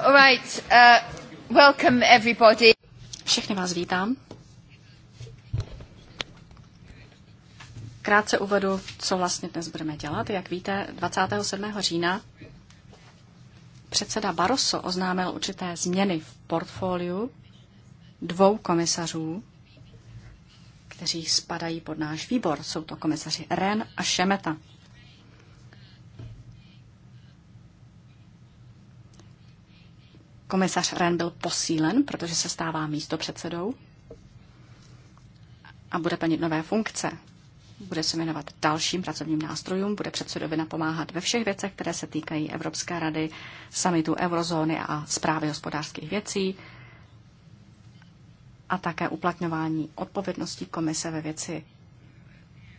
All right, uh, welcome everybody. Všechny vás vítám. Krátce uvedu, co vlastně dnes budeme dělat. Jak víte, 27. října předseda Barroso oznámil určité změny v portfoliu dvou komisařů, kteří spadají pod náš výbor. Jsou to komisaři Ren a Šemeta. Komisař Ren byl posílen, protože se stává místo předsedou a bude plnit nové funkce. Bude se věnovat dalším pracovním nástrojům, bude předsedovi napomáhat ve všech věcech, které se týkají Evropské rady, samitu eurozóny a zprávy hospodářských věcí a také uplatňování odpovědností komise ve věci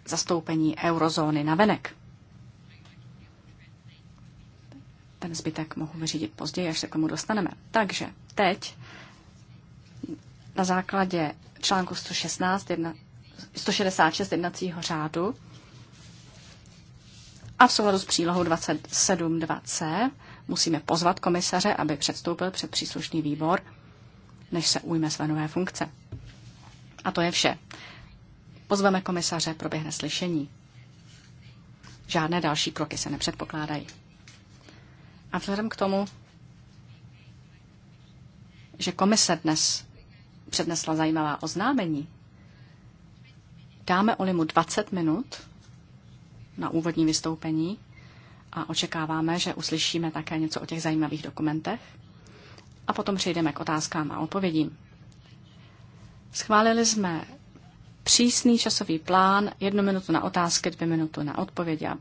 zastoupení eurozóny na venek. Ten zbytek mohu vyřídit později, až se k tomu dostaneme. Takže teď na základě článku 116, jedna, 166 jednacího řádu a v souladu s přílohou 27.2c musíme pozvat komisaře, aby předstoupil před příslušný výbor, než se ujme své nové funkce. A to je vše. Pozveme komisaře, proběhne slyšení. Žádné další kroky se nepředpokládají. A vzhledem k tomu, že komise dnes přednesla zajímavá oznámení, dáme Olimu 20 minut na úvodní vystoupení a očekáváme, že uslyšíme také něco o těch zajímavých dokumentech a potom přejdeme k otázkám a odpovědím. Schválili jsme přísný časový plán, jednu minutu na otázky, dvě minuty na odpovědi a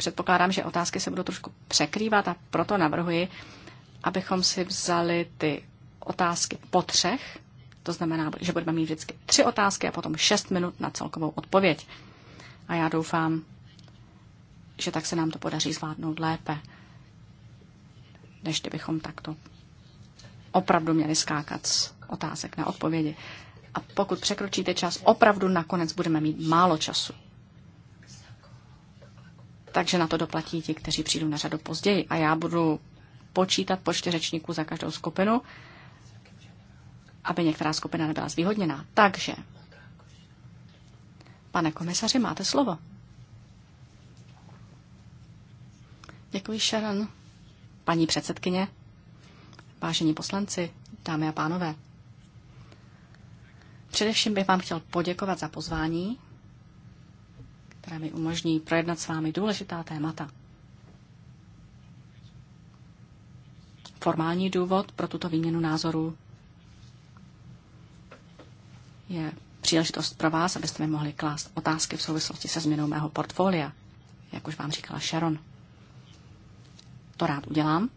předpokládám, že otázky se budou trošku překrývat a proto navrhuji, abychom si vzali ty otázky po třech, to znamená, že budeme mít vždycky tři otázky a potom šest minut na celkovou odpověď. A já doufám, že tak se nám to podaří zvládnout lépe, než kdybychom takto opravdu měli skákat z otázek na odpovědi. A pokud překročíte čas, opravdu nakonec budeme mít málo času takže na to doplatí ti, kteří přijdou na řadu později. A já budu počítat počty řečníků za každou skupinu, aby některá skupina nebyla zvýhodněná. Takže, pane komisaři, máte slovo. Děkuji, Sharon. Paní předsedkyně, vážení poslanci, dámy a pánové. Především bych vám chtěl poděkovat za pozvání které mi umožní projednat s vámi důležitá témata. Formální důvod pro tuto výměnu názorů je příležitost pro vás, abyste mi mohli klást otázky v souvislosti se změnou mého portfolia, jak už vám říkala Sharon. To rád udělám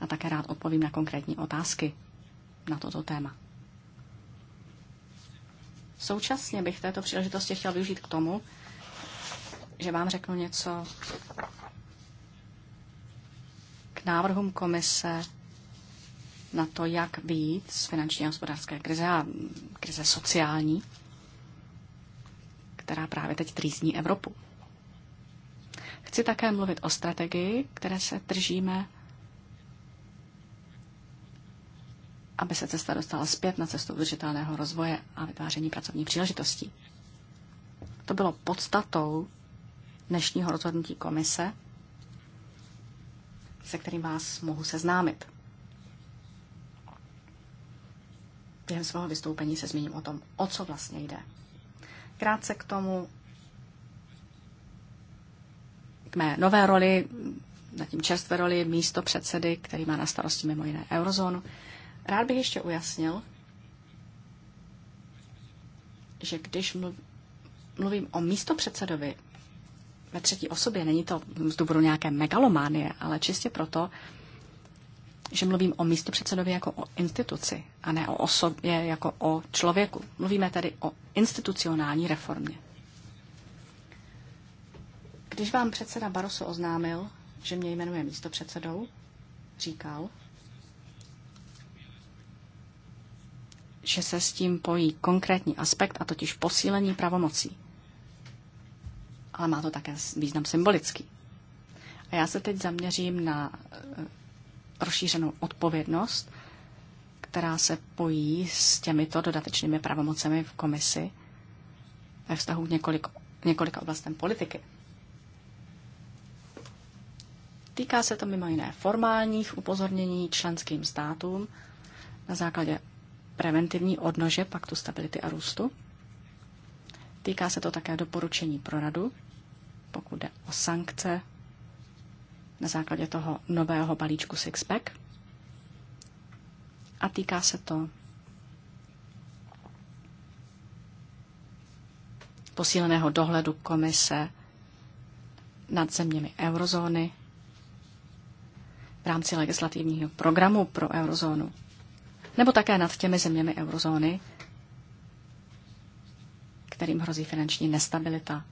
a také rád odpovím na konkrétní otázky na toto téma. Současně bych této příležitosti chtěl využít k tomu, že vám řeknu něco k návrhům komise na to, jak vyjít z finanční a hospodářské krize a krize sociální, která právě teď trýzní Evropu. Chci také mluvit o strategii, které se držíme aby se cesta dostala zpět na cestu udržitelného rozvoje a vytváření pracovních příležitostí. To bylo podstatou dnešního rozhodnutí komise, se kterým vás mohu seznámit. Během svého vystoupení se zmíním o tom, o co vlastně jde. Krátce k tomu, k mé nové roli, zatím čerstvé roli místo předsedy, který má na starosti mimo jiné eurozónu. Rád bych ještě ujasnil, že když mluvím o místopředsedovi ve třetí osobě, není to z důvodu nějaké megalománie, ale čistě proto, že mluvím o místopředsedovi jako o instituci a ne o osobě jako o člověku. Mluvíme tedy o institucionální reformě. Když vám předseda Baroso oznámil, že mě jmenuje místopředsedou, říkal, že se s tím pojí konkrétní aspekt, a totiž posílení pravomocí. Ale má to také význam symbolický. A já se teď zaměřím na eh, rozšířenou odpovědnost, která se pojí s těmito dodatečnými pravomocemi v komisi ve vztahu k několik, několika oblastem politiky. Týká se to mimo jiné formálních upozornění členským státům na základě preventivní odnože paktu stability a růstu. Týká se to také doporučení pro radu, pokud jde o sankce na základě toho nového balíčku Sixpack. A týká se to posíleného dohledu komise nad zeměmi eurozóny v rámci legislativního programu pro eurozónu nebo také nad těmi zeměmi eurozóny, kterým hrozí finanční nestabilita.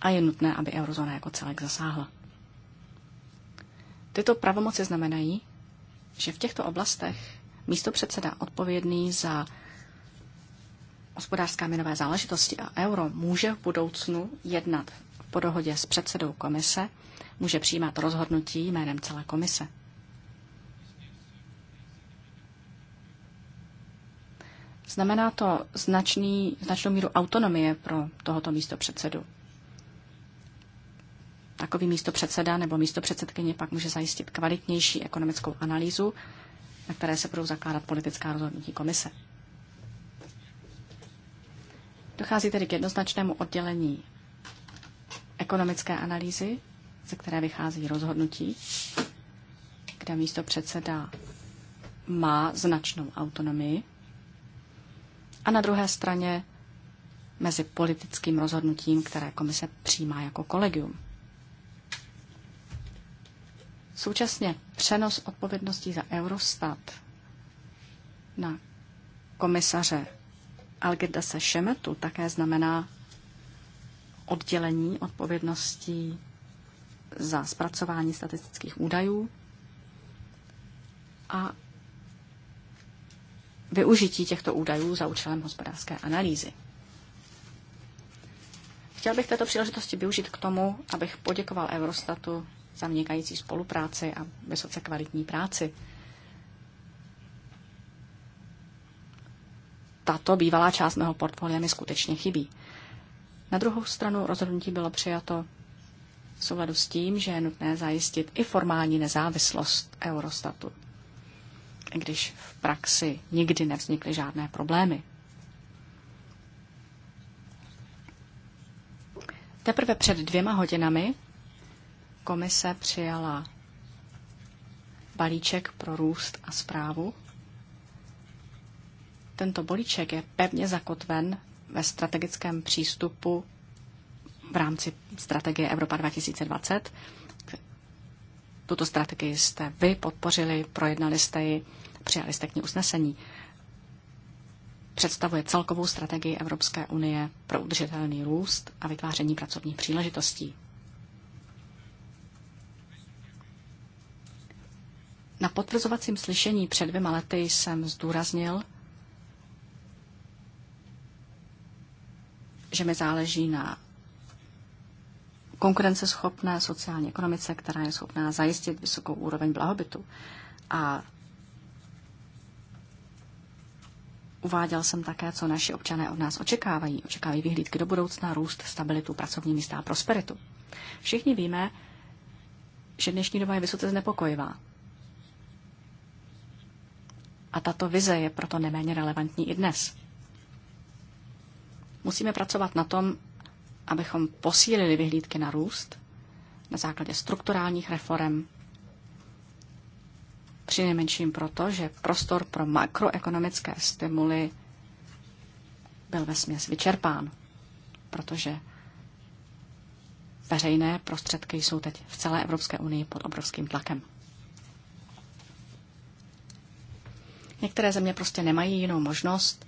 A je nutné, aby eurozóna jako celek zasáhla. Tyto pravomoci znamenají, že v těchto oblastech místo předseda odpovědný za hospodářská měnové záležitosti a euro může v budoucnu jednat po dohodě s předsedou komise, může přijímat rozhodnutí jménem celé komise. Znamená to značný, značnou míru autonomie pro tohoto místo předsedu. Takový místo předseda nebo místo předsedkyně pak může zajistit kvalitnější ekonomickou analýzu, na které se budou zakládat politická rozhodnutí komise. Dochází tedy k jednoznačnému oddělení ekonomické analýzy, ze které vychází rozhodnutí, kde místo předseda má značnou autonomii a na druhé straně mezi politickým rozhodnutím, které komise přijímá jako kolegium. Současně přenos odpovědností za Eurostat na komisaře Algirdase Šemetu také znamená oddělení odpovědností za zpracování statistických údajů a využití těchto údajů za účelem hospodářské analýzy. Chtěl bych této příležitosti využít k tomu, abych poděkoval Eurostatu za vnikající spolupráci a vysoce kvalitní práci. Tato bývalá část mého portfolia mi skutečně chybí. Na druhou stranu rozhodnutí bylo přijato v souladu s tím, že je nutné zajistit i formální nezávislost Eurostatu když v praxi nikdy nevznikly žádné problémy. Teprve před dvěma hodinami komise přijala balíček pro růst a zprávu. Tento balíček je pevně zakotven ve strategickém přístupu v rámci strategie Evropa 2020. Tuto strategii jste vy podpořili, projednali jste ji přijali jste k ní usnesení, představuje celkovou strategii Evropské unie pro udržitelný růst a vytváření pracovních příležitostí. Na potvrzovacím slyšení před dvěma lety jsem zdůraznil, že mi záleží na konkurenceschopné sociální ekonomice, která je schopná zajistit vysokou úroveň blahobytu. A Uváděl jsem také, co naši občané od nás očekávají. Očekávají vyhlídky do budoucna, růst, stabilitu, pracovní místa a prosperitu. Všichni víme, že dnešní doba je vysoce znepokojivá. A tato vize je proto neméně relevantní i dnes. Musíme pracovat na tom, abychom posílili vyhlídky na růst na základě strukturálních reform při nejmenším proto, že prostor pro makroekonomické stimuly byl ve směs vyčerpán, protože veřejné prostředky jsou teď v celé Evropské unii pod obrovským tlakem. Některé země prostě nemají jinou možnost,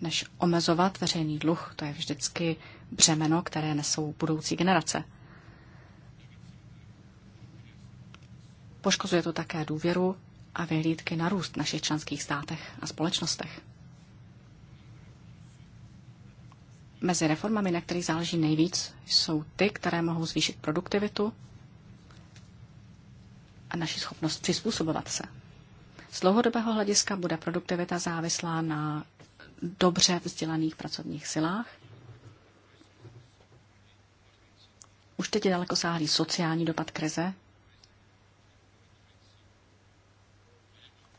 než omezovat veřejný dluh. To je vždycky břemeno, které nesou budoucí generace – Poškozuje to také důvěru a vyhlídky na růst v našich členských státech a společnostech. Mezi reformami, na kterých záleží nejvíc, jsou ty, které mohou zvýšit produktivitu a naši schopnost přizpůsobovat se. Z dlouhodobého hlediska bude produktivita závislá na dobře vzdělaných pracovních silách. Už teď je dalekosáhlý sociální dopad krize,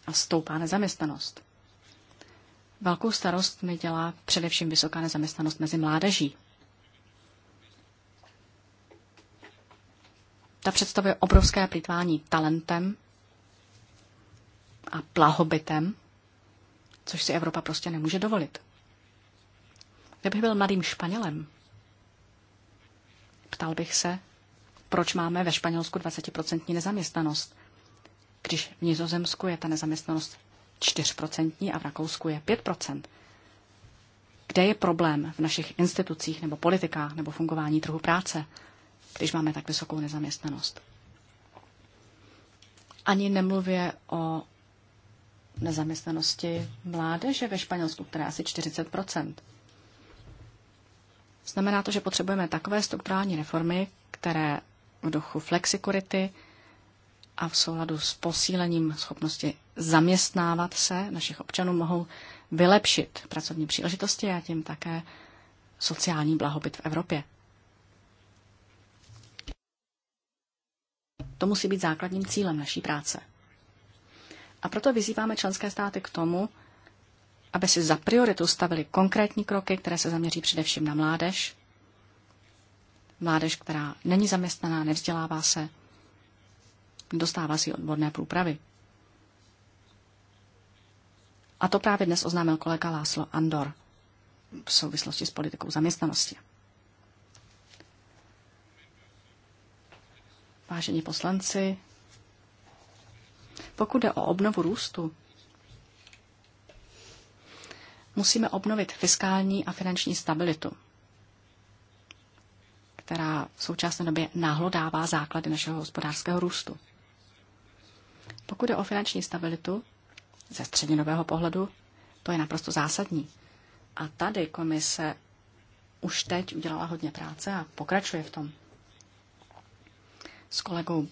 a stoupá nezaměstnanost. Velkou starost mi dělá především vysoká nezaměstnanost mezi mládeží. Ta představuje obrovské plýtvání talentem a plahobytem, což si Evropa prostě nemůže dovolit. Kdybych byl mladým Španělem, ptal bych se, proč máme ve Španělsku 20% nezaměstnanost když v Nizozemsku je ta nezaměstnanost 4% a v Rakousku je 5%. Kde je problém v našich institucích nebo politikách nebo fungování trhu práce, když máme tak vysokou nezaměstnanost? Ani nemluvě o nezaměstnanosti mládeže ve Španělsku, která je asi 40 Znamená to, že potřebujeme takové strukturální reformy, které v duchu flexikurity a v souladu s posílením schopnosti zaměstnávat se našich občanů mohou vylepšit pracovní příležitosti a tím také sociální blahobyt v Evropě. To musí být základním cílem naší práce. A proto vyzýváme členské státy k tomu, aby si za prioritu stavili konkrétní kroky, které se zaměří především na mládež. Mládež, která není zaměstnaná, nevzdělává se dostává si odborné průpravy. A to právě dnes oznámil kolega Láslo Andor v souvislosti s politikou zaměstnanosti. Vážení poslanci, pokud jde o obnovu růstu, musíme obnovit fiskální a finanční stabilitu, která v současné době náhlodává základy našeho hospodářského růstu. Pokud je o finanční stabilitu, ze střednědobého pohledu, to je naprosto zásadní. A tady komise už teď udělala hodně práce a pokračuje v tom. S kolegou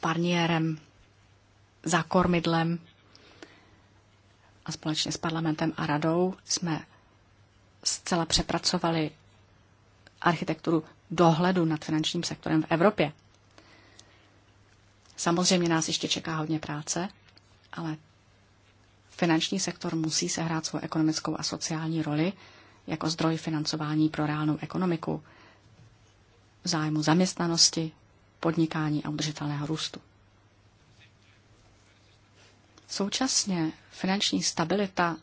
Parnierem, za kormidlem a společně s parlamentem a radou jsme zcela přepracovali architekturu dohledu nad finančním sektorem v Evropě. Samozřejmě nás ještě čeká hodně práce, ale finanční sektor musí sehrát svou ekonomickou a sociální roli jako zdroj financování pro reálnou ekonomiku, zájmu zaměstnanosti, podnikání a udržitelného růstu. Současně finanční stabilita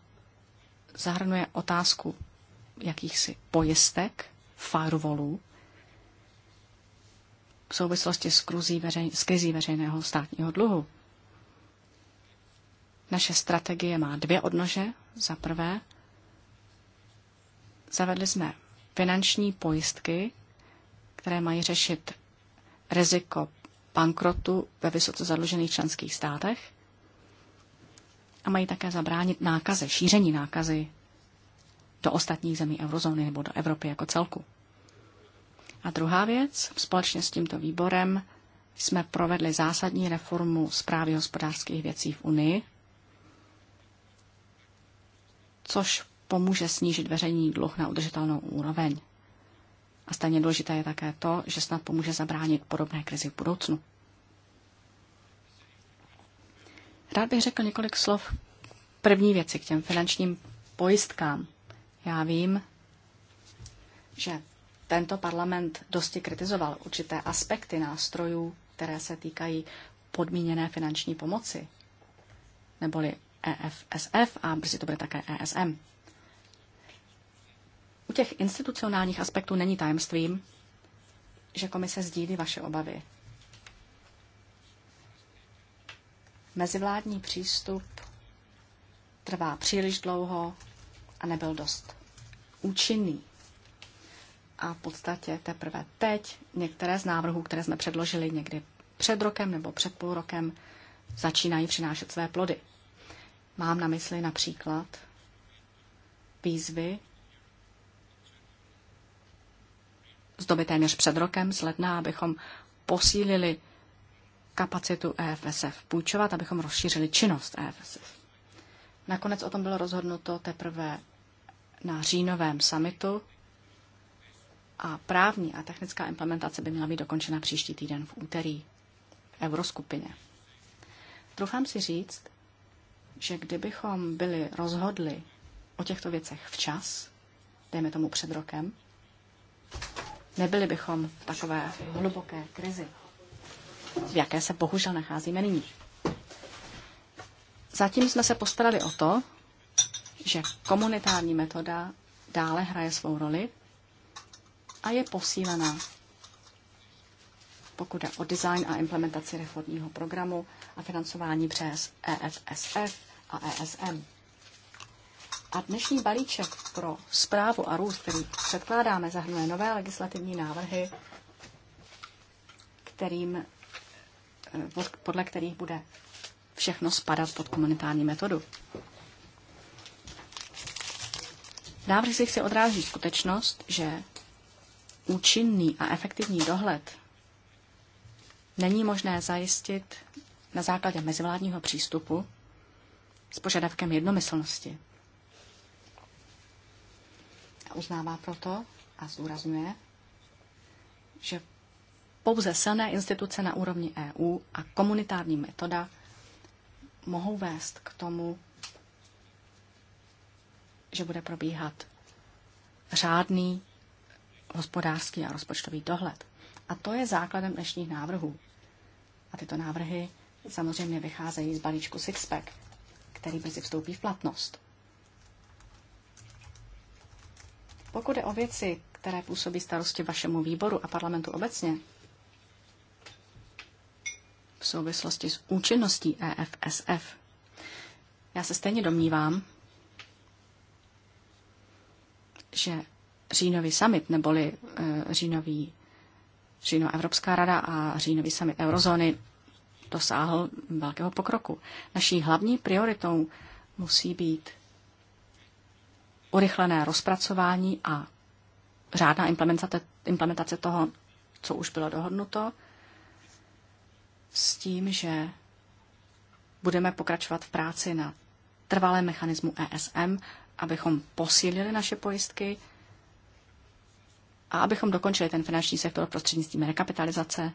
zahrnuje otázku jakýchsi pojistek, firewallů, v souvislosti s, kruzí veřej, s krizí veřejného státního dluhu. Naše strategie má dvě odnože. Za prvé, zavedli jsme finanční pojistky, které mají řešit riziko bankrotu ve vysoce zadlužených členských státech a mají také zabránit nákaze, šíření nákazy do ostatních zemí eurozóny nebo do Evropy jako celku. A druhá věc, společně s tímto výborem jsme provedli zásadní reformu zprávy hospodářských věcí v Unii, což pomůže snížit veřejný dluh na udržitelnou úroveň. A stejně důležité je také to, že snad pomůže zabránit podobné krizi v budoucnu. Rád bych řekl několik slov první věci k těm finančním pojistkám. Já vím, že tento parlament dosti kritizoval určité aspekty nástrojů, které se týkají podmíněné finanční pomoci, neboli EFSF a brzy to bude také ESM. U těch institucionálních aspektů není tajemstvím, že komise sdílí vaše obavy. Mezivládní přístup trvá příliš dlouho a nebyl dost účinný a v podstatě teprve teď některé z návrhů, které jsme předložili někdy před rokem nebo před půl rokem, začínají přinášet své plody. Mám na mysli například výzvy z doby téměř před rokem, z ledna, abychom posílili kapacitu EFSF půjčovat, abychom rozšířili činnost EFSF. Nakonec o tom bylo rozhodnuto teprve na říjnovém summitu a právní a technická implementace by měla být dokončena příští týden v úterý v Euroskupině. Troufám si říct, že kdybychom byli rozhodli o těchto věcech včas, dejme tomu před rokem, nebyli bychom v takové hluboké krizi, v jaké se bohužel nacházíme nyní. Zatím jsme se postarali o to, že komunitární metoda dále hraje svou roli a je posílená, pokud je o design a implementaci reformního programu a financování přes EFSF a ESM. A dnešní balíček pro zprávu a růst, který předkládáme, zahrnuje nové legislativní návrhy, kterým, eh, podle kterých bude všechno spadat pod komunitární metodu. Návrh si chce odrážit skutečnost, že účinný a efektivní dohled není možné zajistit na základě mezivládního přístupu s požadavkem jednomyslnosti. A uznává proto a zdůrazňuje, že pouze silné instituce na úrovni EU a komunitární metoda mohou vést k tomu, že bude probíhat řádný hospodářský a rozpočtový dohled. A to je základem dnešních návrhů. A tyto návrhy samozřejmě vycházejí z balíčku Sixpack, který brzy vstoupí v platnost. Pokud je o věci, které působí starosti vašemu výboru a parlamentu obecně, v souvislosti s účinností EFSF, já se stejně domnívám, že říjnový summit, neboli eh, říjnový, říjnová Evropská rada a říjnový summit eurozóny dosáhl velkého pokroku. Naší hlavní prioritou musí být urychlené rozpracování a řádná implementace, implementace toho, co už bylo dohodnuto, s tím, že budeme pokračovat v práci na trvalém mechanismu ESM, abychom posílili naše pojistky a abychom dokončili ten finanční sektor prostřednictvím rekapitalizace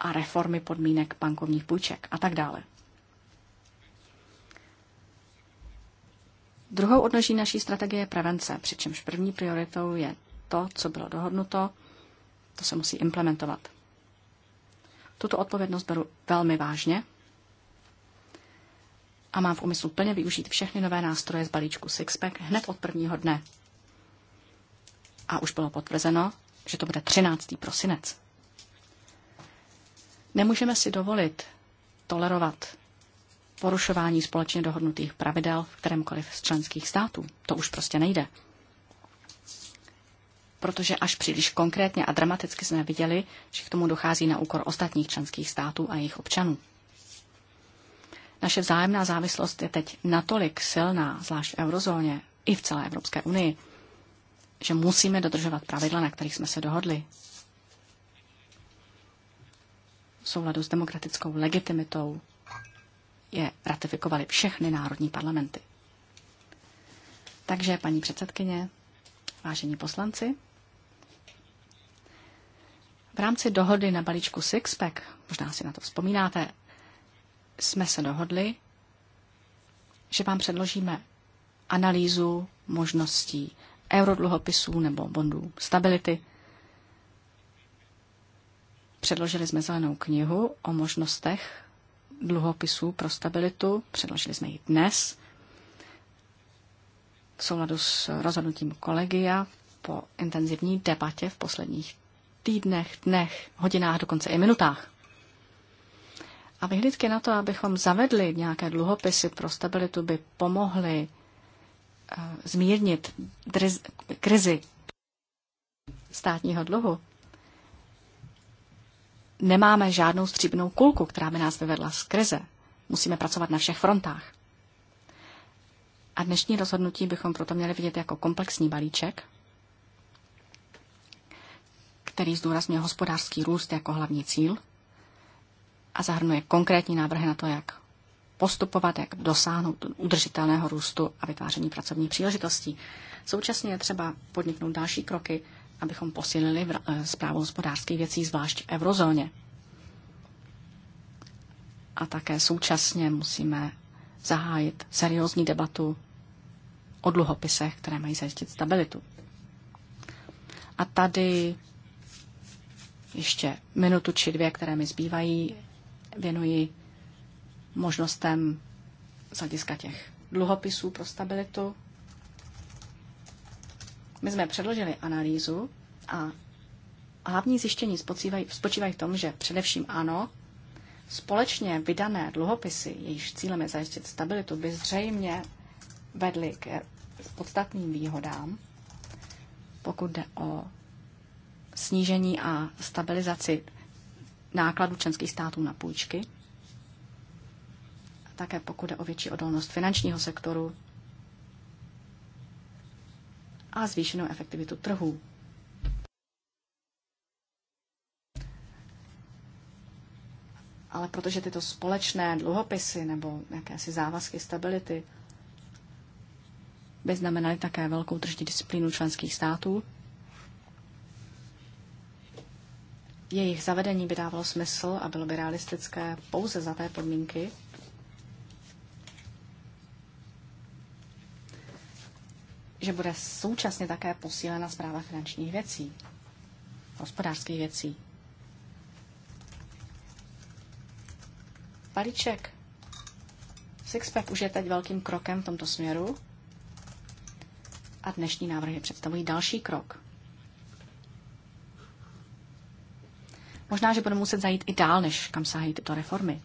a reformy podmínek bankovních půjček a tak dále. Druhou odnoží naší strategie je prevence, přičemž první prioritou je to, co bylo dohodnuto, to se musí implementovat. Tuto odpovědnost beru velmi vážně a mám v úmyslu plně využít všechny nové nástroje z balíčku Sixpack hned od prvního dne, a už bylo potvrzeno, že to bude 13. prosinec. Nemůžeme si dovolit tolerovat porušování společně dohodnutých pravidel v kterémkoliv z členských států. To už prostě nejde. Protože až příliš konkrétně a dramaticky jsme viděli, že k tomu dochází na úkor ostatních členských států a jejich občanů. Naše vzájemná závislost je teď natolik silná, zvlášť v eurozóně i v celé Evropské unii, že musíme dodržovat pravidla, na kterých jsme se dohodli. V souladu s demokratickou legitimitou je ratifikovali všechny národní parlamenty. Takže, paní předsedkyně, vážení poslanci, v rámci dohody na balíčku Sixpack, možná si na to vzpomínáte, jsme se dohodli, že vám předložíme analýzu možností eurodluhopisů nebo bondů stability. Předložili jsme zelenou knihu o možnostech dluhopisů pro stabilitu. Předložili jsme ji dnes v souladu s rozhodnutím kolegia po intenzivní debatě v posledních týdnech, dnech, hodinách, dokonce i minutách. A vyhlídky na to, abychom zavedli nějaké dluhopisy pro stabilitu, by pomohly Eh, zmírnit driz, krizi státního dluhu, nemáme žádnou stříbrnou kulku, která by nás vyvedla z krize. Musíme pracovat na všech frontách. A dnešní rozhodnutí bychom proto měli vidět jako komplexní balíček, který zdůrazňuje hospodářský růst jako hlavní cíl a zahrnuje konkrétní návrhy na to, jak postupovat, jak dosáhnout udržitelného růstu a vytváření pracovních příležitostí. Současně je třeba podniknout další kroky, abychom posílili zprávu eh, hospodářských věcí, zvlášť v eurozóně. A také současně musíme zahájit seriózní debatu o dluhopisech, které mají zajistit stabilitu. A tady ještě minutu či dvě, které mi zbývají, věnuji možnostem z hlediska těch dluhopisů pro stabilitu. My jsme předložili analýzu a hlavní zjištění spočívají, spočívají v tom, že především ano, společně vydané dluhopisy, jejichž cílem je zajistit stabilitu, by zřejmě vedly k podstatným výhodám, pokud jde o snížení a stabilizaci nákladů členských států na půjčky, také pokud jde o větší odolnost finančního sektoru a zvýšenou efektivitu trhů. Ale protože tyto společné dluhopisy nebo jakési závazky stability by znamenaly také velkou tržní disciplínu členských států, jejich zavedení by dávalo smysl a bylo by realistické pouze za té podmínky, že bude současně také posílena zpráva finančních věcí, hospodářských věcí. Balíček Sixpack už je teď velkým krokem v tomto směru a dnešní návrhy představují další krok. Možná, že budeme muset zajít i dál, než kam sahají tyto reformy.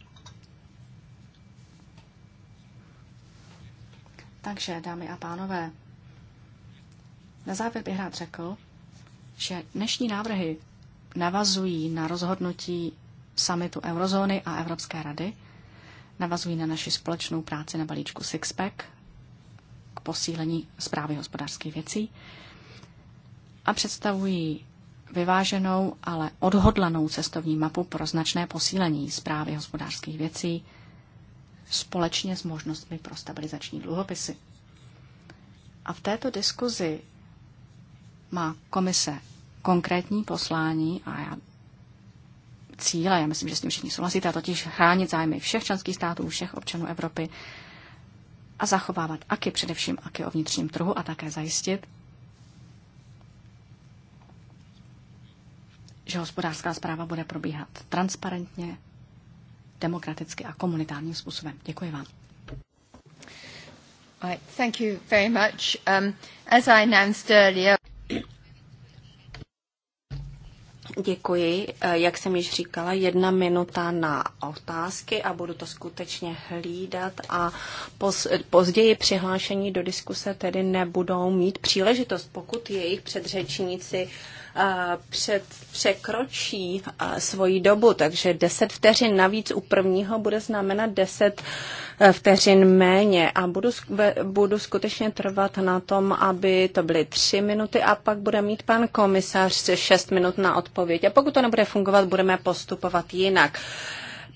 Takže, dámy a pánové, na závěr bych rád řekl, že dnešní návrhy navazují na rozhodnutí samitu eurozóny a Evropské rady, navazují na naši společnou práci na balíčku Sixpack k posílení zprávy hospodářských věcí a představují vyváženou, ale odhodlanou cestovní mapu pro značné posílení zprávy hospodářských věcí společně s možnostmi pro stabilizační dluhopisy. A v této diskuzi má komise konkrétní poslání a já cíle, já myslím, že s tím všichni souhlasíte, a totiž chránit zájmy všech členských států, všech občanů Evropy a zachovávat aky, především aky o vnitřním trhu a také zajistit, že hospodářská zpráva bude probíhat transparentně, demokraticky a komunitárním způsobem. Děkuji vám. Thank you very much. Um, as I announced earlier... Děkuji. Eh, jak jsem již říkala, jedna minuta na otázky a budu to skutečně hlídat a později přihlášení do diskuse tedy nebudou mít příležitost, pokud jejich předřečníci uh, před, překročí svoji dobu, takže 10 vteřin navíc u prvního bude znamenat 10 e, vteřin méně a budu, budu skutečně trvat na tom, aby to byly 3 minuty a pak bude mít pan komisař 6 minut na odpověď. A pokud to nebude fungovat, budeme postupovat jinak.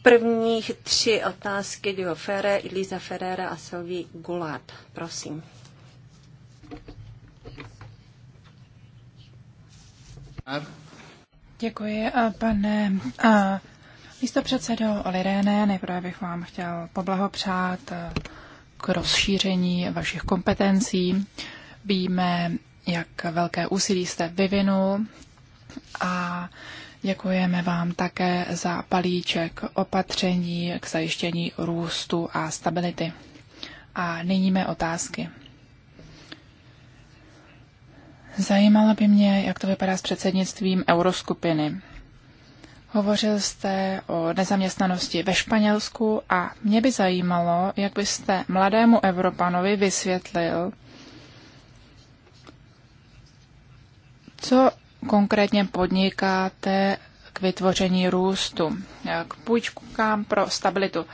Prvních tři otázky Dio Ferre, Elisa Ferrera a Sylvie Gulard. Prosím. Děkuji, eh, pane a eh, místo předsedo Oliréne. Nejprve bych vám chtěl poblahopřát eh, k rozšíření vašich kompetencí. Víme, jak velké úsilí jste vyvinul a Děkujeme vám také za palíček opatření k zajištění růstu a stability. A nyní mé otázky. Zajímalo by mě, jak to vypadá s předsednictvím euroskupiny. Hovořil jste o nezaměstnanosti ve Španělsku a mě by zajímalo, jak byste mladému Evropanovi vysvětlil, co konkrétně podnikáte k vytvoření růstu, k půjčkám pro stabilitu.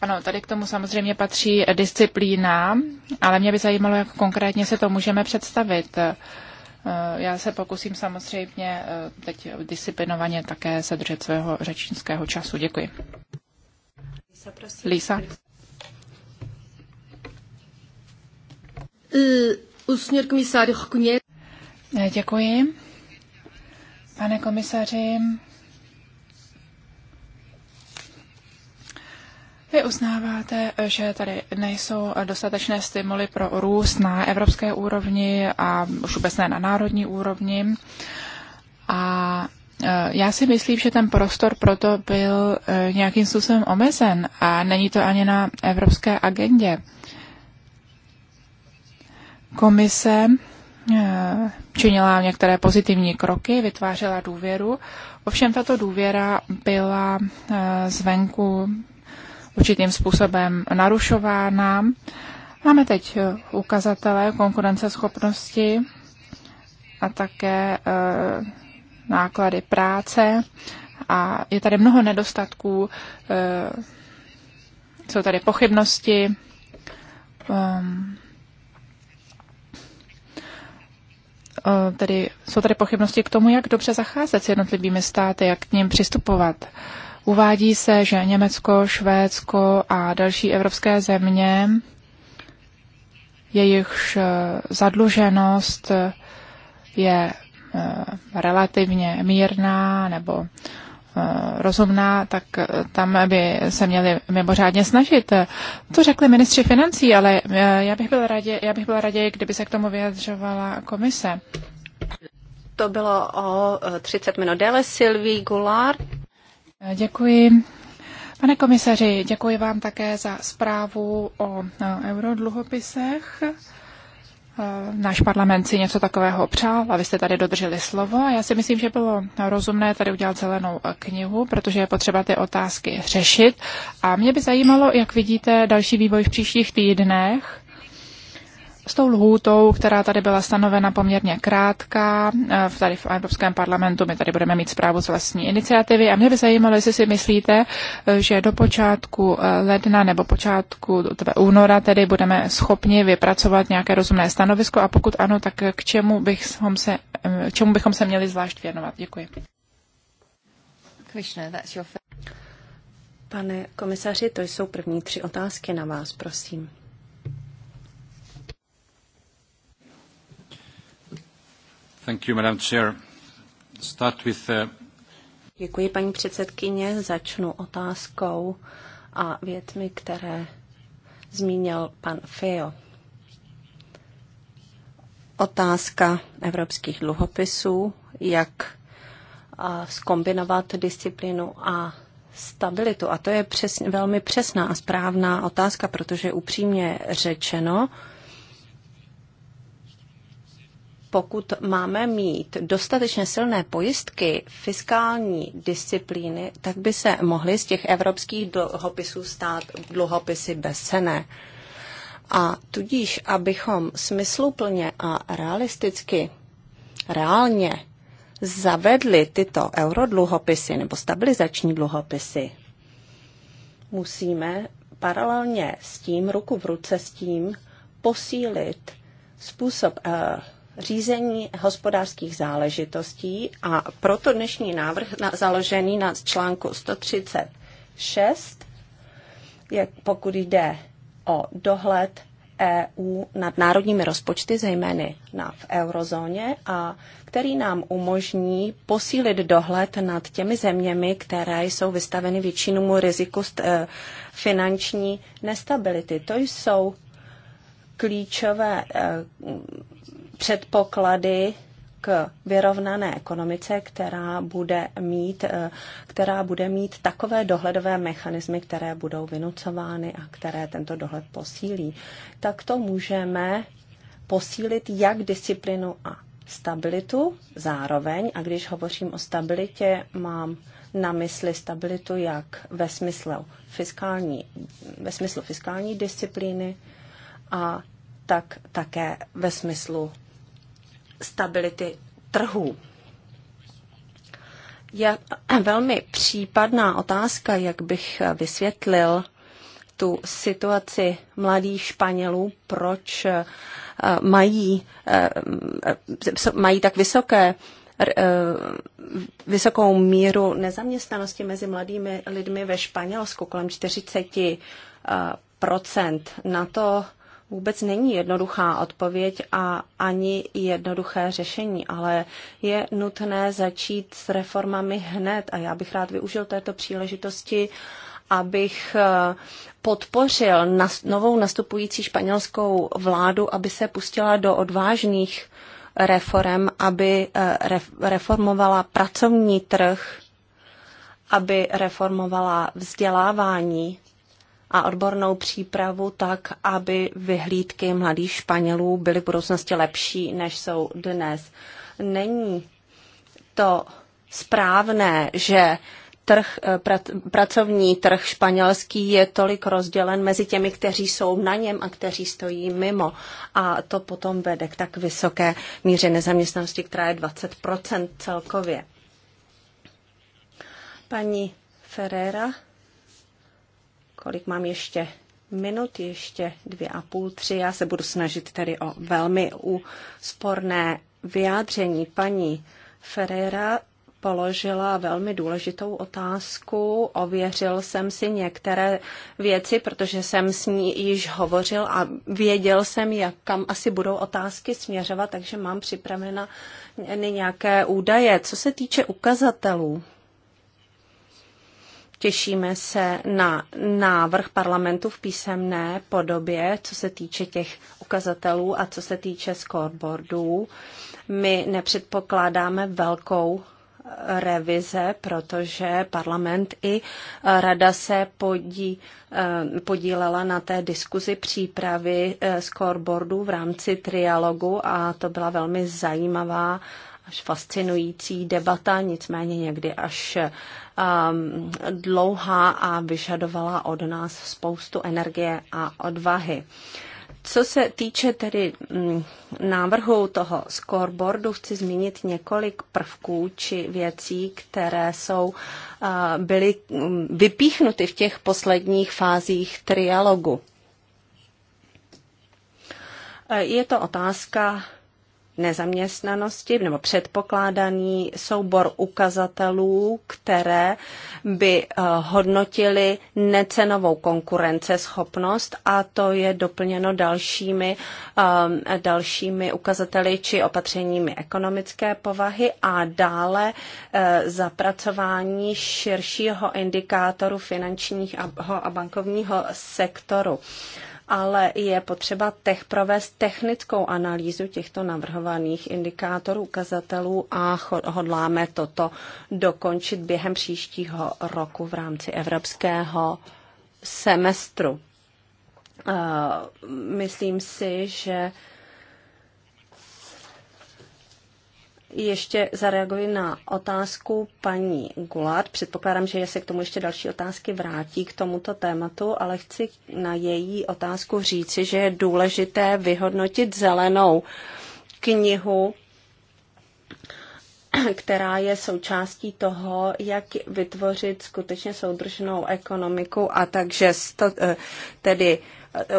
Ano, tady k tomu samozřejmě patří disciplína, ale mě by zajímalo, jak konkrétně se to můžeme představit. Eh, já se pokusím samozřejmě eh, teď disciplinovaně také se držet svého řečnického času. Děkuji. Lisa, prosím. Lisa. Eh, děkuji. Pane komisaři, Vy uznáváte, že tady nejsou dostatečné stimuly pro růst na evropské úrovni a už vůbec ne na národní úrovni. A e, já si myslím, že ten prostor proto byl e, nějakým způsobem omezen a není to ani na evropské agendě. Komise e, činila některé pozitivní kroky, vytvářela důvěru, ovšem tato důvěra byla zvenku určitým způsobem narušována. Máme teď eh, ukazatele konkurenceschopnosti a také eh, náklady práce a je tady mnoho nedostatků, eh, jsou tady pochybnosti. Ehm, tedy jsou tady pochybnosti k tomu, jak dobře zacházet s jednotlivými státy, jak k ním přistupovat. Uvádí se, že Německo, Švédsko a další evropské země, jejichž eh, zadluženost je eh, relativně mírná nebo eh, rozumná, tak tam by se měli mimořádně snažit. To řekli ministři financí, ale já bych byl raději, já bych byl raději kdyby se k tomu vyjadřovala komise. To bylo o 30 minut déle. Sylvie Goulart. Děkuji. Pane komisaři, děkuji vám také za zprávu o e, eurodluhopisech. E, náš parlament si něco takového přál a vy jste tady dodrželi slovo. A já si myslím, že bylo rozumné tady udělat zelenou e, knihu, protože je potřeba ty otázky řešit. A mě by zajímalo, jak vidíte další vývoj v příštích týdnech s tou lhůtou, která tady byla stanovena poměrně krátká, eh, tady v Evropském parlamentu my tady budeme mít zprávu z vlastní iniciativy a mě by zajímalo, jestli si myslíte, eh, že do počátku eh, ledna nebo počátku tebe, února tedy budeme schopni vypracovat nějaké rozumné stanovisko a pokud ano, tak k čemu, bychom se, čemu bychom se měli zvlášť věnovat? Děkuji. Pane komisaři, to jsou první tři otázky na vás, prosím. Uh, Děkuji, paní předsedkyně. Začnu otázkou a větmi, které zmínil pan Feo. Otázka evropských dluhopisů, jak skombinovat disciplínu a stabilitu. A to je přes, velmi přesná a správná otázka, protože upřímně řečeno, pokud máme mít dostatečně silné pojistky fiskální disciplíny, tak by se mohly z těch evropských dluhopisů stát dluhopisy bezcené. A tudíž, abychom smysluplně a realisticky, reálně zavedli tyto eurodluhopisy nebo stabilizační dluhopisy, musíme paralelně s tím, ruku v ruce s tím, posílit způsob uh, řízení hospodářských záležitostí a proto dnešní návrh na, založený na článku 136, je pokud jde o dohled EU nad národními rozpočty, zejména na, v eurozóně, a který nám umožní posílit dohled nad těmi zeměmi, které jsou vystaveny většinou riziku e, finanční nestability. To jsou klíčové e, předpoklady k vyrovnané ekonomice, která bude mít, eh, která bude mít takové dohledové mechanismy, které budou vynucovány a které tento dohled posílí. Tak to můžeme posílit jak disciplinu a stabilitu zároveň. A když hovořím o stabilitě, mám na mysli stabilitu jak ve smyslu fiskální, ve smyslu fiskální disciplíny a tak také ve smyslu stability trhů. Je velmi případná otázka, jak bych vysvětlil tu situaci mladých Španělů, proč eh, mají, eh, mají tak vysoké eh, vysokou míru nezaměstnanosti mezi mladými lidmi ve Španělsku, kolem 40 procent. Na to vůbec není jednoduchá odpověď a ani jednoduché řešení, ale je nutné začít s reformami hned a já bych rád využil této příležitosti abych eh, podpořil novou nastupující španělskou vládu, aby se pustila do odvážných reform, aby eh, reformovala pracovní trh, aby reformovala vzdělávání a odbornou přípravu tak, aby vyhlídky mladých Španělů byly v budoucnosti lepší, než jsou dnes. Není to správné, že trh, eh, pracovní trh španělský je tolik rozdělen mezi těmi, kteří jsou na něm a kteří stojí mimo. A to potom vede k tak vysoké míře nezaměstnanosti, která je 20% celkově. Paní Ferreira. Kolik mám ještě minut, ještě dvě a půl, tři. Já se budu snažit tedy o velmi úsporné vyjádření. Paní Ferreira položila velmi důležitou otázku. Ověřil jsem si některé věci, protože jsem s ní již hovořil a věděl jsem, jak kam asi budou otázky směřovat, takže mám připravena nějaké údaje. Co se týče ukazatelů, Těšíme se na návrh parlamentu v písemné podobě, co se týče těch ukazatelů a co se týče scoreboardů. My nepředpokládáme velkou revize, protože parlament i rada se podí, eh, podílela na té diskuzi přípravy eh, scoreboardů v rámci trialogu a to byla velmi zajímavá až fascinující debata, nicméně někdy až um, dlouhá a vyžadovala od nás spoustu energie a odvahy. Co se týče tedy mm, návrhu toho scoreboardu, chci zmínit několik prvků či věcí, které jsou, uh, byly mm, vypíchnuty v těch posledních fázích trialogu. E, je to otázka nezaměstnanosti nebo předpokládaný soubor ukazatelů, které by eh, hodnotily necenovou konkurenceschopnost a to je doplněno dalšími, eh, dalšími ukazateli či opatřeními ekonomické povahy a dále eh, zapracování širšího indikátoru finančního a bankovního sektoru ale je potřeba tech provést technickou analýzu těchto navrhovaných indikátorů, ukazatelů a hodláme toto dokončit během příštího roku v rámci evropského semestru. Eh, myslím si, že ještě zareaguji na otázku paní Gulard. Předpokládám, že se k tomu ještě další otázky vrátí k tomuto tématu, ale chci na její otázku říci, že je důležité vyhodnotit zelenou knihu která je součástí toho, jak vytvořit skutečně soudržnou ekonomiku a takže sto, eh, tedy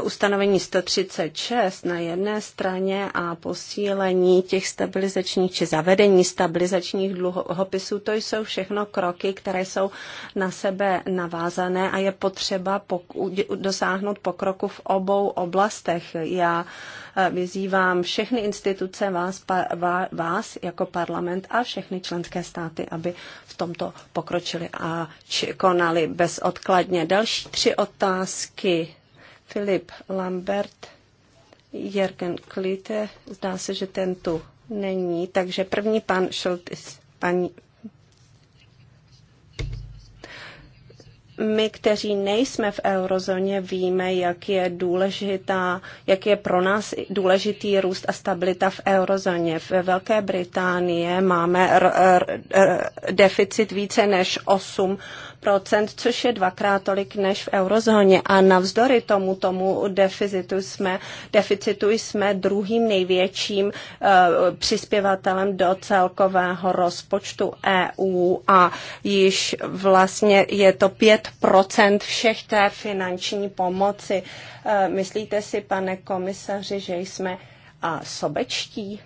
ustanovení 136 na jedné straně a posílení těch stabilizačních či zavedení stabilizačních dluhopisů, to jsou všechno kroky, které jsou na sebe navázané a je potřeba dosáhnout pokroku v obou oblastech. Já eh, vyzývám všechny instituce, vás, pa- vás jako parlament a všechny členské státy, aby v tomto pokročili a konali bezodkladně. Další tři otázky Filip Lambert, Jürgen Klite, zdá se, že ten tu není, takže první pan Šoltis, paní, my, kteří nejsme v eurozóně, víme, jak je důležitá, jak je pro nás důležitý růst a stabilita v eurozóně. Ve Velké Británii máme deficit více než 8 což je dvakrát tolik než v eurozóně. A navzdory tomu, tomu deficitu jsme, deficitu jsme druhým největším uh, přispěvatelem do celkového rozpočtu EU a již vlastně je to 5% všech té finanční pomoci. Uh, myslíte si, pane komisaři, že jsme a sobečtí?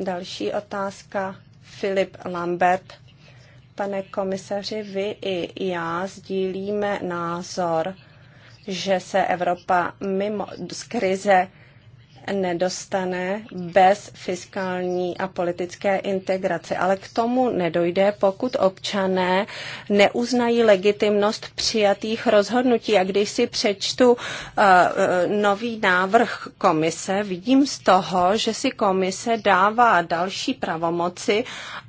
Další otázka. Filip Lambert pane komisaři, vy i já sdílíme názor, že se Evropa mimo z krize nedostane bez fiskální a politické integrace. Ale k tomu nedojde, pokud občané neuznají legitimnost přijatých rozhodnutí. A když si přečtu uh, uh, nový návrh komise, vidím z toho, že si komise dává další pravomoci,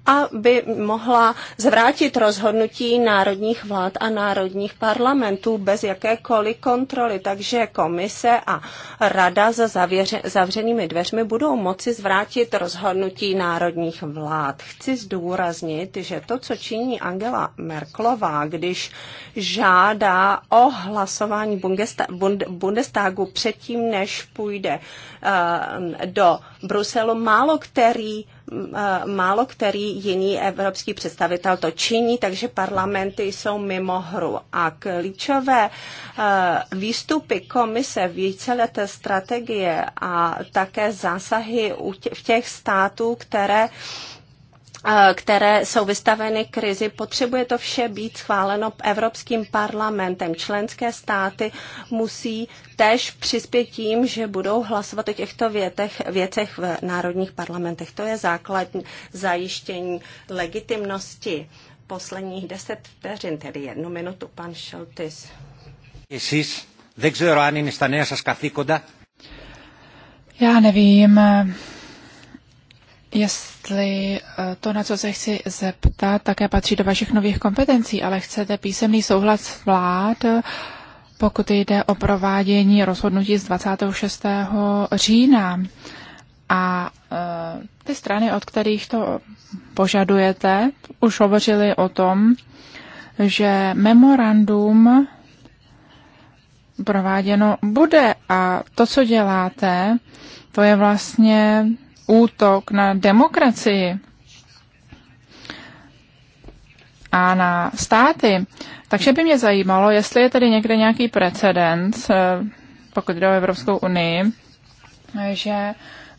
aby mohla zvrátit rozhodnutí národních vlád a národních parlamentů bez jakékoliv kontroly. Takže komise a rada za zavěře, zavřenými dveřmi budou moci zvrátit rozhodnutí národních vlád. Chci zdůraznit, že to, co činí Angela Merklová, když žádá o hlasování Bundestagu předtím, než půjde eh, do Bruselu, málo který Eh, málo který jiný evropský představitel to činí, takže parlamenty jsou mimo hru. A klíčové eh, výstupy komise víceleté strategie a také zásahy v těch států, které Eh, které jsou vystaveny krizi, potřebuje to vše být schváleno Evropským parlamentem. Členské státy musí tež přispět tím, že budou hlasovat o těchto větech, věcech v národních parlamentech. To je základ zajištění legitimnosti. Posledních deset vteřin, tedy jednu minutu, pan Šeltis. Já nevím, jestli eh, to, na co se chci zeptat, také patří do vašich nových kompetencí, ale chcete písemný souhlas vlád, pokud jde o provádění rozhodnutí z 26. října. A eh, ty strany, od kterých to požadujete, už hovořili o tom, že memorandum prováděno bude a to, co děláte, to je vlastně útok na demokracii a na státy. Takže by mě zajímalo, jestli je tady někde nějaký precedens, eh, pokud jde o Evropskou unii, že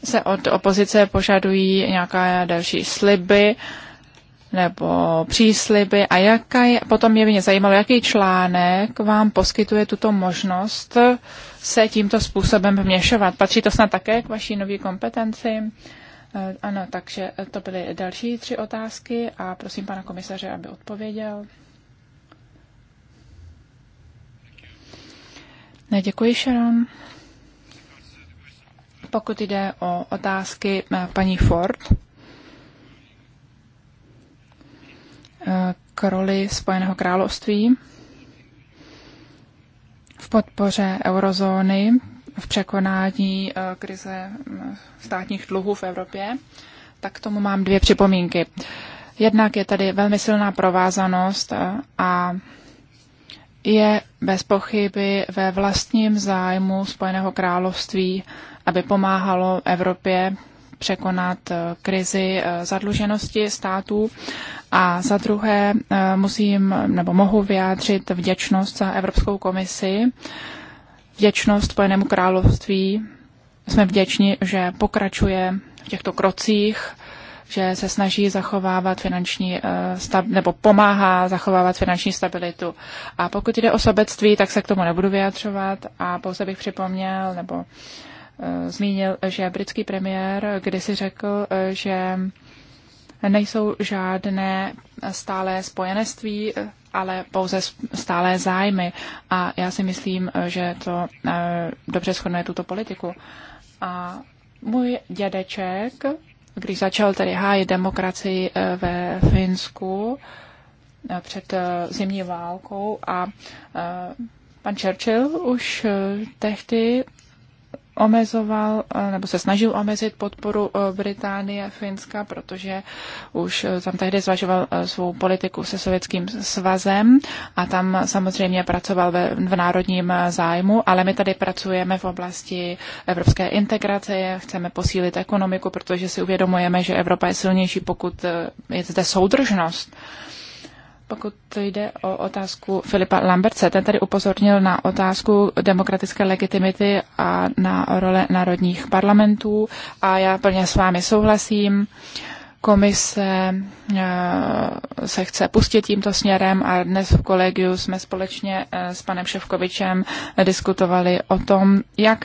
se od opozice požadují nějaké další sliby nebo přísliby a jaká je, potom mě by mě zajímalo, jaký článek vám poskytuje tuto možnost se tímto způsobem vměšovat. Patří to snad také k vaší nové kompetenci? Eh, ano, takže eh, to byly další tři otázky a prosím pana komisaře, aby odpověděl. Ne, děkuji, Sharon. Pokud jde o otázky eh, paní Ford k roli Spojeného království, v podpoře eurozóny v překonání eh, krize mm, státních dluhů v Evropě, tak k tomu mám dvě připomínky. Jednak je tady velmi silná provázanost eh, a je bez pochyby ve vlastním zájmu Spojeného království, aby pomáhalo Evropě překonat eh, krizi eh, zadluženosti států a za druhé eh, musím nebo mohu vyjádřit vděčnost za Evropskou komisi, vděčnost Spojenému království. Jsme vděční, že pokračuje v těchto krocích, že se snaží zachovávat finanční stab, nebo pomáhá zachovávat finanční stabilitu. A pokud jde o sobectví, tak se k tomu nebudu vyjadřovat a pouze bych připomněl nebo uh, Eh, zmínil, že britský premiér kdysi řekl, eh, že nejsou žádné stálé spojenectví, eh, ale pouze stálé zájmy. A já si myslím, že to dobře shodne tuto politiku. A můj dědeček, když začal tedy hájit demokracii ve Finsku před zimní válkou a pan Churchill už tehdy omezoval eh, nebo se snažil omezit podporu eh, Británie a Finska, protože už eh, tam tehdy zvažoval svou politiku se sovětským svazem a tam samozřejmě pracoval ve, v národním zájmu, ale my tady pracujeme v oblasti evropské integrace, chceme posílit ekonomiku, protože si uvědomujeme, že Evropa je silnější, pokud je zde soudržnost. Pokud jde o otázku Filipa Lamberce, ten tady upozornil na otázku demokratické legitimity a na role národních parlamentů a já plně s vámi souhlasím. Komise eh, se chce pustit tímto směrem a dnes v kolegiu jsme společně eh, s panem Ševkovičem eh, diskutovali o tom, jak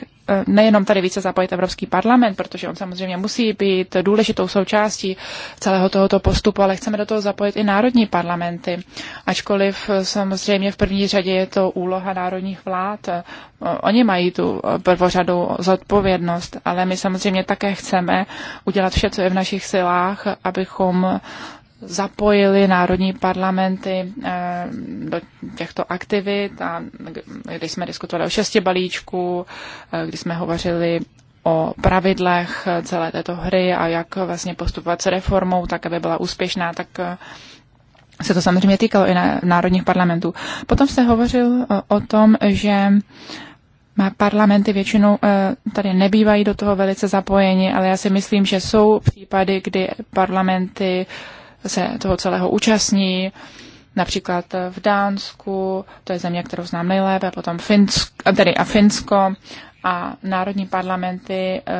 nejenom tady více zapojit Evropský parlament, protože on samozřejmě musí být důležitou součástí celého tohoto postupu, ale chceme do toho zapojit i národní parlamenty. Ačkoliv samozřejmě v první řadě je to úloha národních vlád. Oni mají tu prvořadou zodpovědnost, ale my samozřejmě také chceme udělat vše, co je v našich silách, abychom zapojili národní parlamenty eh, do těchto aktivit a když jsme diskutovali o šesti balíčku, eh, když jsme hovořili o pravidlech celé této hry a jak vlastně postupovat s reformou, tak aby byla úspěšná, tak eh, se to samozřejmě týkalo i na národních parlamentů. Potom se hovořil o tom, že parlamenty většinou tady nebývají do toho velice zapojeni, ale já si myslím, že jsou případy, kdy parlamenty se toho celého účastní, například v Dánsku, to je země, kterou znám nejlépe, potom Finsko, eh, tedy a Finsko a národní parlamenty eh,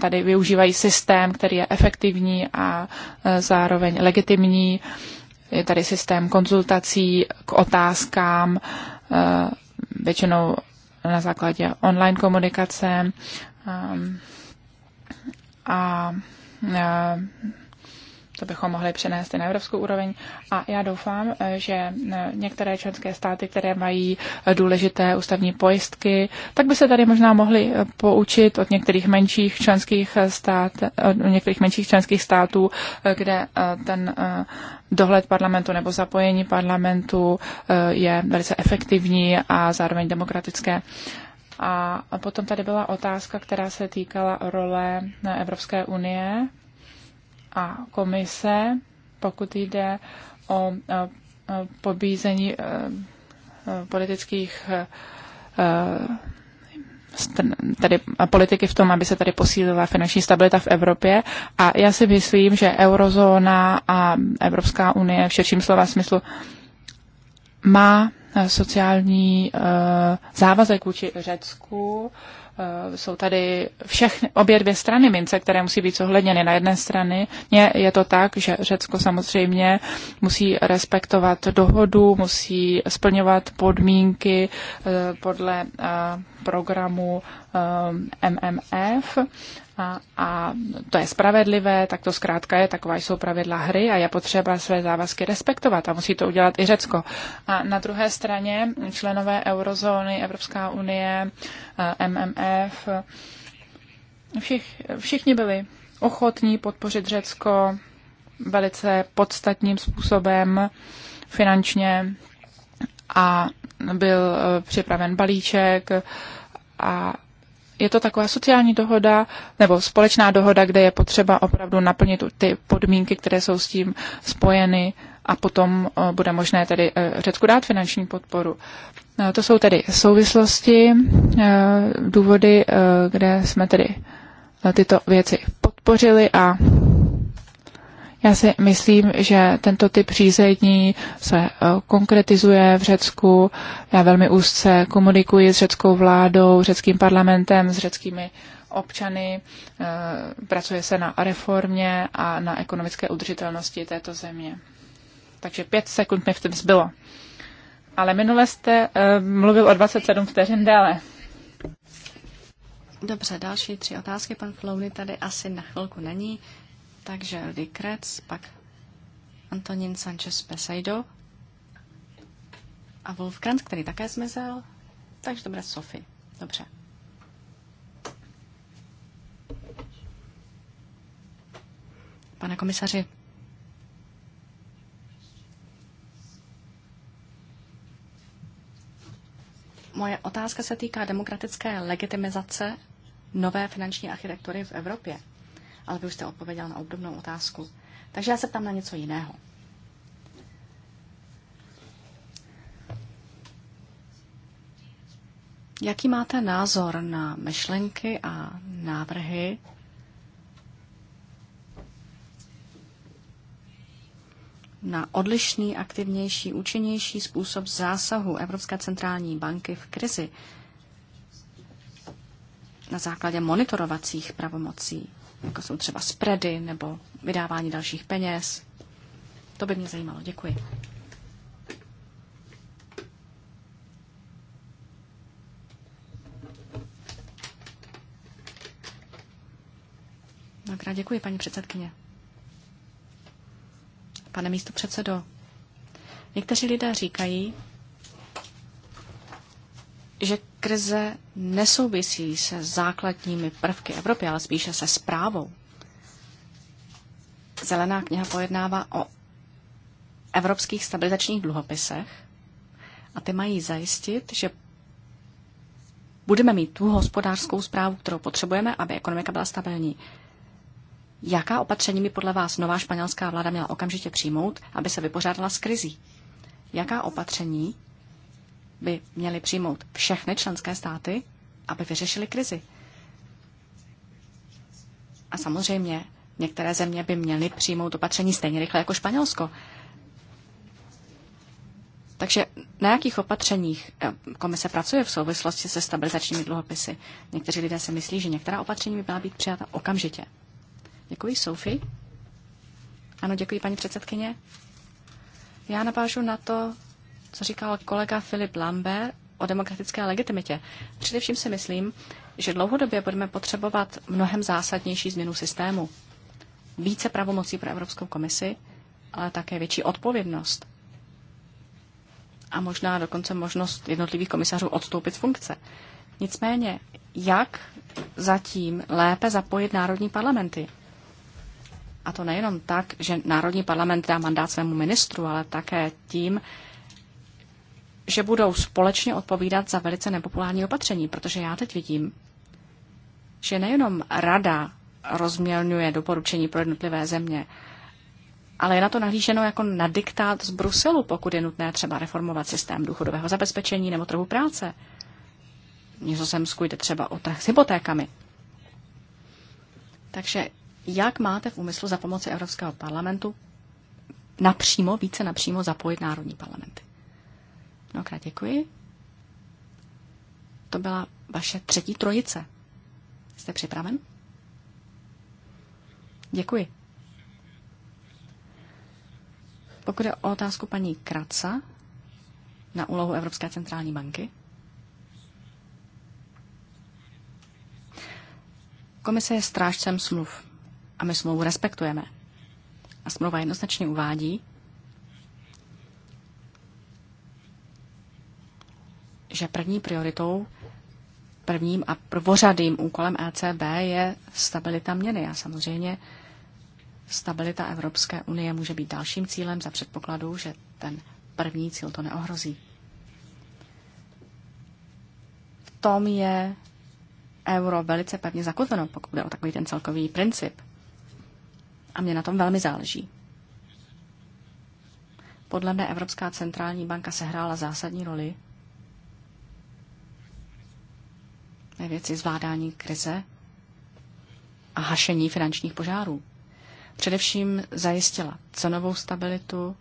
tady využívají systém, který je efektivní a eh, zároveň legitimní. Je tady systém konzultací k otázkám, většinou na základě online komunikace ehm, a to bychom mohli přenést i na evropskou úroveň. A já doufám, že některé členské státy, které mají důležité ústavní pojistky, tak by se tady možná mohly poučit od některých menších členských, stát, od některých menších členských států, kde ten dohled parlamentu nebo zapojení parlamentu je velice efektivní a zároveň demokratické. A potom tady byla otázka, která se týkala role Evropské unie a komise, pokud jde o pobízení e, e, politických e, tady politiky v tom, aby se tady posílila finanční stabilita v Evropě. A já si myslím, že eurozóna a Evropská unie v širším slova smyslu má sociální závazek vůči Řecku, Eh, jsou tady všechny, obě dvě strany mince, které musí být zohledněny. Na jedné straně je to tak, že Řecko samozřejmě musí respektovat dohodu, musí splňovat podmínky eh, podle eh, programu MMF ehm, a, a to je spravedlivé, tak to zkrátka je, taková jsou pravidla hry a je potřeba své závazky respektovat a musí to udělat i Řecko. A na druhé straně členové eurozóny, Evropská unie, eh, MMF, všich, všichni byli ochotní podpořit Řecko velice podstatným způsobem finančně a byl eh, připraven balíček a je to taková sociální dohoda nebo společná dohoda, kde je potřeba opravdu naplnit ty podmínky, které jsou s tím spojeny a potom eh, bude možné tedy eh, Řecku dát finanční podporu. To jsou tedy souvislosti, důvody, kde jsme tedy tyto věci podpořili a já si myslím, že tento typ řízení se eh, konkretizuje v Řecku. Já velmi úzce komunikuji s řeckou vládou, řeckým parlamentem, s řeckými občany. Eh, pracuje se na reformě a na ekonomické udržitelnosti této země. Takže pět sekund mi v tom zbylo. Ale minule jste eh, mluvil o 27 vteřin déle. Dobře, další tři otázky. Pan Flouny tady asi na chvilku není. Takže Eldy Krec, pak Antonín Sanchez Pesaido a Wolf Kranz, který také zmizel. Takže dobré, Sofie. Dobře. Pane komisaři, Moje otázka se týká demokratické legitimizace nové finanční architektury v Evropě ale vy už jste odpověděl na obdobnou otázku. Takže já se ptám na něco jiného. Jaký máte názor na myšlenky a návrhy na odlišný, aktivnější, účinnější způsob zásahu Evropské centrální banky v krizi na základě monitorovacích pravomocí jako jsou třeba spready nebo vydávání dalších peněz. To by mě zajímalo. Děkuji. Dobrá, děkuji, paní předsedkyně. Pane místo předsedo, někteří lidé říkají, že krize nesouvisí se základními prvky Evropy, ale spíše se zprávou. Zelená kniha pojednává o evropských stabilizačních dluhopisech a ty mají zajistit, že budeme mít tu hospodářskou zprávu, kterou potřebujeme, aby ekonomika byla stabilní. Jaká opatření by podle vás nová španělská vláda měla okamžitě přijmout, aby se vypořádala s krizí? Jaká opatření by měly přijmout všechny členské státy, aby vyřešili krizi. A samozřejmě některé země by měly přijmout opatření stejně rychle jako Španělsko. Takže na jakých opatřeních eh, komise pracuje v souvislosti se stabilizačními dluhopisy? Někteří lidé si myslí, že některá opatření by měla být přijata okamžitě. Děkuji, Sophie. Ano, děkuji, paní předsedkyně. Já navážu na to, co říkal kolega Filip Lambert o demokratické legitimitě. Především si myslím, že dlouhodobě budeme potřebovat mnohem zásadnější změnu systému. Více pravomocí pro Evropskou komisi, ale také větší odpovědnost. A možná dokonce možnost jednotlivých komisařů odstoupit z funkce. Nicméně, jak zatím lépe zapojit národní parlamenty? A to nejenom tak, že národní parlament dá mandát svému ministru, ale také tím, že budou společně odpovídat za velice nepopulární opatření, protože já teď vidím, že nejenom rada rozmělňuje doporučení pro jednotlivé země, ale je na to nahlíženo jako na diktát z Bruselu, pokud je nutné třeba reformovat systém důchodového zabezpečení nebo trhu práce. Nizozemsku jde třeba o trh s hypotékami. Takže jak máte v úmyslu za pomoci Evropského parlamentu napřímo, více napřímo zapojit národní parlamenty? Mnohokrát děkuji. To byla vaše třetí trojice. Jste připraven? Děkuji. Pokud je o otázku paní Kraca na úlohu Evropské centrální banky, Komise je strážcem smluv a my smlouvu respektujeme. A smlouva jednoznačně uvádí, že první prioritou, prvním a prvořadým úkolem ECB je stabilita měny. A samozřejmě stabilita Evropské unie může být dalším cílem za předpokladu, že ten první cíl to neohrozí. V tom je euro velice pevně zakotveno, pokud jde o takový ten celkový princip. A mě na tom velmi záleží. Podle mne Evropská centrální banka sehrála zásadní roli ve věci zvládání krize a hašení finančních požárů. Především zajistila cenovou stabilitu,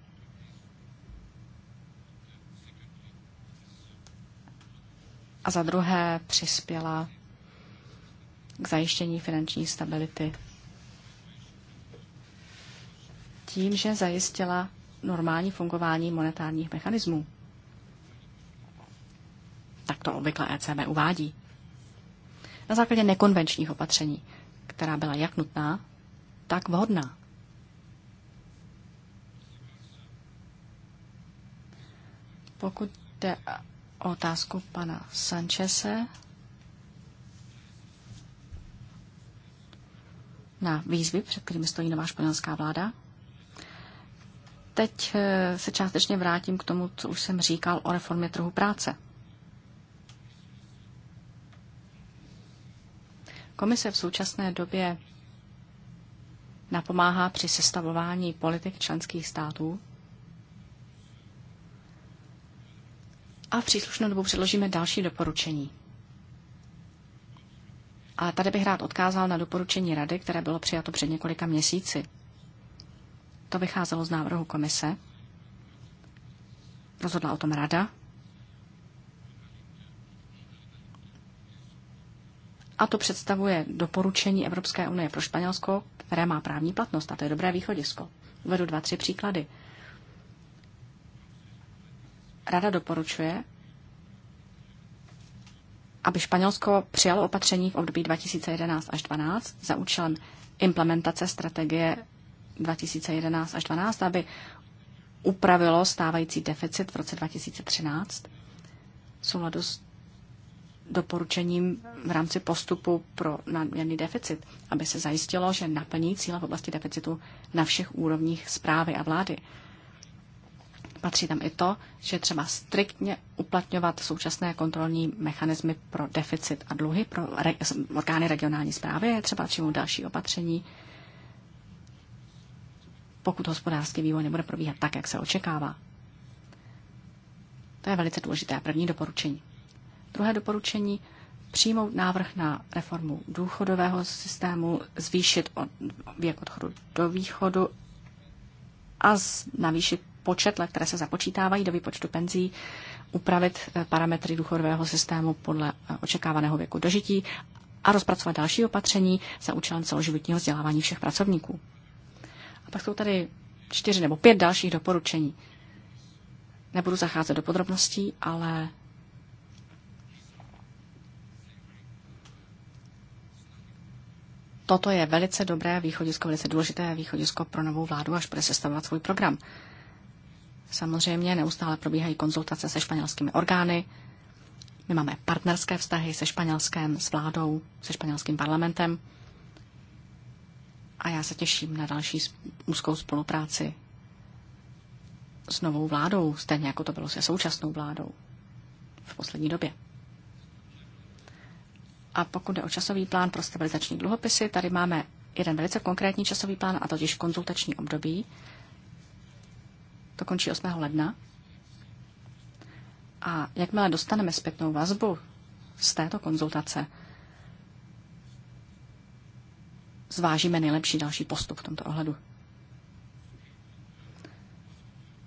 a za druhé přispěla k zajištění finanční stability tím, že zajistila normální fungování monetárních mechanismů. Tak to obvykle ECB uvádí na základě nekonvenčních opatření, která byla jak nutná, tak vhodná. Pokud jde o otázku pana Sančese na výzvy, před kterými stojí nová španělská vláda, teď eh, se částečně vrátím k tomu, co už jsem říkal o reformě trhu práce. Komise v současné době napomáhá při sestavování politik členských států a v příslušnou dobu předložíme další doporučení. A tady bych rád odkázal na doporučení rady, které bylo přijato před několika měsíci. To vycházelo z návrhu komise. Rozhodla o tom rada A to představuje doporučení Evropské unie pro Španělsko, které má právní platnost a to je dobré východisko. Uvedu dva, tři příklady. Rada doporučuje, aby Španělsko přijalo opatření v období 2011 až 2012 za účelem implementace strategie 2011 až 2012, aby upravilo stávající deficit v roce 2013 v souladu s doporučením v rámci postupu pro nadměrný deficit, aby se zajistilo, že naplní cíle v oblasti deficitu na všech úrovních zprávy a vlády. Patří tam i to, že třeba striktně uplatňovat současné kontrolní mechanismy pro deficit a dluhy pro re- orgány regionální zprávy je třeba čemu další opatření, pokud hospodářský vývoj nebude probíhat tak, jak se očekává. To je velice důležité první doporučení. Druhé doporučení přijmout návrh na reformu důchodového systému, zvýšit věk odchodu do východu a navýšit počet let, které se započítávají do výpočtu penzí, upravit eh, parametry důchodového systému podle eh, očekávaného věku dožití a rozpracovat další opatření za účelem celoživotního vzdělávání všech pracovníků. A pak jsou tady čtyři nebo pět dalších doporučení. Nebudu zacházet do podrobností, ale toto je velice dobré východisko, velice důležité východisko pro novou vládu, až bude sestavovat svůj program. Samozřejmě neustále probíhají konzultace se španělskými orgány. My máme partnerské vztahy se španělském, s vládou, se španělským parlamentem. A já se těším na další úzkou spolupráci s novou vládou, stejně jako to bylo se současnou vládou v poslední době. A pokud jde o časový plán pro stabilizační dluhopisy, tady máme jeden velice konkrétní časový plán, a totiž konzultační období. To končí 8. ledna. A jakmile dostaneme zpětnou vazbu z této konzultace, zvážíme nejlepší další postup v tomto ohledu.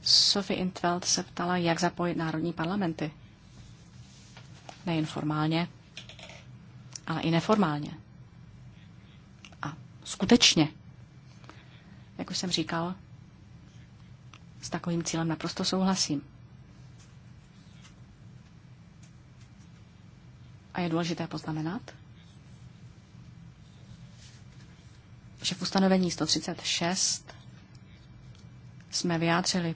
Sophie Intveld se ptala, jak zapojit národní parlamenty. Nejen formálně, ale i neformálně. A skutečně, jak už jsem říkal, s takovým cílem naprosto souhlasím. A je důležité poznamenat, že v ustanovení 136 jsme vyjádřili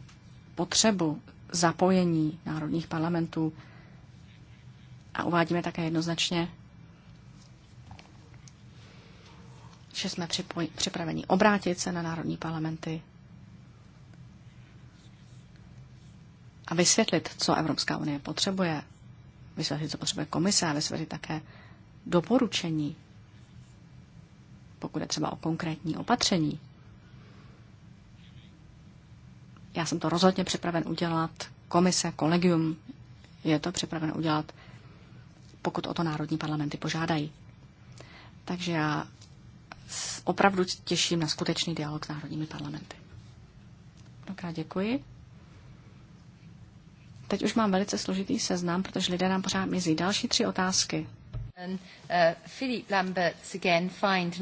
potřebu zapojení národních parlamentů a uvádíme také jednoznačně, že jsme připraveni obrátit se na národní parlamenty a vysvětlit, co Evropská unie potřebuje, vysvětlit, co potřebuje komise a vysvětlit také doporučení, pokud je třeba o konkrétní opatření. Já jsem to rozhodně připraven udělat, komise, kolegium je to připraven udělat, pokud o to národní parlamenty požádají. Takže já opravdu těším na skutečný dialog s národními parlamenty. Dobrá, děkuji. Teď už mám velice složitý seznam, protože lidé nám pořád mizí. Další tři otázky. Filip uh, Lamberts again, find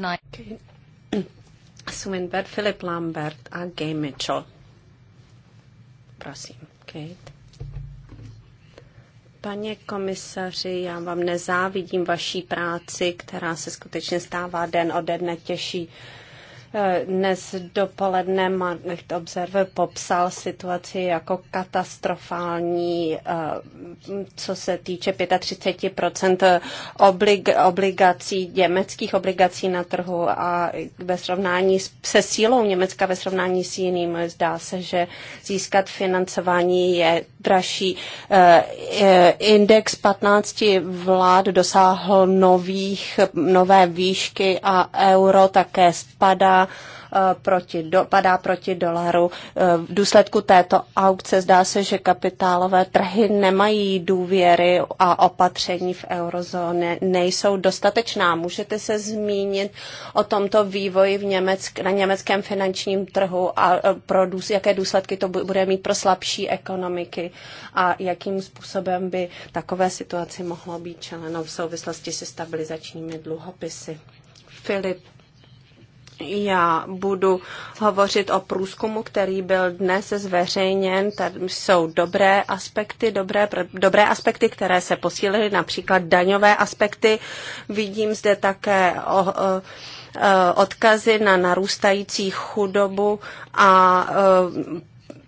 Lambert a Gay Mitchell. Prosím, Kate. Pane komisaři, já vám nezávidím vaší práci, která se skutečně stává den ode dne těžší. Eh, dnes dopoledne Market Observer popsal situaci jako katastrofální, eh, co se týče 35 oblig, obligací, německých obligací na trhu a ve srovnání se sílou Německa ve srovnání s jiným zdá se, že získat financování je dražší. Eh, eh, index 15 vlád dosáhl nových, nové výšky a euro také spadá Eh, proti, do, padá proti dolaru. Eh, v důsledku této aukce zdá se, že kapitálové trhy nemají důvěry a opatření v eurozóně nejsou dostatečná. Můžete se zmínit o tomto vývoji v Německ, na německém finančním trhu a eh, pro důs, jaké důsledky to bude mít pro slabší ekonomiky a jakým způsobem by takové situaci mohlo být čeleno v souvislosti se stabilizačními dluhopisy. Filip já budu hovořit o průzkumu, který byl dnes zveřejněn. Tam jsou dobré aspekty, dobré, dobré aspekty, které se posílily, například daňové aspekty. Vidím zde také o, o, e, odkazy na narůstající chudobu a e,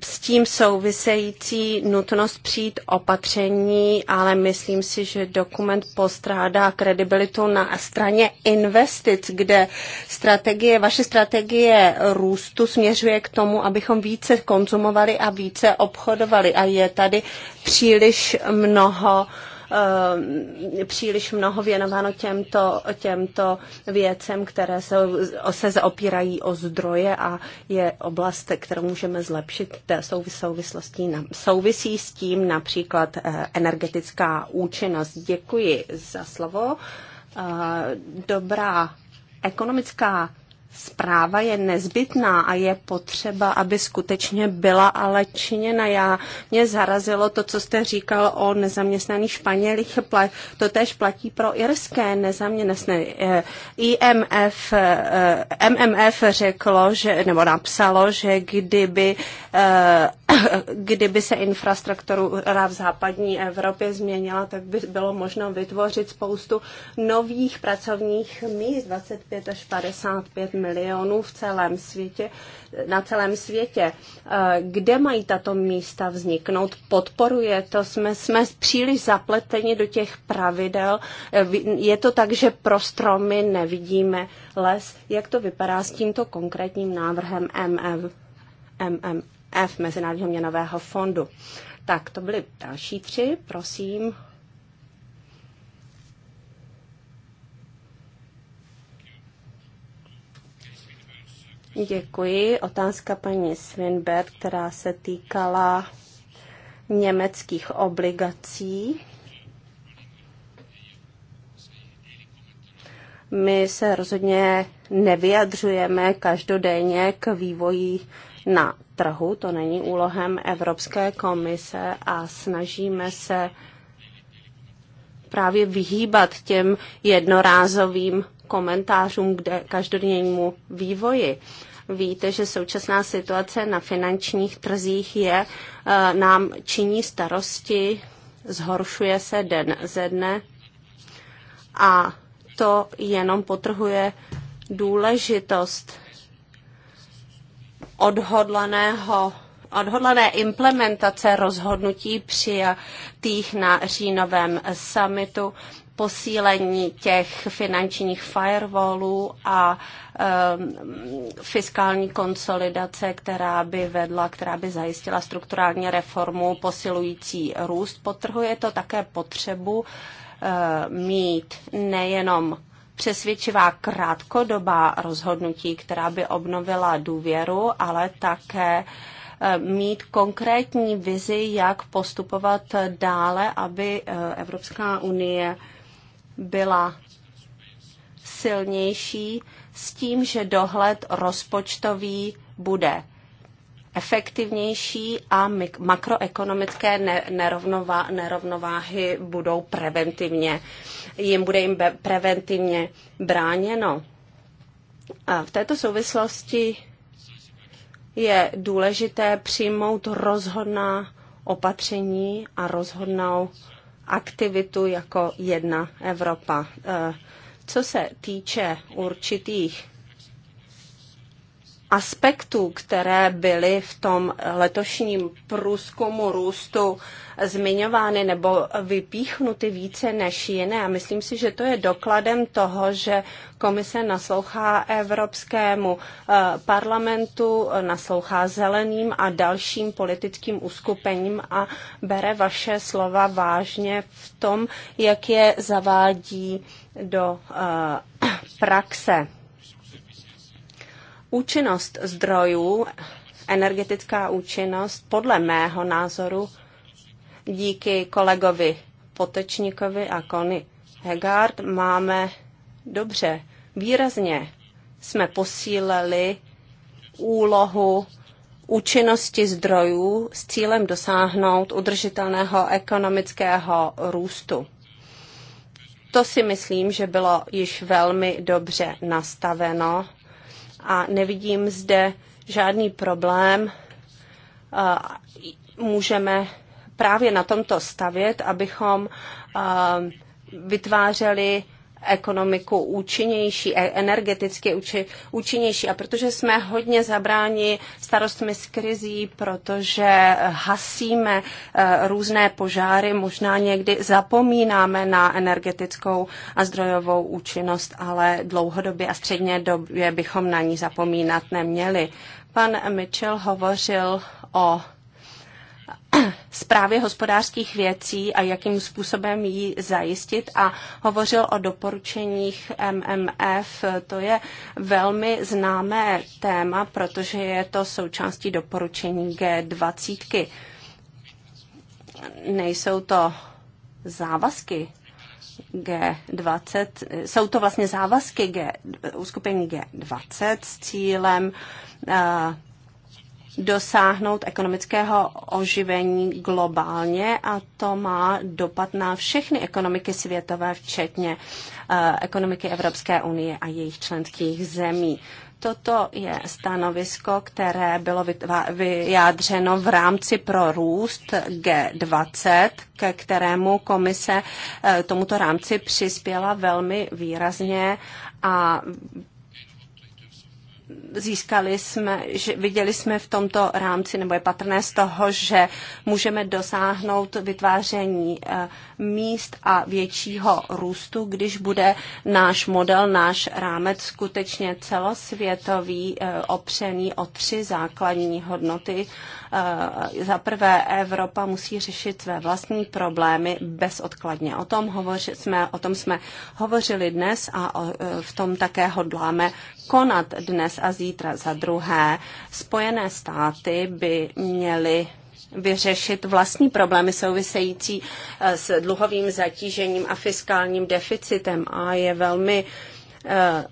s tím související nutnost přijít opatření, ale myslím si, že dokument postrádá kredibilitu na straně investic, kde strategie, vaše strategie růstu směřuje k tomu, abychom více konzumovali a více obchodovali a je tady příliš mnoho uh, Eh, příliš mnoho věnováno těmto, těmto věcem, které se, se zaopírají o zdroje a je oblast, kterou můžeme zlepšit, souvislostí, na, souvisí s tím například eh, energetická účinnost. Děkuji za slovo. Eh, dobrá ekonomická zpráva je nezbytná a je potřeba, aby skutečně byla ale činěna. Já, mě zarazilo to, co jste říkal o nezaměstnaných Španělích. To tež platí pro irské nezaměstnané. Eh, IMF, eh, MMF řeklo, že, nebo napsalo, že kdyby eh, kdyby se infrastruktura v západní Evropě změnila, tak by bylo možno vytvořit spoustu nových pracovních míst, 25 až 55 milionů v celém světě, na celém světě. Kde mají tato místa vzniknout? Podporuje to? Jsme, jsme příliš zapleteni do těch pravidel. Je to tak, že pro stromy nevidíme les. Jak to vypadá s tímto konkrétním návrhem MM? MM. F Mezinárodního měnového fondu. Tak to byly další tři, prosím. Děkuji. Otázka paní Svinbert, která se týkala německých obligací. My se rozhodně nevyjadřujeme každodenně k vývoji na trhu, to není úlohem Evropské komise a snažíme se právě vyhýbat těm jednorázovým komentářům k každodennímu vývoji. Víte, že současná situace na finančních trzích je, eh, nám činí starosti, zhoršuje se den ze dne a to jenom potrhuje důležitost odhodlaného odhodlané implementace rozhodnutí přijatých na říjnovém summitu, posílení těch finančních firewallů a um, fiskální konsolidace, která by vedla, která by zajistila strukturální reformu posilující růst. Potrhuje to také potřebu uh, mít nejenom přesvědčivá krátkodobá rozhodnutí, která by obnovila důvěru, ale také eh, mít konkrétní vizi, jak postupovat dále, aby eh, Evropská unie byla silnější s tím, že dohled rozpočtový bude efektivnější a makroekonomické nerovnová, nerovnováhy budou preventivně, jim bude jim preventivně bráněno. A v této souvislosti je důležité přijmout rozhodná opatření a rozhodnou aktivitu jako jedna Evropa. E, co se týče určitých aspektů, které byly v tom letošním průzkumu růstu zmiňovány nebo vypíchnuty více než jiné. A myslím si, že to je dokladem toho, že komise naslouchá Evropskému eh, parlamentu, naslouchá zeleným a dalším politickým uskupením a bere vaše slova vážně v tom, jak je zavádí do eh, praxe. Účinnost zdrojů, energetická účinnost, podle mého názoru, díky kolegovi Potečníkovi a Kony Hegard máme dobře, výrazně jsme posílili úlohu účinnosti zdrojů s cílem dosáhnout udržitelného ekonomického růstu. To si myslím, že bylo již velmi dobře nastaveno a nevidím zde žádný problém. Můžeme právě na tomto stavět, abychom vytvářeli ekonomiku účinnější, e- energeticky účinnější. A protože jsme hodně zabráni starostmi z krizí, protože hasíme e, různé požáry, možná někdy zapomínáme na energetickou a zdrojovou účinnost, ale dlouhodobě a středně době bychom na ní zapomínat neměli. Pan Mitchell hovořil o zprávě hospodářských věcí a jakým způsobem ji zajistit a hovořil o doporučeních MMF. To je velmi známé téma, protože je to součástí doporučení G20. Nejsou to závazky G20, jsou to vlastně závazky G, uskupení G20 s cílem uh, dosáhnout ekonomického oživení globálně a to má dopad na všechny ekonomiky světové, včetně eh, ekonomiky Evropské unie a jejich členských zemí. Toto je stanovisko, které bylo vyjádřeno v rámci pro růst G20, ke kterému komise eh, tomuto rámci přispěla velmi výrazně a získali jsme, že viděli jsme v tomto rámci, nebo je patrné z toho, že můžeme dosáhnout vytváření eh, míst a většího růstu, když bude náš model, náš rámec skutečně celosvětový, eh, opřený o tři základní hodnoty. Eh, za prvé, Evropa musí řešit své vlastní problémy bezodkladně. O tom, hovoři, jsme, o tom jsme hovořili dnes a o, v tom také hodláme konat dnes a zítra. Za druhé, Spojené státy by měly vyřešit vlastní problémy související eh, s dluhovým zatížením a fiskálním deficitem a je velmi eh,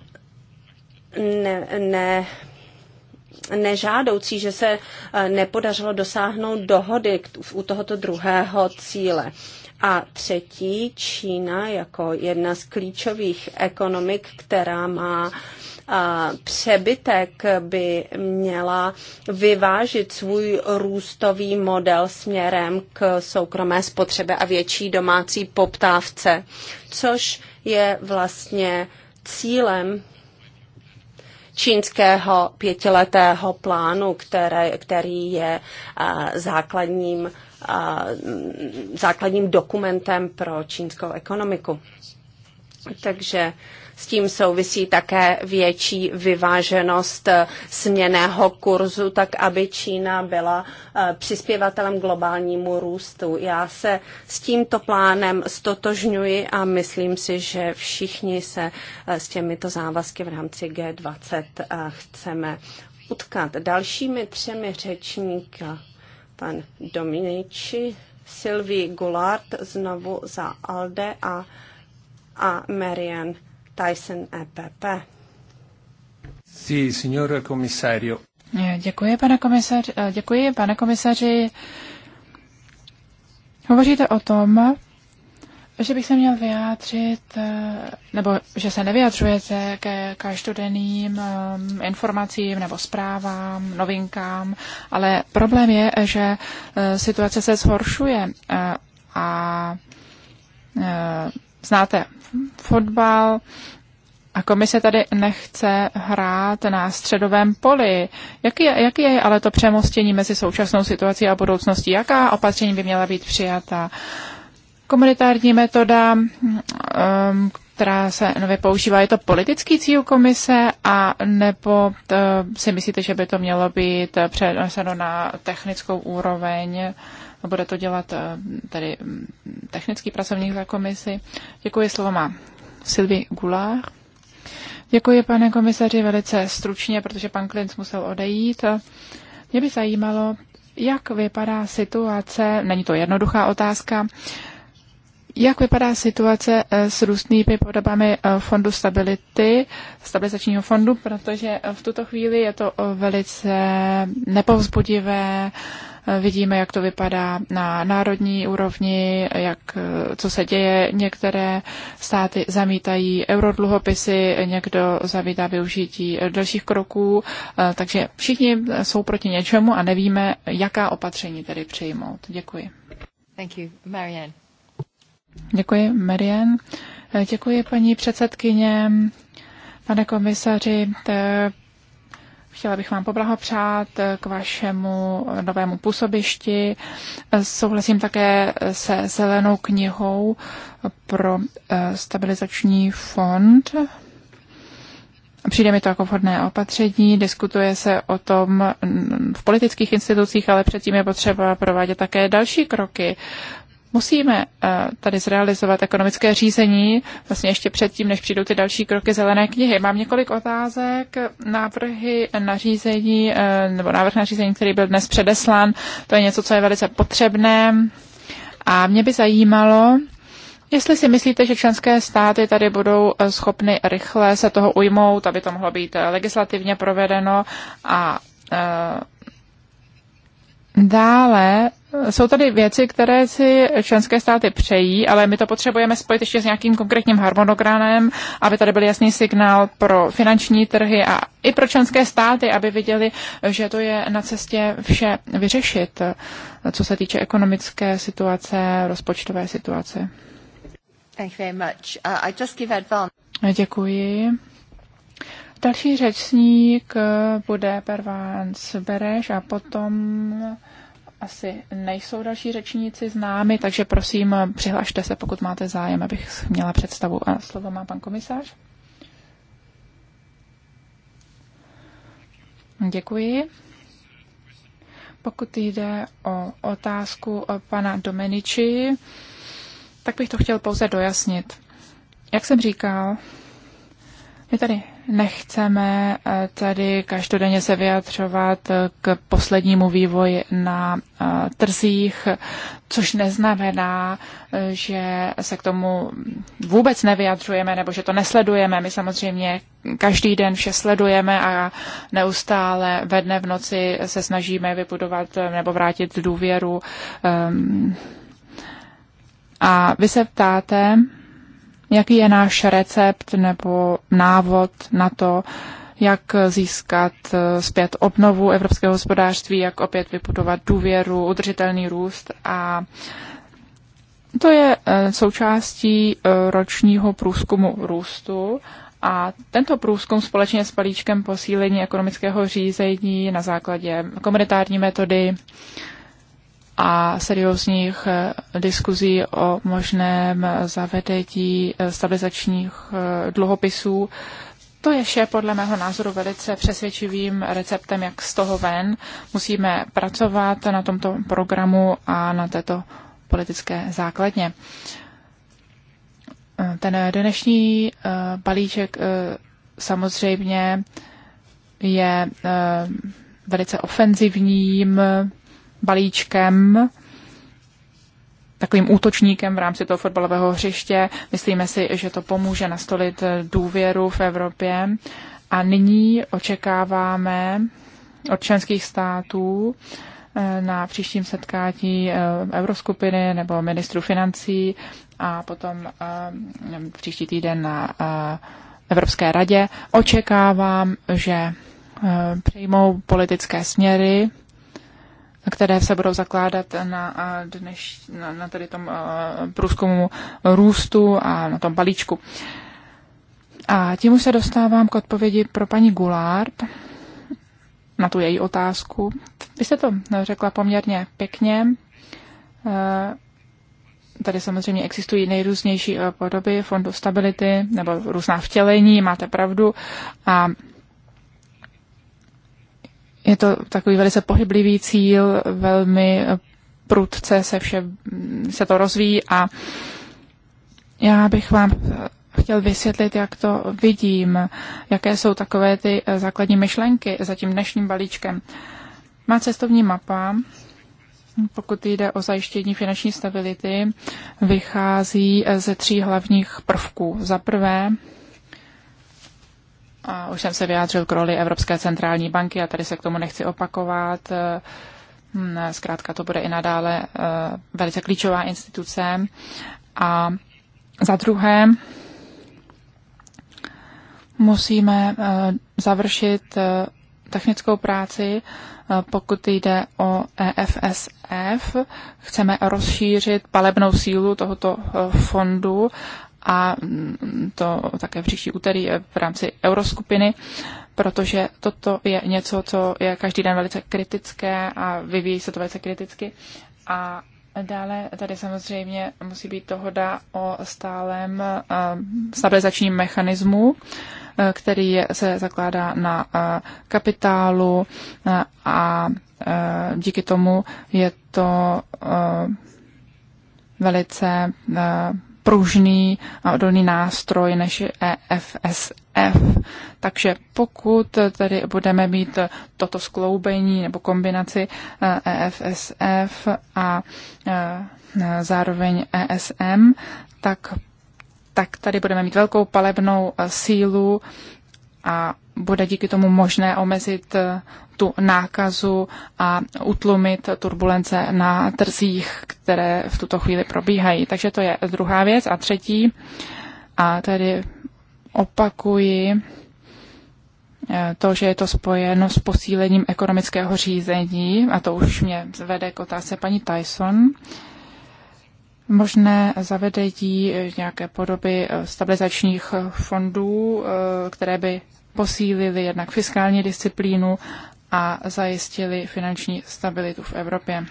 ne, ne, nežádoucí, že se eh, nepodařilo dosáhnout dohody u tohoto druhého cíle. A třetí, Čína jako jedna z klíčových ekonomik, která má přebytek by měla vyvážit svůj růstový model směrem k soukromé spotřebě a větší domácí poptávce, což je vlastně cílem čínského pětiletého plánu, které, který je základním, základním dokumentem pro čínskou ekonomiku. Takže s tím souvisí také větší vyváženost eh, směného kurzu, tak aby Čína byla eh, přispěvatelem globálnímu růstu. Já se s tímto plánem stotožňuji a myslím si, že všichni se eh, s těmito závazky v rámci G20 chceme utkat. Dalšími třemi řečníky pan Dominici, Sylvie Goulart znovu za Alde a, a Marianne Tyson EPP. Sí, signor eh, Děkuji, pane komisaři. Eh, děkuji, pane komisaři. Hovoříte o tom, že bych se měl vyjádřit, eh, nebo že se nevyjadřujete ke každodenním informacím nebo zprávám, novinkám, ale problém je, že situace se zhoršuje a znáte fotbal a komise tady nechce hrát na středovém poli. Jaký je, jaký je ale to přemostění mezi současnou situací a budoucností? Jaká opatření by měla být přijata? Komunitární metoda, mm, um, která se nově používá, je to politický cíl komise a nebo uh, si myslíte, že by to mělo být přeneseno na technickou úroveň? Bude to dělat eh, tady mm, technický pracovník za komisi. Děkuji, slovo má Silvi Gulár. Děkuji, pane komisaři, velice stručně, protože pan Klinc musel odejít. Mě by zajímalo, jak vypadá situace, není to jednoduchá otázka, jak vypadá situace eh, s růstnými podobami eh, fondu stability, stabilizačního fondu, protože v tuto chvíli je to velice nepovzbudivé, Vidíme, jak to vypadá na národní úrovni, jak, co se děje. Některé státy zamítají eurodluhopisy, někdo zavítá využití dalších kroků, eh, takže všichni jsou proti něčemu a nevíme, jaká opatření tedy přijmout. Děkuji. Thank you. Marianne. Děkuji, Marianne. Eh, děkuji, paní předsedkyně. Pane komisaři, eh, Chtěla bych vám poblahopřát eh, k vašemu eh, novému působišti. Eh, souhlasím také se zelenou knihou pro stabilizační fond. Přijde mi to jako vhodné opatření, diskutuje se o tom mm, v politických institucích, ale předtím je potřeba provádět také další kroky musíme eh, tady zrealizovat ekonomické řízení, vlastně ještě předtím, než přijdou ty další kroky zelené knihy. Mám několik otázek, návrhy na řízení, eh, nebo návrh na řízení, který byl dnes předeslán, to je něco, co je velice potřebné. A mě by zajímalo, Jestli si myslíte, že členské státy tady budou eh, schopny rychle se toho ujmout, aby to mohlo být legislativně provedeno a dále jsou tady věci, které si členské státy přejí, ale my to potřebujeme spojit ještě s nějakým konkrétním harmonogramem, aby tady byl jasný signál pro finanční trhy a i pro členské státy, aby viděli, že to je na cestě vše vyřešit, co se týče ekonomické situace, rozpočtové situace. Thank you very much. Uh, I just give Děkuji. Další řečník bude Pervans Bereš a potom asi nejsou další řečníci známi, takže prosím, přihlašte se, pokud máte zájem, abych měla představu. A slovo má pan komisář. Děkuji. Pokud jde o otázku o pana Domeniči, tak bych to chtěl pouze dojasnit. Jak jsem říkal, my tady nechceme eh, tady každodenně se vyjadřovat eh, k poslednímu vývoji na eh, trzích, což neznamená, že se k tomu vůbec nevyjadřujeme nebo že to nesledujeme. My samozřejmě každý den vše sledujeme a neustále ve dne v noci se snažíme vybudovat nebo vrátit důvěru. Ehm, a vy se ptáte, jaký je náš recept nebo návod na to, jak získat eh, zpět obnovu evropského hospodářství, jak opět vybudovat důvěru, udržitelný růst a to je eh, součástí eh, ročního průzkumu růstu a tento průzkum společně s palíčkem posílení ekonomického řízení na základě komunitární metody a seriózních eh, diskuzí o možném eh, zavedení eh, stabilizačních dluhopisů. To je vše podle mého názoru velice přesvědčivým receptem, jak z toho ven. Musíme pracovat na tomto programu a na této politické základně. Ten dnešní balíček samozřejmě je velice ofenzivním balíčkem, takovým útočníkem v rámci toho fotbalového hřiště. Myslíme si, že to pomůže nastolit důvěru v Evropě. A nyní očekáváme od členských států eh, na příštím setkání eh, Euroskupiny nebo ministru financí a potom eh, příští týden na Evropské radě. Očekávám, že přejmou politické směry které se budou zakládat na, dneš, na, na tady tom průzkumu růstu a na tom balíčku. A tím už se dostávám k odpovědi pro paní Gulard na tu její otázku. Vy jste to řekla poměrně pěkně. E, tady samozřejmě existují nejrůznější e, podoby fondu stability nebo různá vtělení, máte pravdu. A je to takový velice pohyblivý cíl, velmi prudce se vše se to rozvíjí a já bych vám chtěl vysvětlit, jak to vidím, jaké jsou takové ty základní myšlenky za tím dnešním balíčkem. Má cestovní mapa, pokud jde o zajištění finanční stability, vychází ze tří hlavních prvků. Za prvé, a už jsem se vyjádřil k roli Evropské centrální banky a tady se k tomu nechci opakovat. Hm, zkrátka to bude i nadále eh, velice klíčová instituce. A za druhé, musíme eh, završit eh, technickou práci, pokud jde o EFSF. Chceme rozšířit palebnou sílu tohoto fondu a mm, to také příští úterý v rámci euroskupiny, protože toto je něco, co je každý den velice kritické a vyvíjí se to velice kriticky. A dále tady samozřejmě musí být dohoda o stálem eh, stabilizačním mechanismu, eh, který se zakládá na eh, kapitálu a díky tomu je to velice pružný a odolný nástroj než je EFSF. Takže pokud tedy budeme mít toto skloubení nebo kombinaci EFSF eh, e a eh, zároveň ESM, tak tak tady budeme mít velkou palebnou eh, sílu a bude díky tomu možné omezit eh, tu nákazu a utlumit turbulence na trzích, které v tuto chvíli probíhají. Takže to je druhá věc. A třetí, a tedy opakuji eh, to, že je to spojeno s posílením ekonomického řízení, a to už mě vede k otázce paní Tyson, možné zavedení eh, nějaké podoby eh, stabilizačních eh, fondů, které by posílily jednak fiskální disciplínu a zajistili finanční stabilitu v Evropě.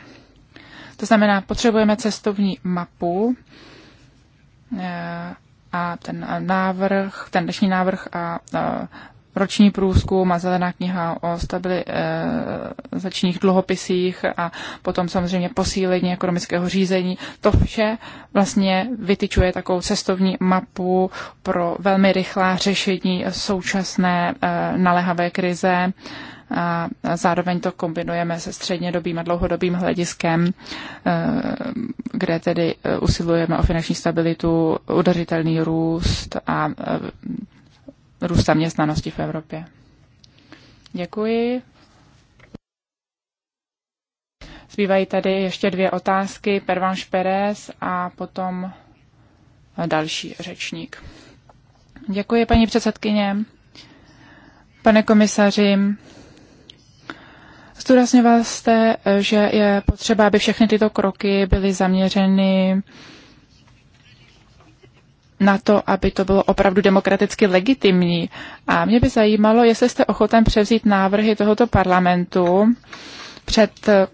To znamená, potřebujeme cestovní mapu a ten návrh, ten dnešní návrh a roční průzkum a zelená kniha o stabilizačních eh, dluhopisích a potom samozřejmě posílení ekonomického řízení. To vše vlastně vytyčuje takovou cestovní mapu pro velmi rychlá řešení současné eh, naléhavé krize a zároveň to kombinujeme se střednědobým a dlouhodobým hlediskem, eh, kde tedy usilujeme o finanční stabilitu, udržitelný růst a růst zaměstnanosti v Evropě. Děkuji. Zbývají tady ještě dvě otázky, Pervan Šperes a potom další řečník. Děkuji, paní předsedkyně. Pane komisaři, zdůrazňoval jste, že je potřeba, aby všechny tyto kroky byly zaměřeny na to, aby to bylo opravdu demokraticky legitimní. A mě by zajímalo, jestli jste ochoten převzít návrhy tohoto parlamentu. Před eh,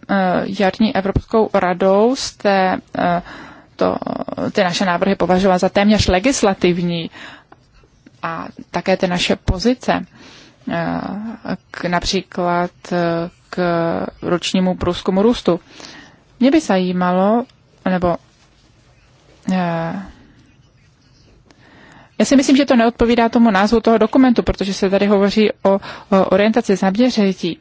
jarní Evropskou radou jste eh, to, ty naše návrhy považoval za téměř legislativní a také ty naše pozice, eh, k, například k ročnímu průzkumu růstu. Mě by zajímalo, nebo já si myslím, že to neodpovídá tomu názvu toho dokumentu, protože se tady hovoří o, o orientaci zaměření.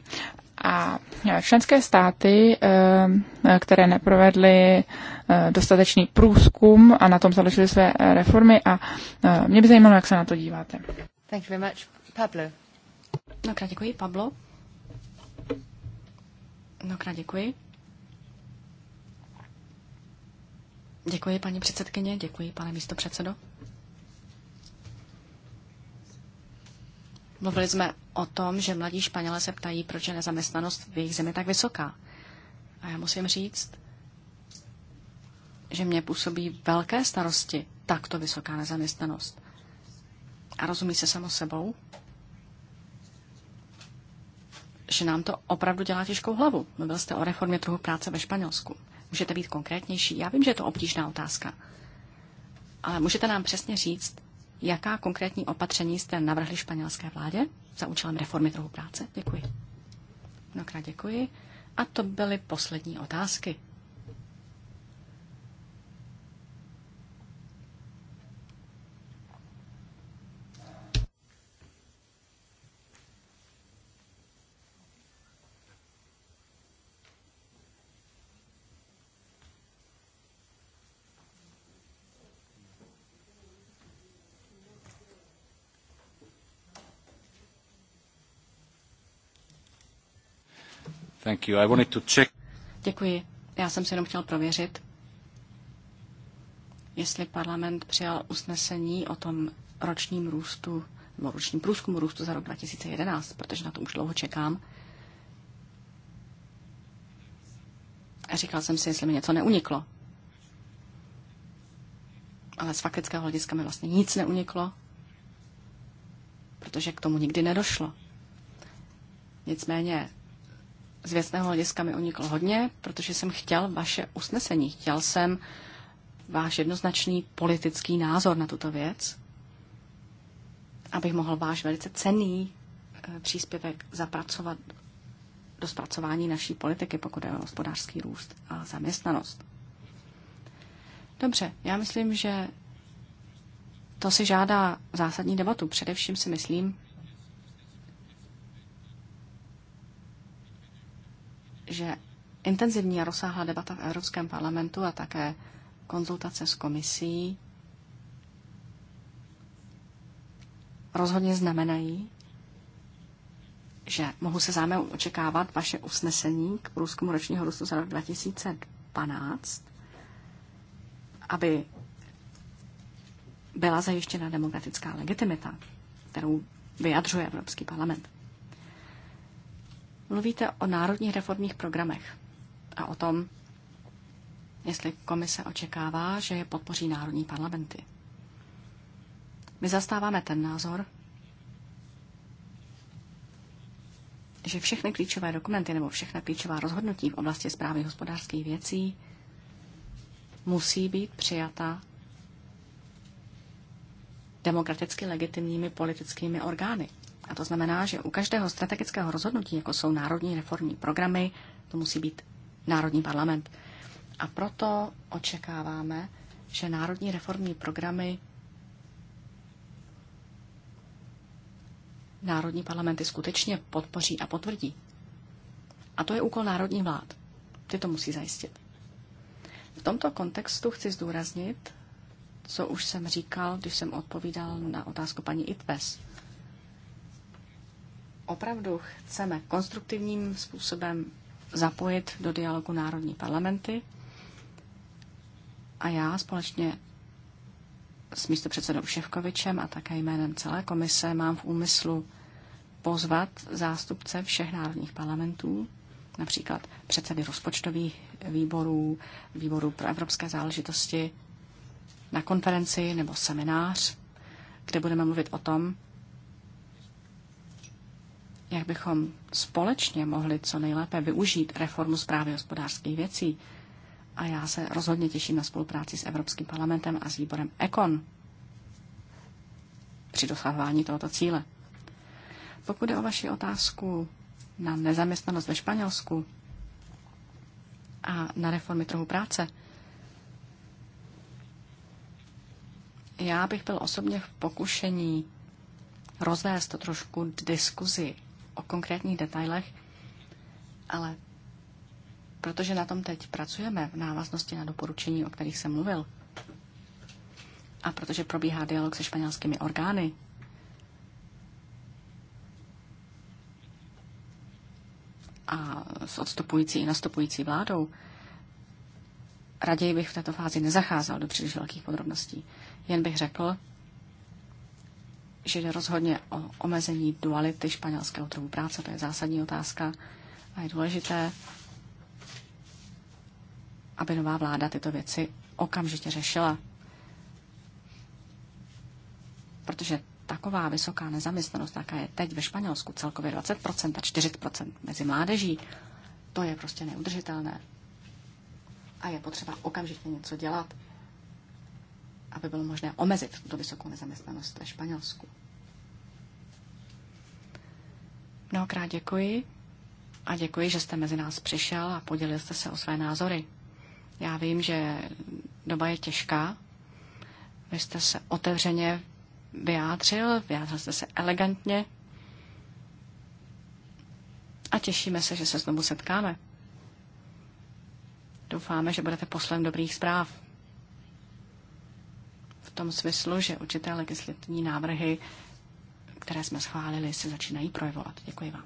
A členské státy, eh, které neprovedly eh, dostatečný průzkum a na tom založily své eh, reformy a mě by zajímalo, jak se na to díváte. Thank you very much. Pablo. No, krát děkuji, Pablo. No, krát děkuji. Děkuji, paní předsedkyně, děkuji, pane místopředsedo. předsedo. Mluvili jsme o tom, že mladí Španělé se ptají, proč je nezaměstnanost v jejich zemi tak vysoká. A já musím říct, že mě působí velké starosti takto vysoká nezaměstnanost. A rozumí se samo sebou, že nám to opravdu dělá těžkou hlavu. Mluvil jste o reformě trhu práce ve Španělsku. Můžete být konkrétnější? Já vím, že je to obtížná otázka. Ale můžete nám přesně říct, jaká konkrétní opatření jste navrhli španělské vládě za účelem reformy trhu práce? Děkuji. Mnohokrát děkuji. A to byly poslední otázky. Thank you. I wanted to check. Děkuji. Já jsem si jenom chtěl prověřit, jestli parlament přijal usnesení o tom ročním růstu, nebo ročním průzkumu růstu za rok 2011, protože na to už dlouho čekám. A říkal jsem si, jestli mi něco neuniklo. Ale z faktického hlediska mi vlastně nic neuniklo, protože k tomu nikdy nedošlo. Nicméně z věcného hlediska mi uniklo hodně, protože jsem chtěl vaše usnesení. Chtěl jsem váš jednoznačný politický názor na tuto věc, abych mohl váš velice cený eh, příspěvek zapracovat do zpracování naší politiky, pokud je o hospodářský růst a zaměstnanost. Dobře, já myslím, že to si žádá zásadní debatu. Především si myslím, že intenzivní a rozsáhlá debata v Evropském parlamentu a také konzultace s komisí rozhodně znamenají, že mohu se zájmem očekávat vaše usnesení k průzkumu ročního růstu za rok 2012, aby byla zajištěna demokratická legitimita, kterou vyjadřuje Evropský parlament. Mluvíte o národních reformních programech a o tom, jestli komise očekává, že je podpoří národní parlamenty. My zastáváme ten názor, že všechny klíčové dokumenty nebo všechna klíčová rozhodnutí v oblasti zprávy hospodářských věcí musí být přijata demokraticky legitimními politickými orgány. A to znamená, že u každého strategického rozhodnutí, jako jsou národní reformní programy, to musí být národní parlament. A proto očekáváme, že národní reformní programy národní parlamenty skutečně podpoří a potvrdí. A to je úkol národní vlád. Ty to musí zajistit. V tomto kontextu chci zdůraznit, co už jsem říkal, když jsem odpovídal na otázku paní Itves – opravdu chceme konstruktivním způsobem zapojit do dialogu národní parlamenty a já společně s místopředsedou Ševkovičem a také jménem celé komise mám v úmyslu pozvat zástupce všech národních parlamentů, například předsedy rozpočtových výborů, výborů pro evropské záležitosti, na konferenci nebo seminář, kde budeme mluvit o tom, jak bychom společně mohli co nejlépe využít reformu zprávy hospodářských věcí. A já se rozhodně těším na spolupráci s Evropským parlamentem a s výborem ECON při dosahování tohoto cíle. Pokud je o vaši otázku na nezaměstnanost ve Španělsku a na reformy trhu práce, já bych byl osobně v pokušení rozvést trošku diskuzi o konkrétních detailech, ale protože na tom teď pracujeme v návaznosti na doporučení, o kterých jsem mluvil, a protože probíhá dialog se španělskými orgány, a s odstupující i nastupující vládou, raději bych v této fázi nezacházel do příliš velkých podrobností. Jen bych řekl, že jde rozhodně o omezení duality španělského trhu práce. To je zásadní otázka a je důležité, aby nová vláda tyto věci okamžitě řešila. Protože taková vysoká nezaměstnanost, jaká je teď ve Španělsku, celkově 20% a 40% mezi mládeží, to je prostě neudržitelné. A je potřeba okamžitě něco dělat aby bylo možné omezit tuto vysokou nezaměstnanost ve Španělsku. Mnohokrát děkuji a děkuji, že jste mezi nás přišel a podělil jste se o své názory. Já vím, že doba je těžká. Vy jste se otevřeně vyjádřil, vyjádřil jste se elegantně a těšíme se, že se znovu setkáme. Doufáme, že budete poslem dobrých zpráv v tom smyslu, že určité legislativní návrhy, které jsme schválili, se začínají projevovat. Děkuji vám.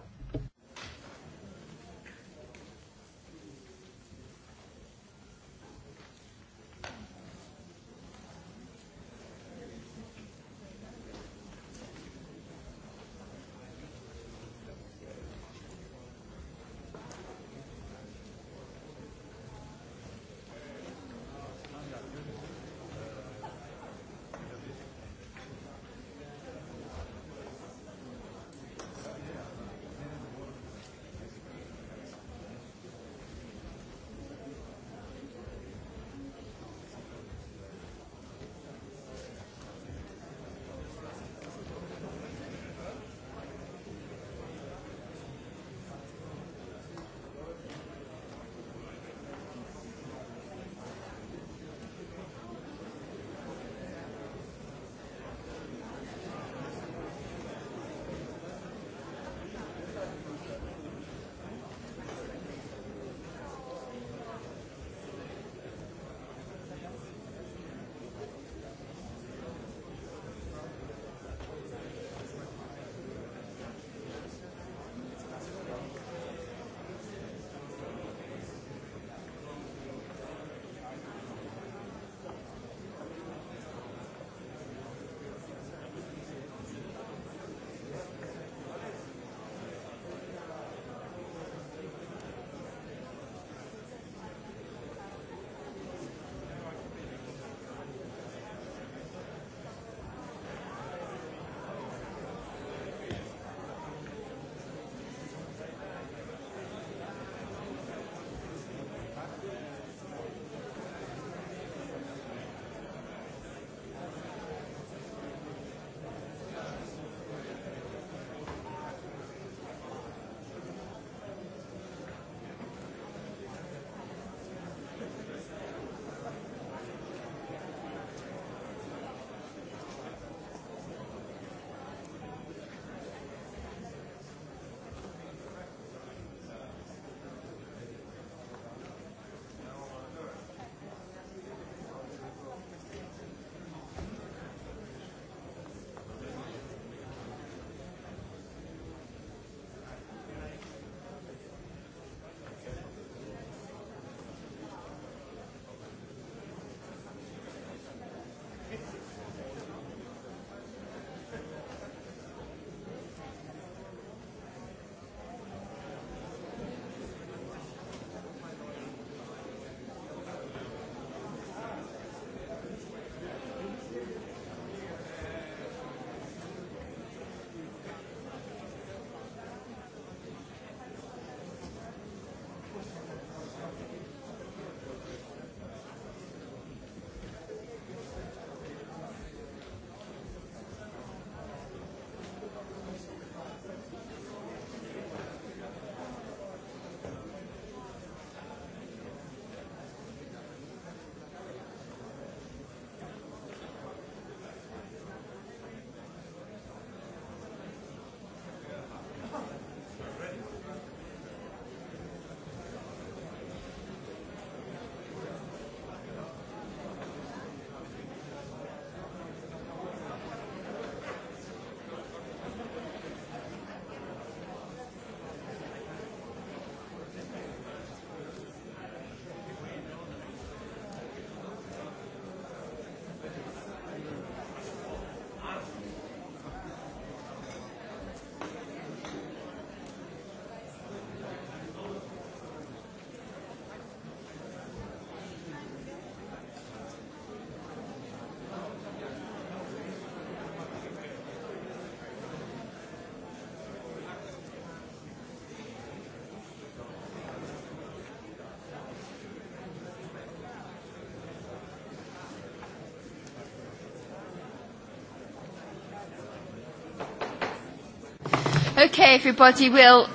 Okay, everybody will.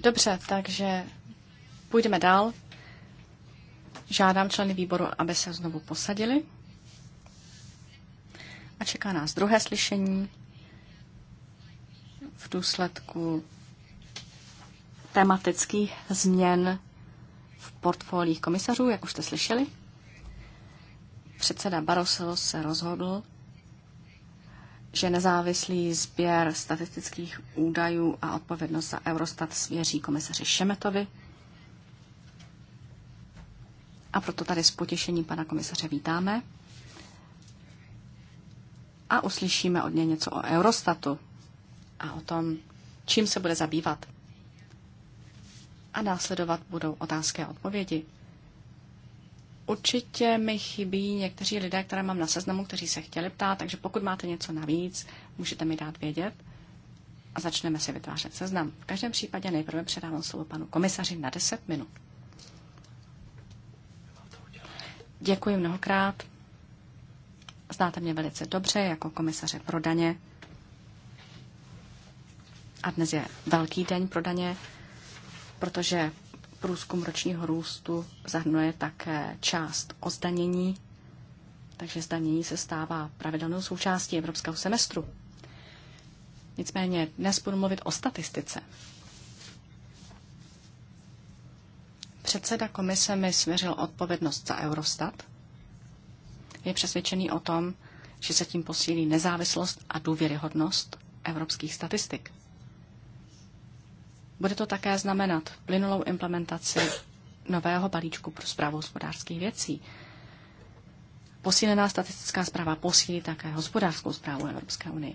Dobře, takže půjdeme dál. Žádám členy výboru, aby se znovu posadili. A čeká nás druhé slyšení v důsledku tematických změn v portfoliích komisařů, jak už jste slyšeli. Předseda Barroso se rozhodl, že nezávislý sběr statistických údajů a odpovědnost za Eurostat svěří komisaři Šemetovi. A proto tady s potěšením pana komisaře vítáme. A uslyšíme od něj něco o Eurostatu a o tom, čím se bude zabývat. A následovat budou otázky a odpovědi. Určitě mi chybí někteří lidé, které mám na seznamu, kteří se chtěli ptát, takže pokud máte něco navíc, můžete mi dát vědět a začneme si vytvářet seznam. V každém případě nejprve předávám slovo panu komisaři na 10 minut. Děkuji mnohokrát. Znáte mě velice dobře jako komisaře pro daně. A dnes je velký den pro daně, protože průzkum ročního růstu zahrnuje také část o zdanění, takže zdanění se stává pravidelnou součástí evropského semestru. Nicméně dnes budu mluvit o statistice. Předseda komise mi svěřil odpovědnost za Eurostat. Je přesvědčený o tom, že se tím posílí nezávislost a důvěryhodnost evropských statistik. Bude to také znamenat plynulou implementaci nového balíčku pro zprávu hospodářských věcí. Posílená statistická zpráva posílí také hospodářskou zprávu Evropské unie.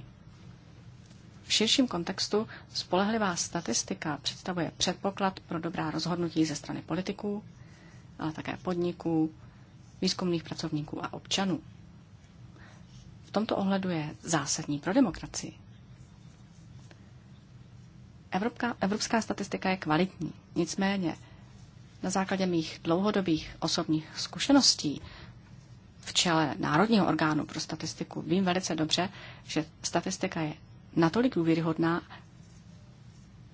V širším kontextu spolehlivá statistika představuje předpoklad pro dobrá rozhodnutí ze strany politiků, ale také podniků, výzkumných pracovníků a občanů. V tomto ohledu je zásadní pro demokracii. Evropka, evropská statistika je kvalitní. Nicméně na základě mých dlouhodobých osobních zkušeností v čele Národního orgánu pro statistiku vím velice dobře, že statistika je natolik důvěryhodná,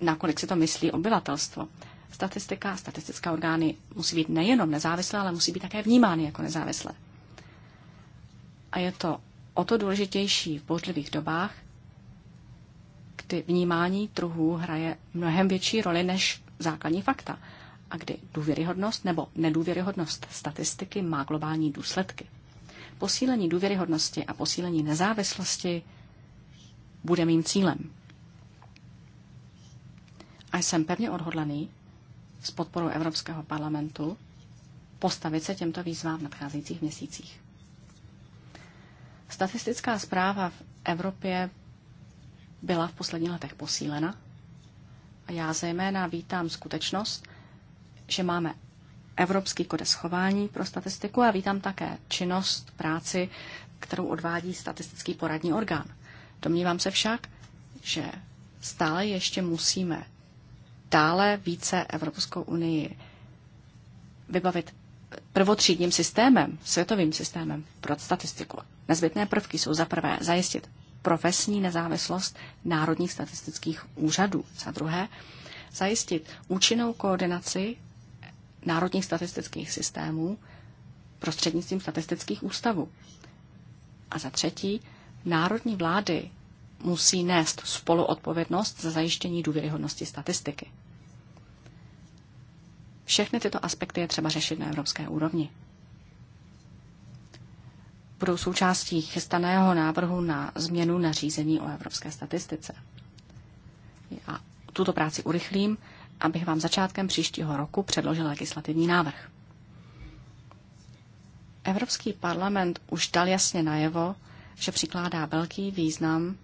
nakolik si to myslí obyvatelstvo. Statistika a statistické orgány musí být nejenom nezávislé, ale musí být také vnímány jako nezávislé. A je to o to důležitější v bouřlivých dobách, kdy vnímání trhů hraje mnohem větší roli než základní fakta a kdy důvěryhodnost nebo nedůvěryhodnost statistiky má globální důsledky. Posílení důvěryhodnosti a posílení nezávislosti bude mým cílem. A jsem pevně odhodlaný s podporou Evropského parlamentu postavit se těmto výzvám v nadcházejících měsících. Statistická zpráva v Evropě byla v posledních letech posílena. A já zejména vítám skutečnost, že máme Evropský kodex chování pro statistiku a vítám také činnost, práci, kterou odvádí statistický poradní orgán. Domnívám se však, že stále ještě musíme dále více Evropskou unii vybavit prvotřídním systémem, světovým systémem pro statistiku. Nezbytné prvky jsou za prvé zajistit profesní nezávislost národních statistických úřadů. Za druhé, zajistit účinnou koordinaci národních statistických systémů prostřednictvím statistických ústavů. A za třetí, národní vlády musí nést spoluodpovědnost za zajištění důvěryhodnosti statistiky. Všechny tyto aspekty je třeba řešit na evropské úrovni budou součástí chystaného návrhu na změnu nařízení o evropské statistice. A tuto práci urychlím, abych vám začátkem příštího roku předložil legislativní návrh. Evropský parlament už dal jasně najevo, že přikládá velký význam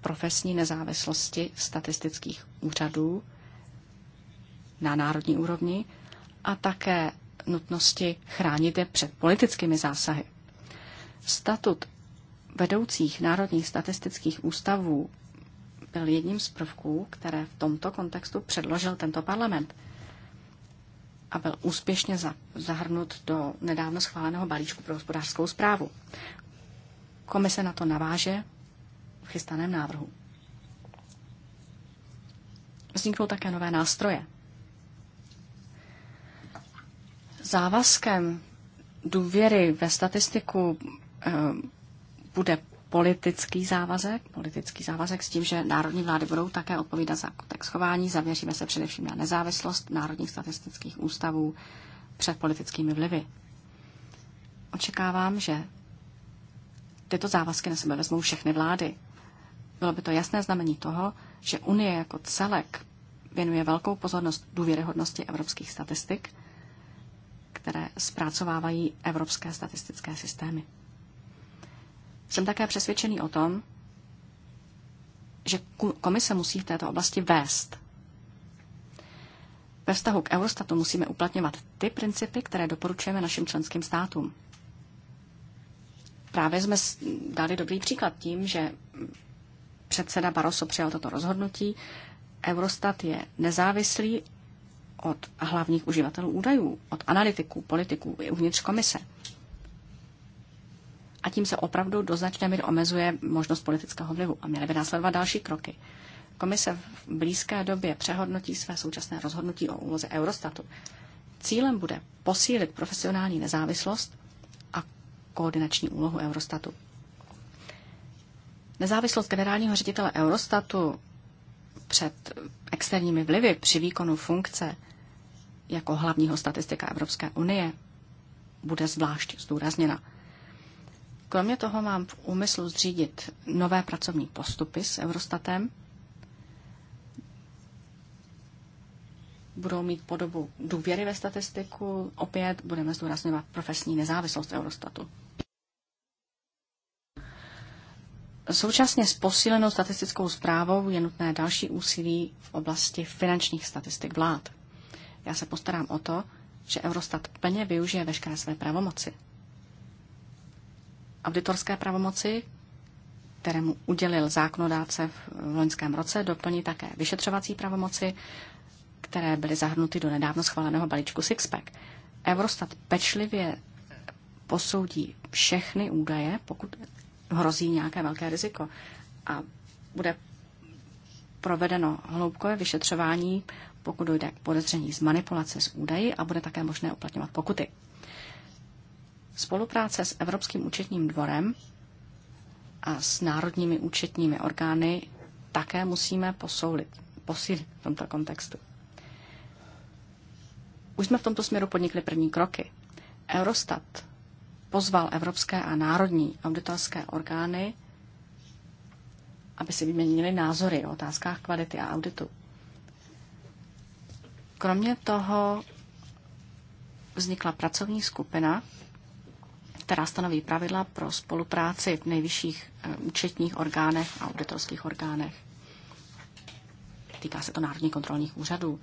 profesní nezávislosti statistických úřadů na národní úrovni a také nutnosti chránit je před politickými zásahy. Statut vedoucích národních statistických ústavů byl jedním z prvků, které v tomto kontextu předložil tento parlament a byl úspěšně zahrnut do nedávno schváleného balíčku pro hospodářskou zprávu. Komise na to naváže v chystaném návrhu. Vzniknou také nové nástroje. Závazkem důvěry ve statistiku Eh, bude politický závazek, politický závazek s tím, že národní vlády budou také odpovídat za kontakt schování. Zaměříme se především na nezávislost národních statistických ústavů před politickými vlivy. Očekávám, že tyto závazky na sebe vezmou všechny vlády. Bylo by to jasné znamení toho, že Unie jako celek věnuje velkou pozornost důvěryhodnosti evropských statistik, které zpracovávají evropské statistické systémy. Jsem také přesvědčený o tom, že komise musí v této oblasti vést. Ve vztahu k Eurostatu musíme uplatňovat ty principy, které doporučujeme našim členským státům. Právě jsme dali dobrý příklad tím, že předseda Barroso přijal toto rozhodnutí. Eurostat je nezávislý od hlavních uživatelů údajů, od analytiků, politiků i uvnitř komise a tím se opravdu do značné míry omezuje možnost politického vlivu a měly by následovat další kroky. Komise v blízké době přehodnotí své současné rozhodnutí o úloze Eurostatu. Cílem bude posílit profesionální nezávislost a koordinační úlohu Eurostatu. Nezávislost generálního ředitele Eurostatu před externími vlivy při výkonu funkce jako hlavního statistika Evropské unie bude zvlášť zdůrazněna. Kromě toho mám v úmyslu zřídit nové pracovní postupy s Eurostatem. Budou mít podobu důvěry ve statistiku. Opět budeme zdůrazňovat profesní nezávislost Eurostatu. Současně s posílenou statistickou zprávou je nutné další úsilí v oblasti finančních statistik vlád. Já se postarám o to, že Eurostat plně využije veškeré své pravomoci. Auditorské pravomoci, kterému udělil zákonodáce v loňském roce, doplní také vyšetřovací pravomoci, které byly zahrnuty do nedávno schváleného balíčku Sixpack. Eurostat pečlivě posoudí všechny údaje, pokud hrozí nějaké velké riziko a bude provedeno hloubkové vyšetřování, pokud dojde k podezření z manipulace s údaji a bude také možné uplatňovat pokuty. Spolupráce s Evropským účetním dvorem a s národními účetními orgány také musíme posoulit, posílit v tomto kontextu. Už jsme v tomto směru podnikli první kroky. Eurostat pozval evropské a národní auditorské orgány, aby si vyměnili názory o otázkách kvality a auditu. Kromě toho vznikla pracovní skupina, která stanoví pravidla pro spolupráci v nejvyšších eh, účetních orgánech a auditorských orgánech. Týká se to národních kontrolních úřadů.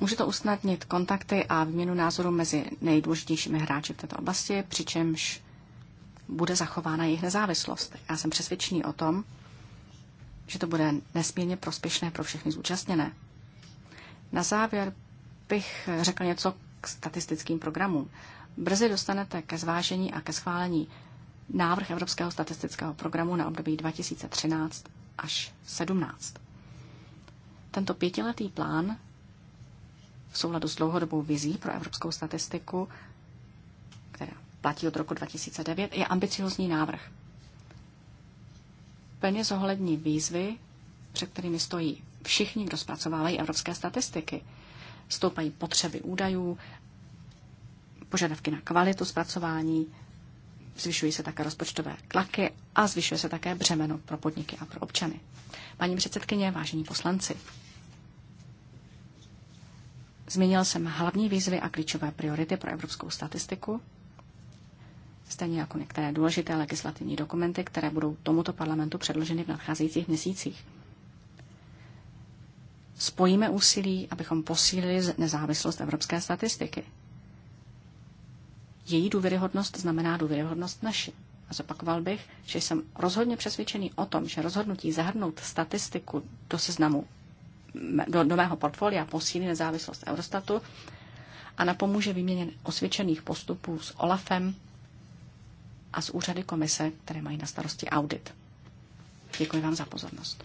Může to usnadnit kontakty a výměnu názorů mezi nejdůležitějšími hráči v této oblasti, přičemž bude zachována jejich nezávislost. Já jsem přesvědčený o tom, že to bude nesmírně prospěšné pro všechny zúčastněné. Na závěr bych řekl něco k statistickým programům. Brzy dostanete ke zvážení a ke schválení návrh Evropského statistického programu na období 2013 až 2017. Tento pětiletý plán v souladu s dlouhodobou vizí pro evropskou statistiku, která platí od roku 2009, je ambiciozní návrh. Plně zohlední výzvy, před kterými stojí všichni, kdo zpracovávají evropské statistiky – stoupají potřeby údajů, požadavky na kvalitu zpracování, zvyšují se také rozpočtové tlaky a zvyšuje se také břemeno pro podniky a pro občany. Paní předsedkyně, vážení poslanci, zmínil jsem hlavní výzvy a klíčové priority pro evropskou statistiku, stejně jako některé důležité legislativní dokumenty, které budou tomuto parlamentu předloženy v nadcházejících měsících spojíme úsilí, abychom posílili nezávislost evropské statistiky. Její důvěryhodnost znamená důvěryhodnost naši. A zopakoval bych, že jsem rozhodně přesvědčený o tom, že rozhodnutí zahrnout statistiku do seznamu do, do mého portfolia posílí nezávislost Eurostatu a napomůže výměně osvědčených postupů s OLAFem a s úřady komise, které mají na starosti audit. Děkuji vám za pozornost.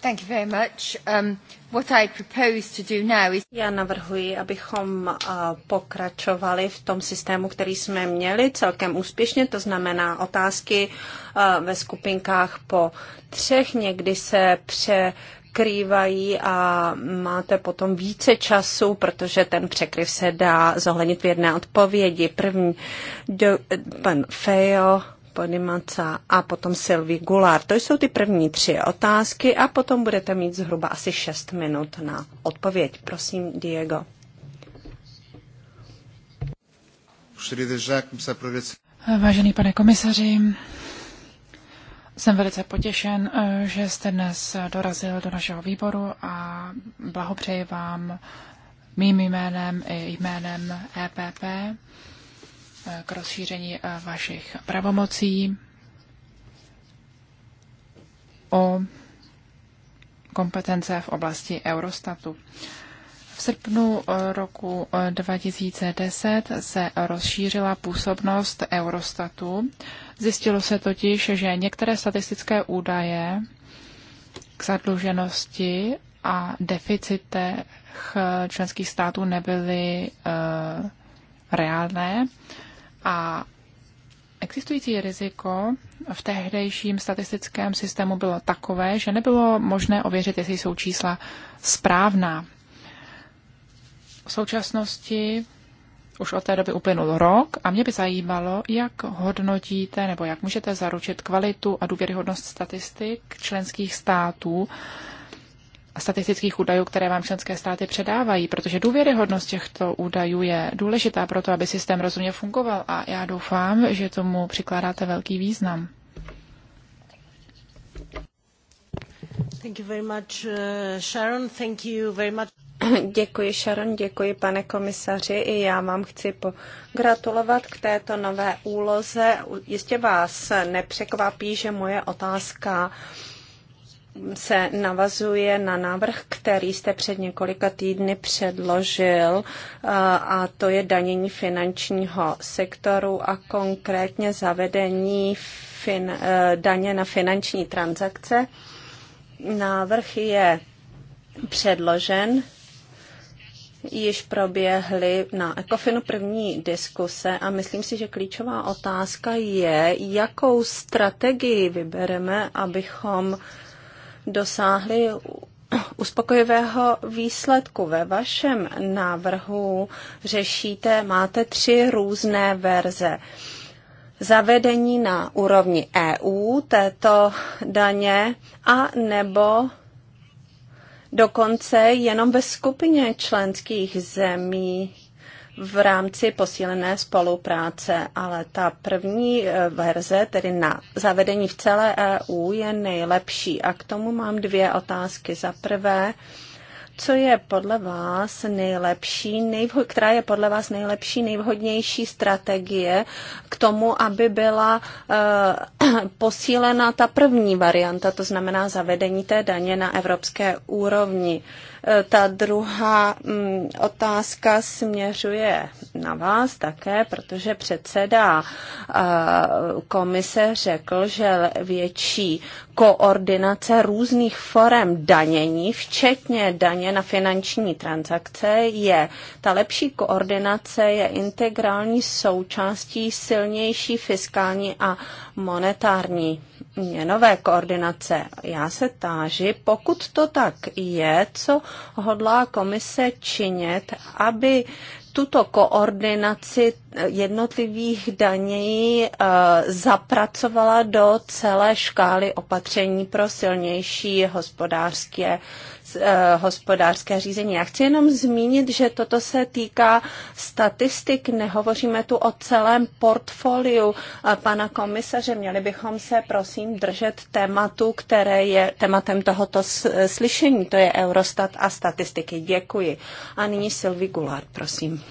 Thank you very much. Um, what I propose to do now is... Já navrhuji, abychom uh, pokračovali v tom systému, který jsme měli celkem úspěšně, to znamená otázky uh, ve skupinkách po třech, někdy se pře překrývají a máte potom více času, protože ten překryv se dá zohlednit v jedné odpovědi. První, do, pan Fejo, Podimaca a potom Sylvie Gulár. To jsou ty první tři otázky a potom budete mít zhruba asi 6 minut na odpověď. Prosím, Diego. Vážený pane komisaři, jsem velice potěšen, eh, že jste dnes dorazil do našeho výboru a blahopřeji vám mým jménem i jménem EPP k rozšíření eh, vašich pravomocí, o kompetence v oblasti Eurostatu. V srpnu eh, roku 2010 eh, se rozšířila působnost Eurostatu. Zjistilo se totiž, že některé statistické údaje k zadluženosti a deficitech členských států nebyly uh, reálné. A existující riziko v tehdejším statistickém systému bylo takové, že nebylo možné ověřit, jestli jsou čísla správná. V současnosti už od té doby uplynul rok a mě by zajímalo, jak hodnotíte nebo jak můžete zaručit kvalitu a důvěryhodnost statistik členských států statistických údajů, které vám členské státy předávají, protože důvěryhodnost těchto údajů je důležitá pro to, aby systém rozumně fungoval a já doufám, že tomu přikládáte velký význam. Uh, děkuji, Sharon, děkuji, pane komisaři. I já vám chci pogratulovat k této nové úloze. Jistě vás nepřekvapí, že moje otázka se navazuje na návrh, který jste před několika týdny předložil, a to je danění finančního sektoru a konkrétně zavedení fin, e, daně na finanční transakce. Návrh je předložen již proběhly na Ekofinu první diskuse a myslím si, že klíčová otázka je, jakou strategii vybereme, abychom dosáhli uspokojivého výsledku. Ve vašem návrhu řešíte, máte tři různé verze. Zavedení na úrovni EU této daně a nebo dokonce jenom ve skupině členských zemí v rámci posílené spolupráce, ale ta první eh, verze, tedy na zavedení v celé EU, je nejlepší. A k tomu mám dvě otázky. Za prvé, co je podle vás nejlepší, nejvho, která je podle vás nejlepší, nejvhodnější strategie k tomu, aby byla uh, posílena ta první varianta, to znamená zavedení té daně na evropské úrovni. Uh, ta druhá mm, otázka směřuje na vás také, protože předseda komise řekl, že větší koordinace různých forem danění, včetně daně na finanční transakce, je ta lepší koordinace je integrální součástí silnější fiskální a monetární měnové koordinace. Já se táži, pokud to tak je, co hodlá komise činit, aby tuto koordinaci jednotlivých daní eh, zapracovala do celé škály opatření pro silnější hospodářské Eh, hospodářské řízení. Já chci jenom zmínit, že toto se týká statistik, nehovoříme tu o celém portfoliu eh, pana komisaře. Měli bychom se, prosím, držet tématu, které je tématem tohoto slyšení, to je Eurostat a statistiky. Děkuji. A nyní Sylvie Goulart, prosím.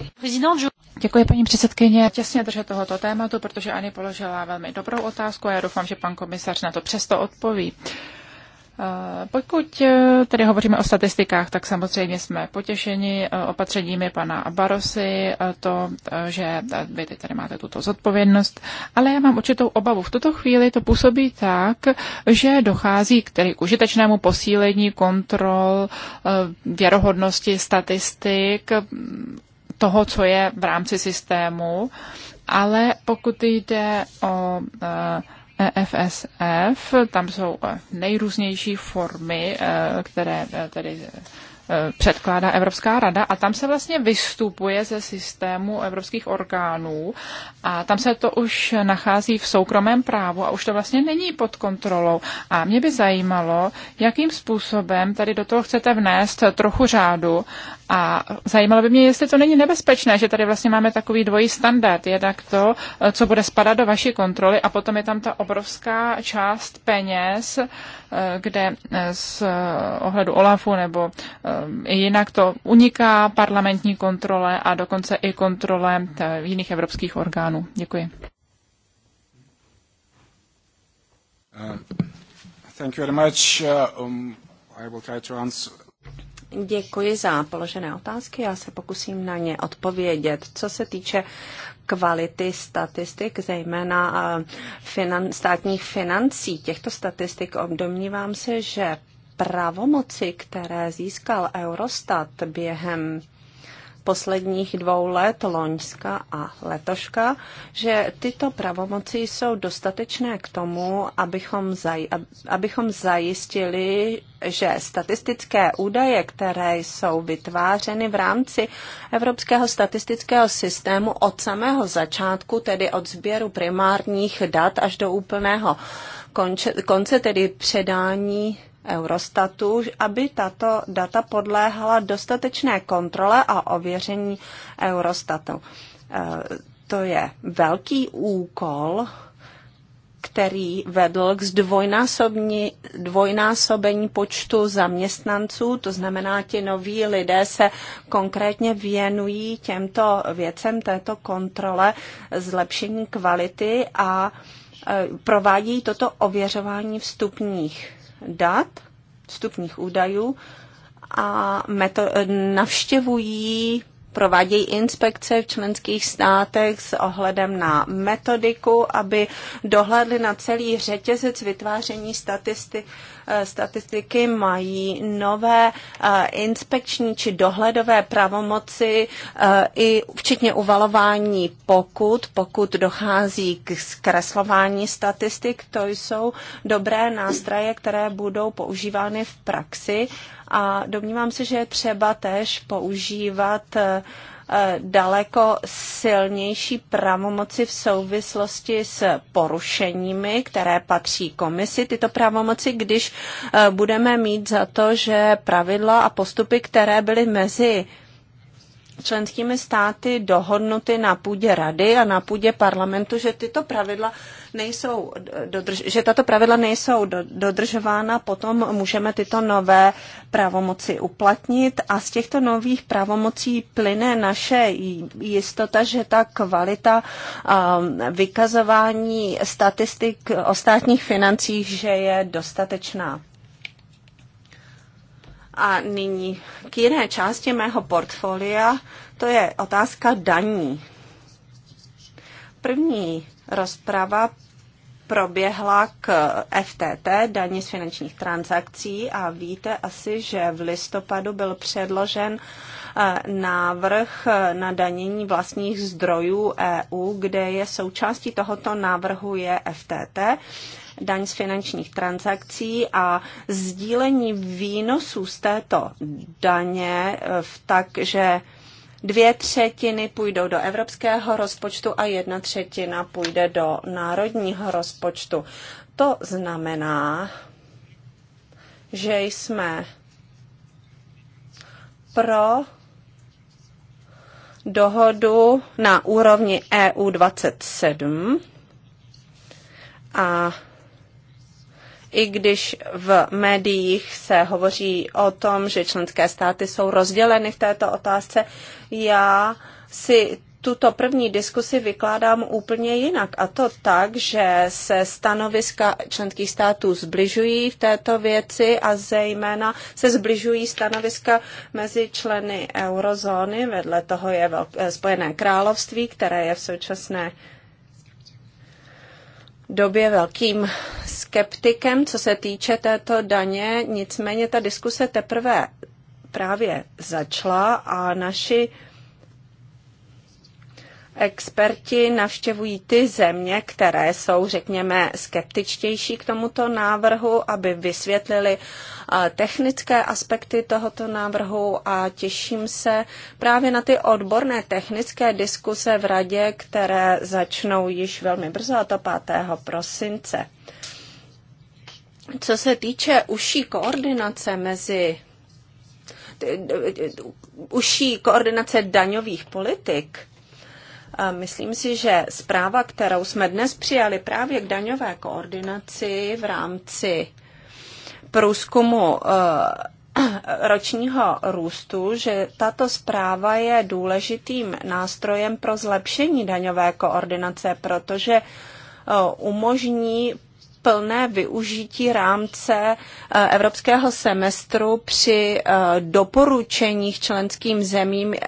Děkuji, paní předsedkyně. Těsně držet tohoto tématu, protože Ani položila velmi dobrou otázku a já doufám, že pan komisař na to přesto odpoví. Uh, Eh, pokud eh, tedy hovoříme o statistikách, tak samozřejmě jsme potěšeni eh, opatřeními pana Barosy, to, že vy tady máte tuto zodpovědnost, ale já mám určitou obavu. V tuto chvíli to působí tak, že dochází k, tedy, k užitečnému posílení kontrol věrohodnosti statistik mm, toho, co je v rámci systému, ale pokud jde o EFSF, tam jsou eh, nejrůznější formy, eh, které eh, tedy předkládá Evropská rada a tam se vlastně vystupuje ze systému evropských orgánů a tam se to už nachází v soukromém právu a už to vlastně není pod kontrolou. A mě by zajímalo, jakým způsobem tady do toho chcete vnést trochu řádu a zajímalo by mě, jestli to není nebezpečné, že tady vlastně máme takový dvojí standard. Jednak to, co bude spadat do vaší kontroly a potom je tam ta obrovská část peněz, eh, kde eh, z ohledu OLAFu nebo eh, jinak to uniká parlamentní kontrole a dokonce i kontrole jiných evropských orgánů. Děkuji. Uh, thank you very much. Uh, um, I will try to answer Děkuji za položené otázky, já se pokusím na ně odpovědět. Co se týče kvality statistik, zejména eh, finan, státních financí těchto statistik, domnívám se, že pravomoci, které získal Eurostat během posledních dvou let, loňska a letoška, že tyto pravomoci jsou dostatečné k tomu, abychom, zaj, abychom zajistili, že statistické údaje, které jsou vytvářeny v rámci Evropského statistického systému od samého začátku, tedy od sběru primárních dat až do úplného konce, konce tedy předání Eurostatu, aby tato data podléhala dostatečné kontrole a ověření Eurostatu. E, to je velký úkol, který vedl k dvojnásobení počtu zaměstnanců, to znamená, ti noví lidé se konkrétně věnují těmto věcem, této kontrole, zlepšení kvality a e, provádí toto ověřování vstupních dat, vstupních údajů a navštěvují provádějí inspekce v členských státech s ohledem na metodiku, aby dohledli na celý řetězec vytváření statistik Eh, statistiky mají nové eh, inspekční či dohledové pravomoci eh, i včetně uvalování pokud, pokud dochází k zkreslování statistik, to jsou dobré nástroje, které budou používány v praxi a domnívám se, že je třeba též používat uh, Eh, daleko silnější pravomoci v souvislosti s porušeními, které patří komisi. Tyto pravomoci, když eh, budeme mít za to, že pravidla a postupy, které byly mezi členskými státy dohodnuty na půdě rady a na půdě parlamentu, že tyto pravidla nejsou dodrž- že tato pravidla nejsou do- dodržována, potom můžeme tyto nové pravomoci uplatnit a z těchto nových pravomocí plyne naše jistota, že ta kvalita um, vykazování statistik o státních financích, že je dostatečná. A nyní k jiné části mého portfolia, to je otázka daní. První rozprava proběhla k FTT, daní z finančních transakcí a víte asi, že v listopadu byl předložen eh, návrh eh, na danění vlastních zdrojů EU, kde je součástí tohoto návrhu je FTT daň z finančních transakcí a sdílení výnosů z této daně eh, v tak, že dvě třetiny půjdou do evropského rozpočtu a jedna třetina půjde do národního rozpočtu. To znamená, že jsme pro dohodu na úrovni EU 27 a i když v médiích se hovoří o tom, že členské státy jsou rozděleny v této otázce, já si tuto první diskusi vykládám úplně jinak. A to tak, že se stanoviska členských států zbližují v této věci a zejména se zbližují stanoviska mezi členy eurozóny. Vedle toho je Spojené království, které je v současné době velkým skeptikem, co se týče této daně, nicméně ta diskuse teprve právě začala a naši Experti navštěvují ty země, které jsou, řekněme, skeptičtější k tomuto návrhu, aby vysvětlili eh, technické aspekty tohoto návrhu a těším se právě na ty odborné technické diskuse v radě, které začnou již velmi brzo, a to 5. prosince. Co se týče užší koordinace mezi užší koordinace daňových politik, Myslím si, že zpráva, kterou jsme dnes přijali právě k daňové koordinaci v rámci průzkumu eh, ročního růstu, že tato zpráva je důležitým nástrojem pro zlepšení daňové koordinace, protože eh, umožní plné využití rámce eh, evropského semestru při eh, doporučeních členským zemím eh,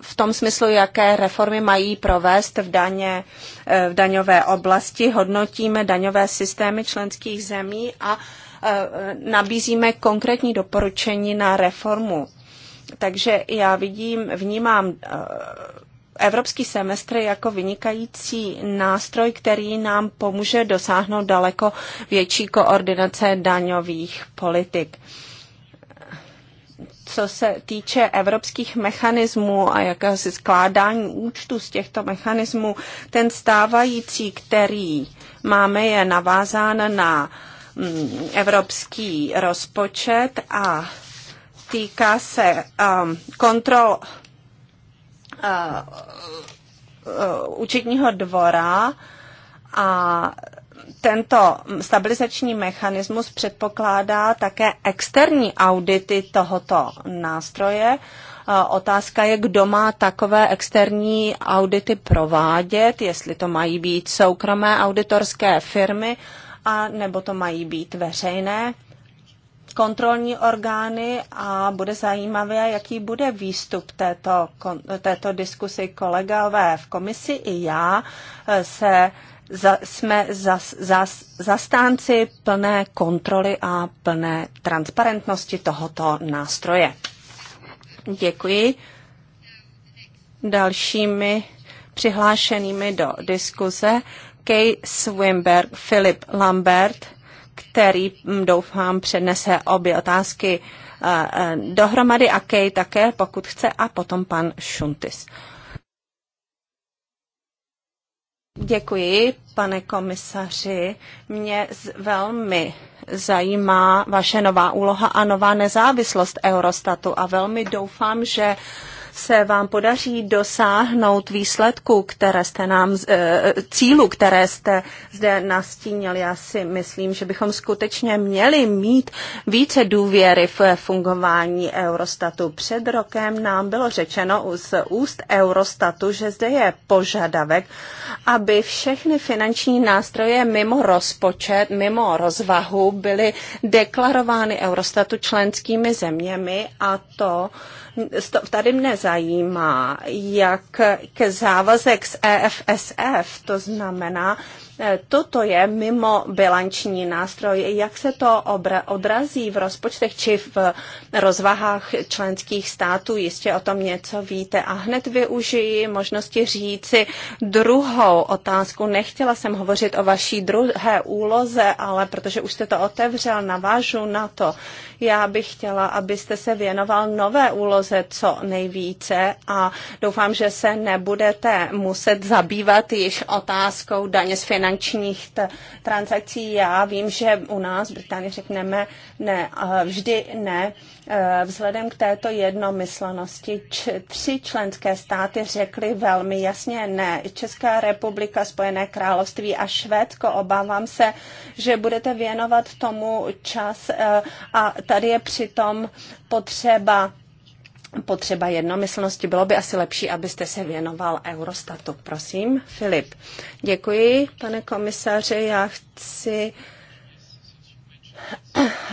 v tom smyslu, jaké reformy mají provést v, daně, v daňové oblasti. Hodnotíme daňové systémy členských zemí a nabízíme konkrétní doporučení na reformu. Takže já vidím, vnímám evropský semestr jako vynikající nástroj, který nám pomůže dosáhnout daleko větší koordinace daňových politik co se týče evropských mechanismů a jakéhosi skládání účtu z těchto mechanismů, ten stávající, který máme, je navázán na mm, evropský rozpočet a týká se um, kontrol Eh, účetního dvora a tento stabilizační mechanismus předpokládá také externí audity tohoto nástroje. Eh, otázka je, kdo má takové externí audity provádět, jestli to mají být soukromé auditorské firmy, a nebo to mají být veřejné kontrolní orgány a bude zajímavé, jaký bude výstup této, této diskusy. Kolegové v komisi i já eh, se za, jsme zastánci za za plné kontroly a plné transparentnosti tohoto nástroje. Děkuji. Dalšími přihlášenými do diskuze Kay Swimberg, Philip Lambert, který mm, doufám přednese obě otázky eh, eh, dohromady a Kej také, pokud chce, a potom pan Šuntis. Děkuji, pane komisaři. Mě velmi zajímá vaše nová úloha a nová nezávislost Eurostatu a velmi doufám, že uh, se vám podaří dosáhnout výsledku, které jste nám, eh, cílu, které jste zde nastínil. Já si myslím, že bychom skutečně měli mít více důvěry v fungování Eurostatu. Před rokem nám bylo řečeno z úst Eurostatu, že zde je požadavek, aby všechny finanční nástroje mimo rozpočet, mimo rozvahu byly deklarovány Eurostatu členskými zeměmi a to tady mne zajímá, jak ke závazek z EFSF, to znamená, eh, toto je mimo bilanční nástroj. Jak se to odrazí v rozpočtech či v rozvahách členských států? Jistě o tom něco víte. A hned využiji možnosti říci druhou otázku. Nechtěla jsem hovořit o vaší druhé úloze, ale protože už jste to otevřel, navážu na to. Já bych chtěla, abyste se věnoval nové úloze co nejvíce a doufám, že se nebudete muset zabývat již otázkou daně z finančních transakcí. Já vím, že u nás v Británii řekneme ne, vždy ne, Eh, vzhledem k této jednomyslnosti tři členské státy řekly velmi jasně ne. Česká republika, Spojené království a Švédsko. Obávám se, že budete věnovat tomu čas eh, a tady je přitom potřeba potřeba jednomyslnosti. Bylo by asi lepší, abyste se věnoval Eurostatu. Prosím, Filip. Děkuji, pane komisaři. Já chci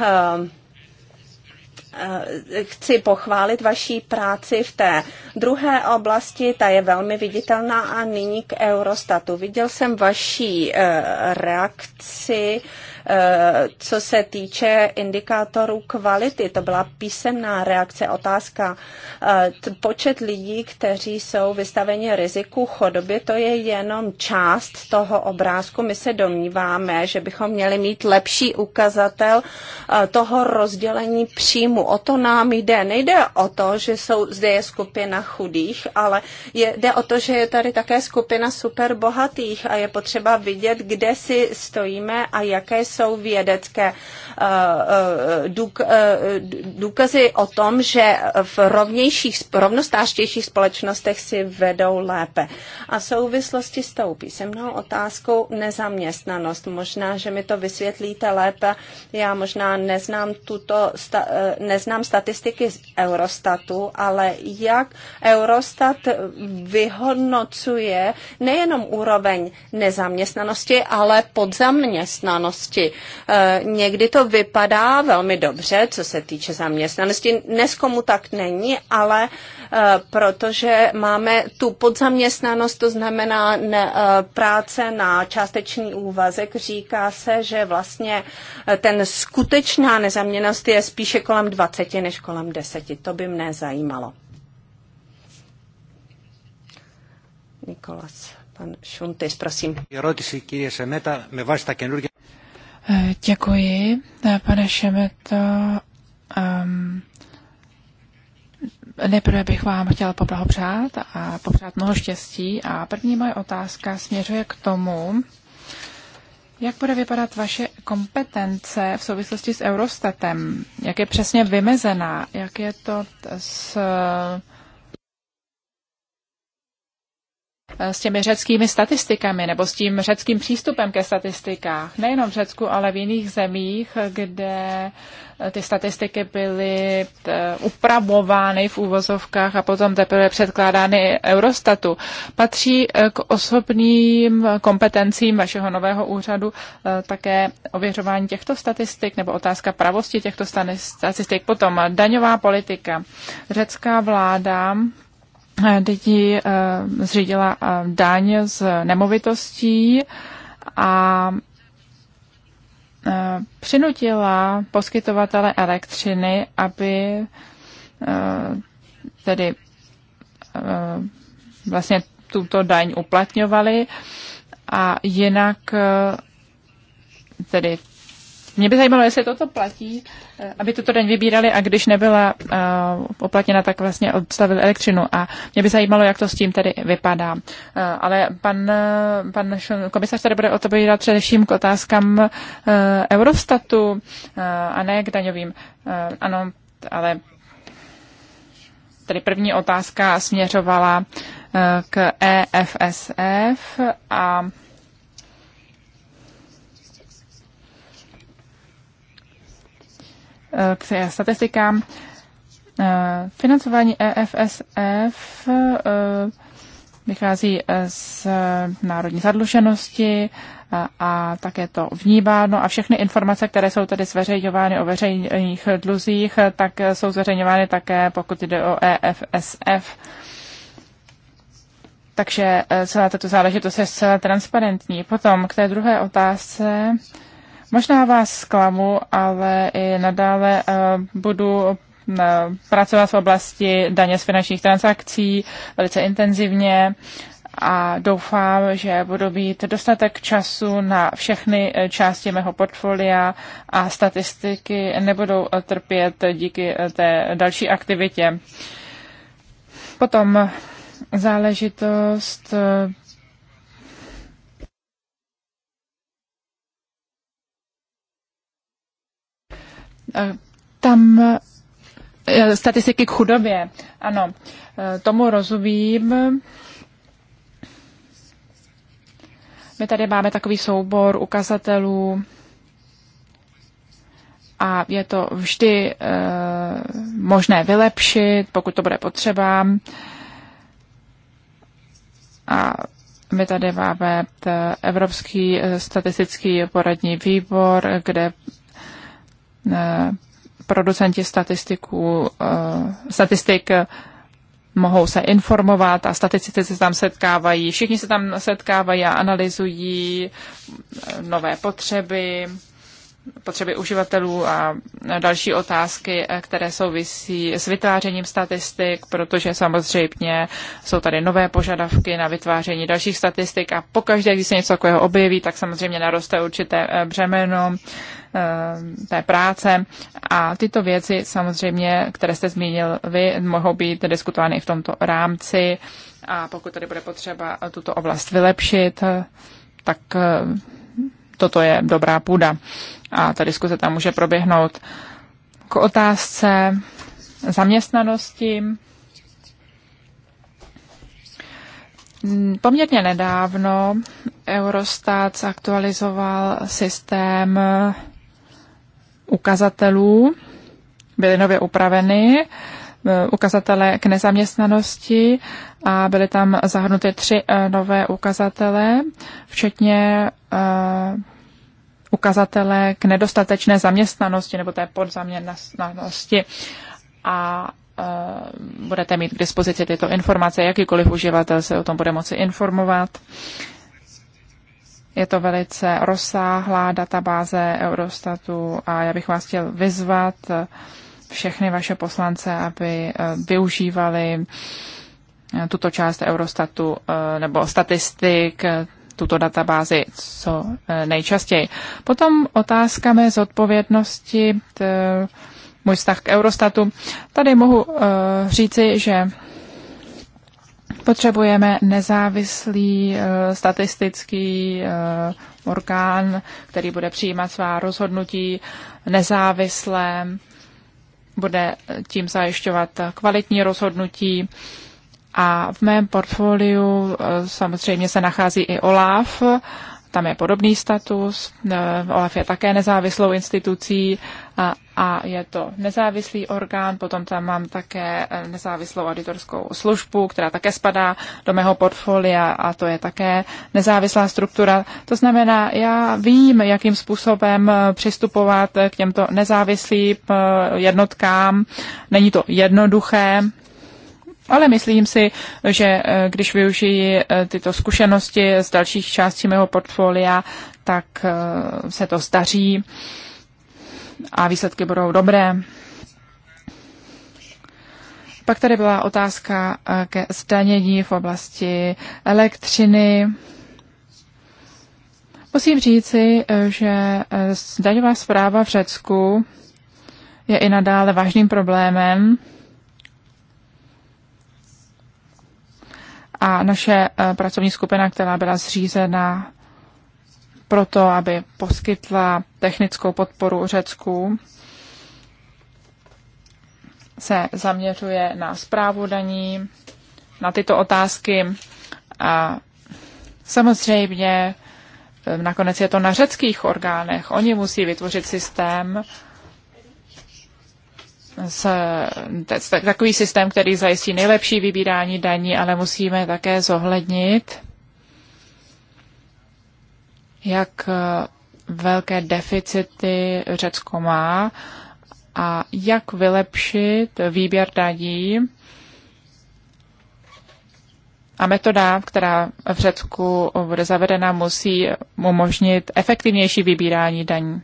eh, Eh, chci pochválit vaší práci v té druhé oblasti, ta je velmi viditelná a nyní k Eurostatu. Viděl jsem vaší eh, reakci Eh, co se týče indikátorů kvality, to byla písemná reakce, otázka. Eh, počet lidí, kteří jsou vystaveni riziku chodoby, to je jenom část toho obrázku. My se domníváme, že bychom měli mít lepší ukazatel eh, toho rozdělení příjmu. O to nám jde. Nejde o to, že jsou, zde je skupina chudých, ale je, jde o to, že je tady také skupina superbohatých a je potřeba vidět, kde si stojíme a jaké jsou jsou vědecké eh, eh, eh, důkazy o tom, že v rovnějších, rovnostářtějších společnostech si vedou lépe. A v souvislosti s tou písemnou otázkou nezaměstnanost. Možná, že mi to vysvětlíte lépe. Já možná neznám, tuto, neznám statistiky z Eurostatu, ale jak Eurostat vyhodnocuje nejenom úroveň nezaměstnanosti, ale podzaměstnanosti Eh, někdy to vypadá velmi dobře, co se týče zaměstnanosti. Dnes komu tak není, ale eh, protože máme tu podzaměstnanost, to znamená eh, práce na částečný úvazek, říká se, že vlastně ten skutečná nezaměnost je spíše kolem 20 než kolem 10. To by mne zajímalo. Nikolas. Pan Šuntis, prosím. Děkuji, eh, pane Šemeto. Um, nejprve bych vám chtěla poblahopřát a popřát mnoho štěstí. A první moje otázka směřuje k tomu, jak bude vypadat vaše kompetence v souvislosti s Eurostatem? Jak je přesně vymezená? Jak je to s Eh, s těmi řeckými statistikami nebo s tím řeckým přístupem ke statistikách. Nejenom v Řecku, ale v jiných zemích, kde eh, ty statistiky byly eh, upravovány v úvozovkách a potom teprve předkládány Eurostatu. Patří k osobním kompetencím vašeho nového úřadu také ověřování těchto statistik nebo otázka pravosti těchto statistik. Potom daňová politika. Řecká vláda ji eh, eh, zřídila eh, daň z nemovitostí a přinutila poskytovatele elektřiny, aby tedy vlastně tuto daň uplatňovali a jinak tedy mě by zajímalo, jestli toto platí, eh, aby tuto daň vybírali a když nebyla eh, oplatněna, tak vlastně odstavili elektřinu. A mě by zajímalo, jak to s tím tedy vypadá. Eh, ale pan, pan komisař tady bude odpovídat především k otázkám Eurostatu a ne k daňovým. Ano, ale Tedy první otázka směřovala k EFSF a k statistikám. Eh, financování EFSF eh, vychází eh, z národní zadluženosti a, a také to vnímáno a všechny informace, které jsou tady zveřejňovány o veřejných dluzích, tak jsou zveřejňovány také, pokud jde o EFSF. Takže celá tato záležitost je zcela transparentní. Potom k té druhé otázce Možná vás zklamu, ale i nadále eh, budu eh, pracovat v oblasti daně z finančních transakcí velice intenzivně a doufám, že budu mít dostatek času na všechny eh, části mého portfolia a statistiky nebudou trpět díky té další aktivitě. Potom záležitost Eh, tam eh, statistiky k chudobě. Ano, eh, tomu rozumím. My tady máme takový soubor ukazatelů a je to vždy e, možné vylepšit, pokud to bude potřeba. A my tady máme Evropský statistický poradní výbor, kde Eh, producenti statistiků, eh, statistik eh, mohou se informovat a statistici se tam setkávají, všichni se tam setkávají a analyzují nové potřeby, potřeby uživatelů a další otázky, které souvisí s vytvářením statistik, protože samozřejmě jsou tady nové požadavky na vytváření dalších statistik a pokaždé, když se něco takového objeví, tak samozřejmě naroste určité břemeno Eh, té práce a tyto věci samozřejmě, které jste zmínil vy, mohou být diskutovány v tomto rámci a pokud tady bude potřeba tuto oblast vylepšit, tak eh, toto je dobrá půda a ta diskuse tam může proběhnout. K otázce zaměstnanosti. Poměrně nedávno Eurostat zaktualizoval systém ukazatelů byly nově upraveny, eh, ukazatele k nezaměstnanosti a byly tam zahrnuty tři eh, nové ukazatele, včetně eh, ukazatele k nedostatečné zaměstnanosti nebo té podzaměstnanosti. A budete mít k dispozici tyto informace, jakýkoliv uživatel se o tom bude moci informovat. Je to velice rozsáhlá databáze Eurostatu a já bych vás chtěl vyzvat všechny vaše poslance, aby eh, využívali eh, tuto část Eurostatu eh, nebo statistik, tuto databázi co nejčastěji. Potom otázka mé zodpovědnosti, můj vztah k Eurostatu. Tady mohu říci, že Potřebujeme nezávislý uh, statistický uh, orgán, který bude přijímat svá rozhodnutí nezávisle, bude tím zajišťovat kvalitní rozhodnutí. A v mém portfoliu eh, samozřejmě se nachází i OLAF tam je podobný status, eh, OLAF je také nezávislou institucí a, a je to nezávislý orgán, potom tam mám také eh, nezávislou auditorskou službu, která také spadá do mého portfolia a to je také nezávislá struktura. To znamená, já vím, jakým způsobem eh, přistupovat k těmto nezávislým jednotkám. Není to jednoduché, ale myslím si, že eh, když využiji eh, tyto zkušenosti z dalších částí mého portfolia, tak eh, se to staří a výsledky budou dobré. Pak tady byla otázka ke zdanění v oblasti elektřiny. Musím říci, že zdaňová zpráva v Řecku je i nadále vážným problémem. a naše eh, pracovní skupina, která byla zřízena proto, aby poskytla technickou podporu Řecku, se zaměřuje na zprávu daní, na tyto otázky a samozřejmě eh, nakonec je to na řeckých orgánech. Oni musí vytvořit systém, se, takový systém, který zajistí nejlepší vybírání daní, ale musíme také zohlednit, jak eh, velké deficity Řecko má a jak vylepšit výběr daní a metoda, která v Řecku bude zavedena, musí umožnit efektivnější vybírání daní.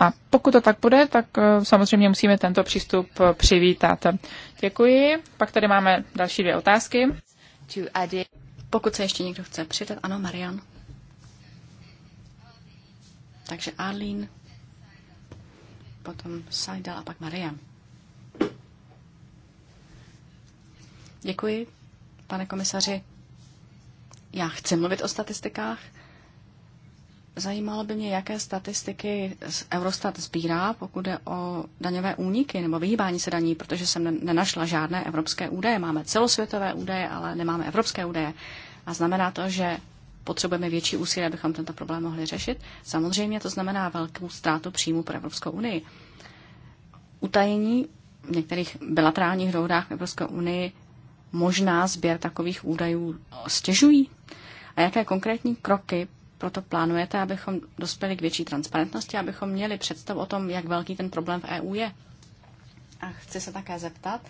A pokud to tak bude, tak eh, samozřejmě musíme tento přístup eh, přivítat. Děkuji. Pak tady máme další dvě otázky. Pokud se ještě někdo chce přidat, ano, Marian. Takže Arlín, potom Sajdal a pak Marian. Děkuji, pane komisaři. Já chci mluvit o statistikách, Zajímalo by mě, jaké statistiky Eurostat sbírá, pokud je o daňové úniky nebo vyhýbání se daní, protože jsem nenašla žádné evropské údaje. Máme celosvětové údaje, ale nemáme evropské údaje. A znamená to, že potřebujeme větší úsilí, abychom tento problém mohli řešit. Samozřejmě to znamená velkou ztrátu příjmu pro Evropskou unii. Utajení v některých bilaterálních dohodách v Evropské unii možná sběr takových údajů stěžují. A jaké konkrétní kroky proto plánujete, abychom dospěli k větší transparentnosti, abychom měli představu o tom, jak velký ten problém v EU je. A chci se také zeptat,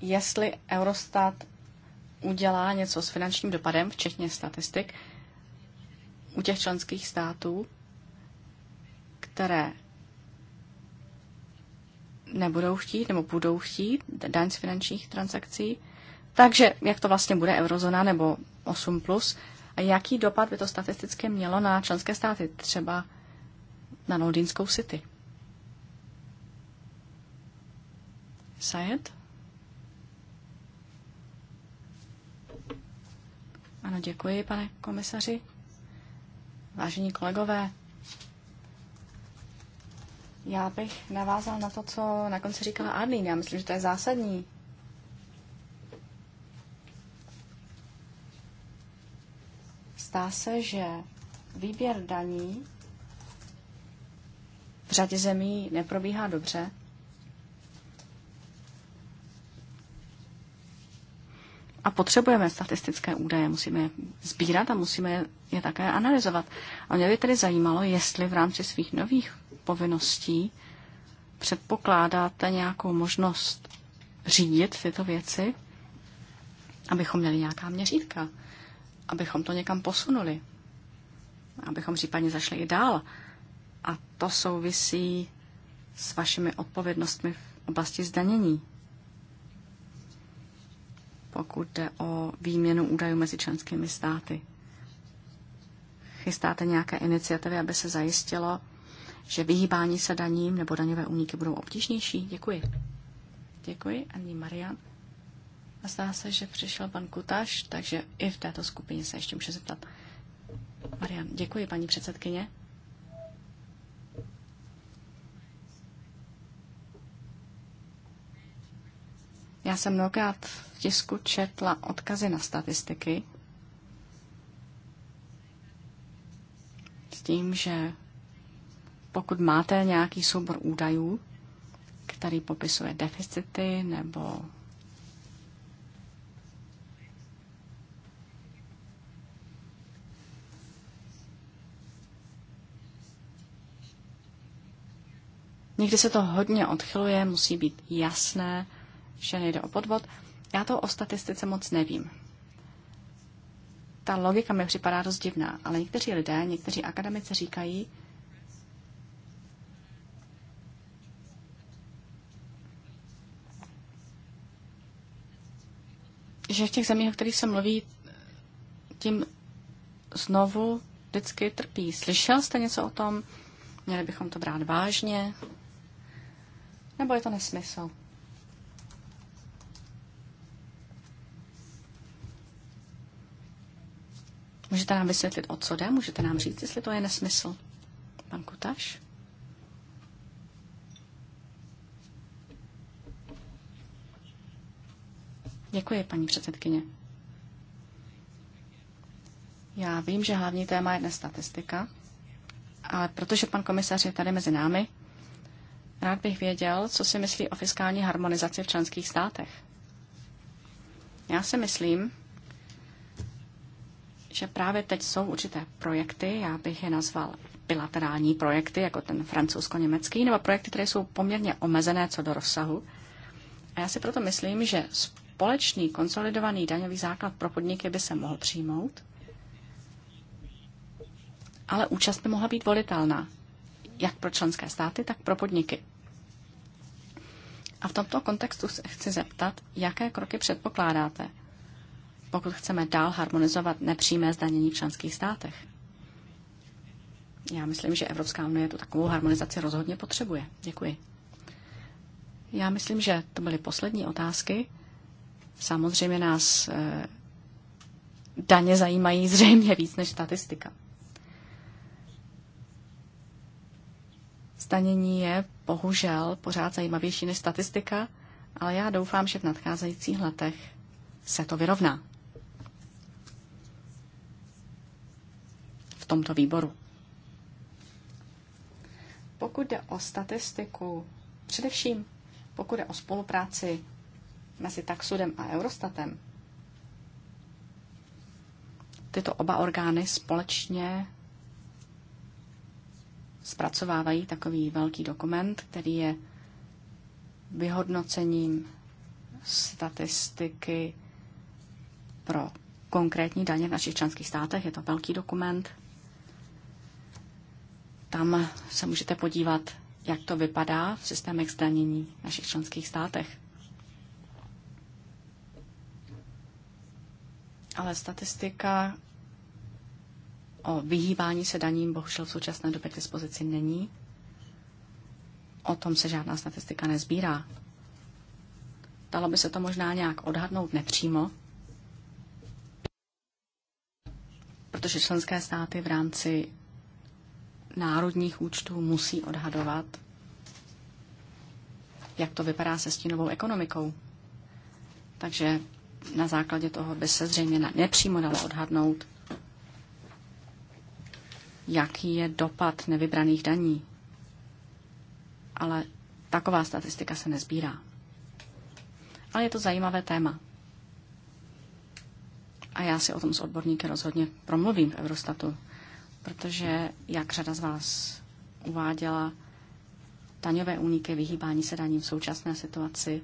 jestli Eurostat udělá něco s finančním dopadem, včetně statistik, u těch členských států, které nebudou chtít nebo budou chtít daň z finančních transakcí. Takže jak to vlastně bude eurozona nebo 8+, plus, jaký dopad by to statisticky mělo na členské státy, třeba na Londýnskou City? Sajet? Ano, děkuji, pane komisaři. Vážení kolegové, já bych navázal na to, co na konci říkala Arlín. Já myslím, že to je zásadní Zdá se, že výběr daní v řadě zemí neprobíhá dobře. A potřebujeme statistické údaje, musíme je sbírat a musíme je také analyzovat. A mě by tedy zajímalo, jestli v rámci svých nových povinností předpokládáte nějakou možnost řídit tyto věci, abychom měli nějaká měřítka abychom to někam posunuli, abychom případně zašli i dál. A to souvisí s vašimi odpovědnostmi v oblasti zdanění. Pokud jde o výměnu údajů mezi členskými státy. Chystáte nějaké iniciativy, aby se zajistilo, že vyhýbání se daním nebo daňové úniky budou obtížnější? Děkuji. Děkuji, Anní Marian. A zdá se, že přišel pan Kutaš, takže i v této skupině se ještě může zeptat. Marian, děkuji, paní předsedkyně. Já jsem mnohokrát v tisku četla odkazy na statistiky s tím, že pokud máte nějaký soubor údajů, který popisuje deficity nebo Někdy se to hodně odchyluje, musí být jasné, že nejde o podvod. Já to o statistice moc nevím. Ta logika mi připadá dost divná, ale někteří lidé, někteří akademici říkají, že v těch zemích, o kterých se mluví, tím znovu vždycky trpí. Slyšel jste něco o tom? Měli bychom to brát vážně? Nebo je to nesmysl? Můžete nám vysvětlit, o co jde? Můžete nám říct, jestli to je nesmysl? Pan Kutaš? Děkuji, paní předsedkyně. Já vím, že hlavní téma je dnes statistika, ale protože pan komisař je tady mezi námi, Rád bych věděl, co si myslí o fiskální harmonizaci v členských státech. Já si myslím, že právě teď jsou určité projekty, já bych je nazval bilaterální projekty, jako ten francouzsko-německý, nebo projekty, které jsou poměrně omezené co do rozsahu. A já si proto myslím, že společný konsolidovaný daňový základ pro podniky by se mohl přijmout, ale účast by mohla být volitelná, jak pro členské státy, tak pro podniky. A v tomto kontextu se chci zeptat, jaké kroky předpokládáte, pokud chceme dál harmonizovat nepřímé zdanění v členských státech. Já myslím, že Evropská unie tu takovou harmonizaci rozhodně potřebuje. Děkuji. Já myslím, že to byly poslední otázky. Samozřejmě nás eh, daně zajímají zřejmě víc než statistika. Stanění je bohužel pořád zajímavější než statistika, ale já doufám, že v nadcházejících letech se to vyrovná. V tomto výboru. Pokud jde o statistiku, především pokud jde o spolupráci mezi Taxudem a Eurostatem, tyto oba orgány společně zpracovávají takový velký dokument, který je vyhodnocením statistiky pro konkrétní daně v našich členských státech. Je to velký dokument. Tam se můžete podívat, jak to vypadá v systémech zdanění v našich členských státech. Ale statistika o vyhýbání se daním bohužel v současné době k dispozici není. O tom se žádná statistika nezbírá. Dalo by se to možná nějak odhadnout nepřímo, protože členské státy v rámci národních účtů musí odhadovat, jak to vypadá se stínovou ekonomikou. Takže na základě toho by se zřejmě nepřímo dalo odhadnout, jaký je dopad nevybraných daní. Ale taková statistika se nezbírá. Ale je to zajímavé téma. A já si o tom s odborníky rozhodně promluvím v Eurostatu, protože, jak řada z vás uváděla, daňové úniky, vyhýbání se daním v současné situaci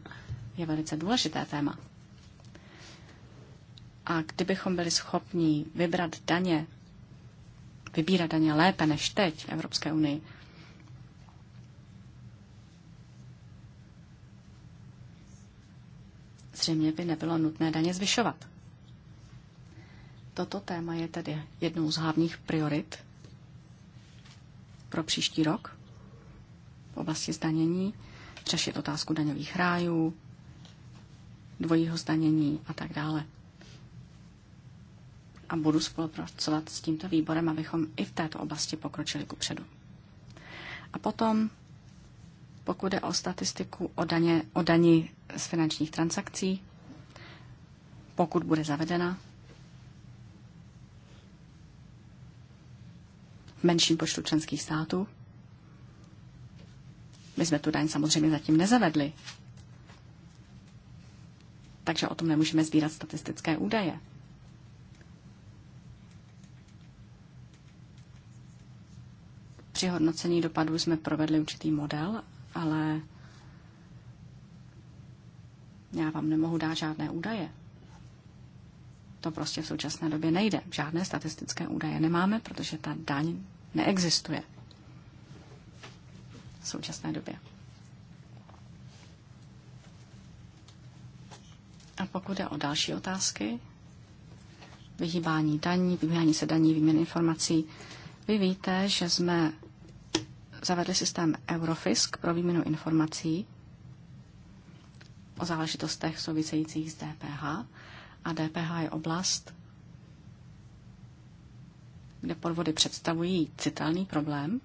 je velice důležité téma. A kdybychom byli schopni vybrat daně vybírat daně lépe než teď v Evropské unii. Zřejmě by nebylo nutné daně zvyšovat. Toto téma je tedy jednou z hlavních priorit pro příští rok v oblasti zdanění, řešit otázku daňových rájů, dvojího zdanění a tak dále a budu spolupracovat s tímto výborem, abychom i v této oblasti pokročili ku předu. A potom, pokud jde o statistiku o, daně, o dani z finančních transakcí, pokud bude zavedena, v menším počtu členských států. My jsme tu daň samozřejmě zatím nezavedli, takže o tom nemůžeme sbírat statistické údaje. Při hodnocení dopadů jsme provedli určitý model, ale já vám nemohu dát žádné údaje. To prostě v současné době nejde. Žádné statistické údaje nemáme, protože ta daň neexistuje v současné době. A pokud je o další otázky, vyhýbání daní, vyhýbání se daní, výměny informací, vy víte, že jsme zavedli systém Eurofisk pro výměnu informací o záležitostech souvisejících s DPH. A DPH je oblast, kde podvody představují citelný problém.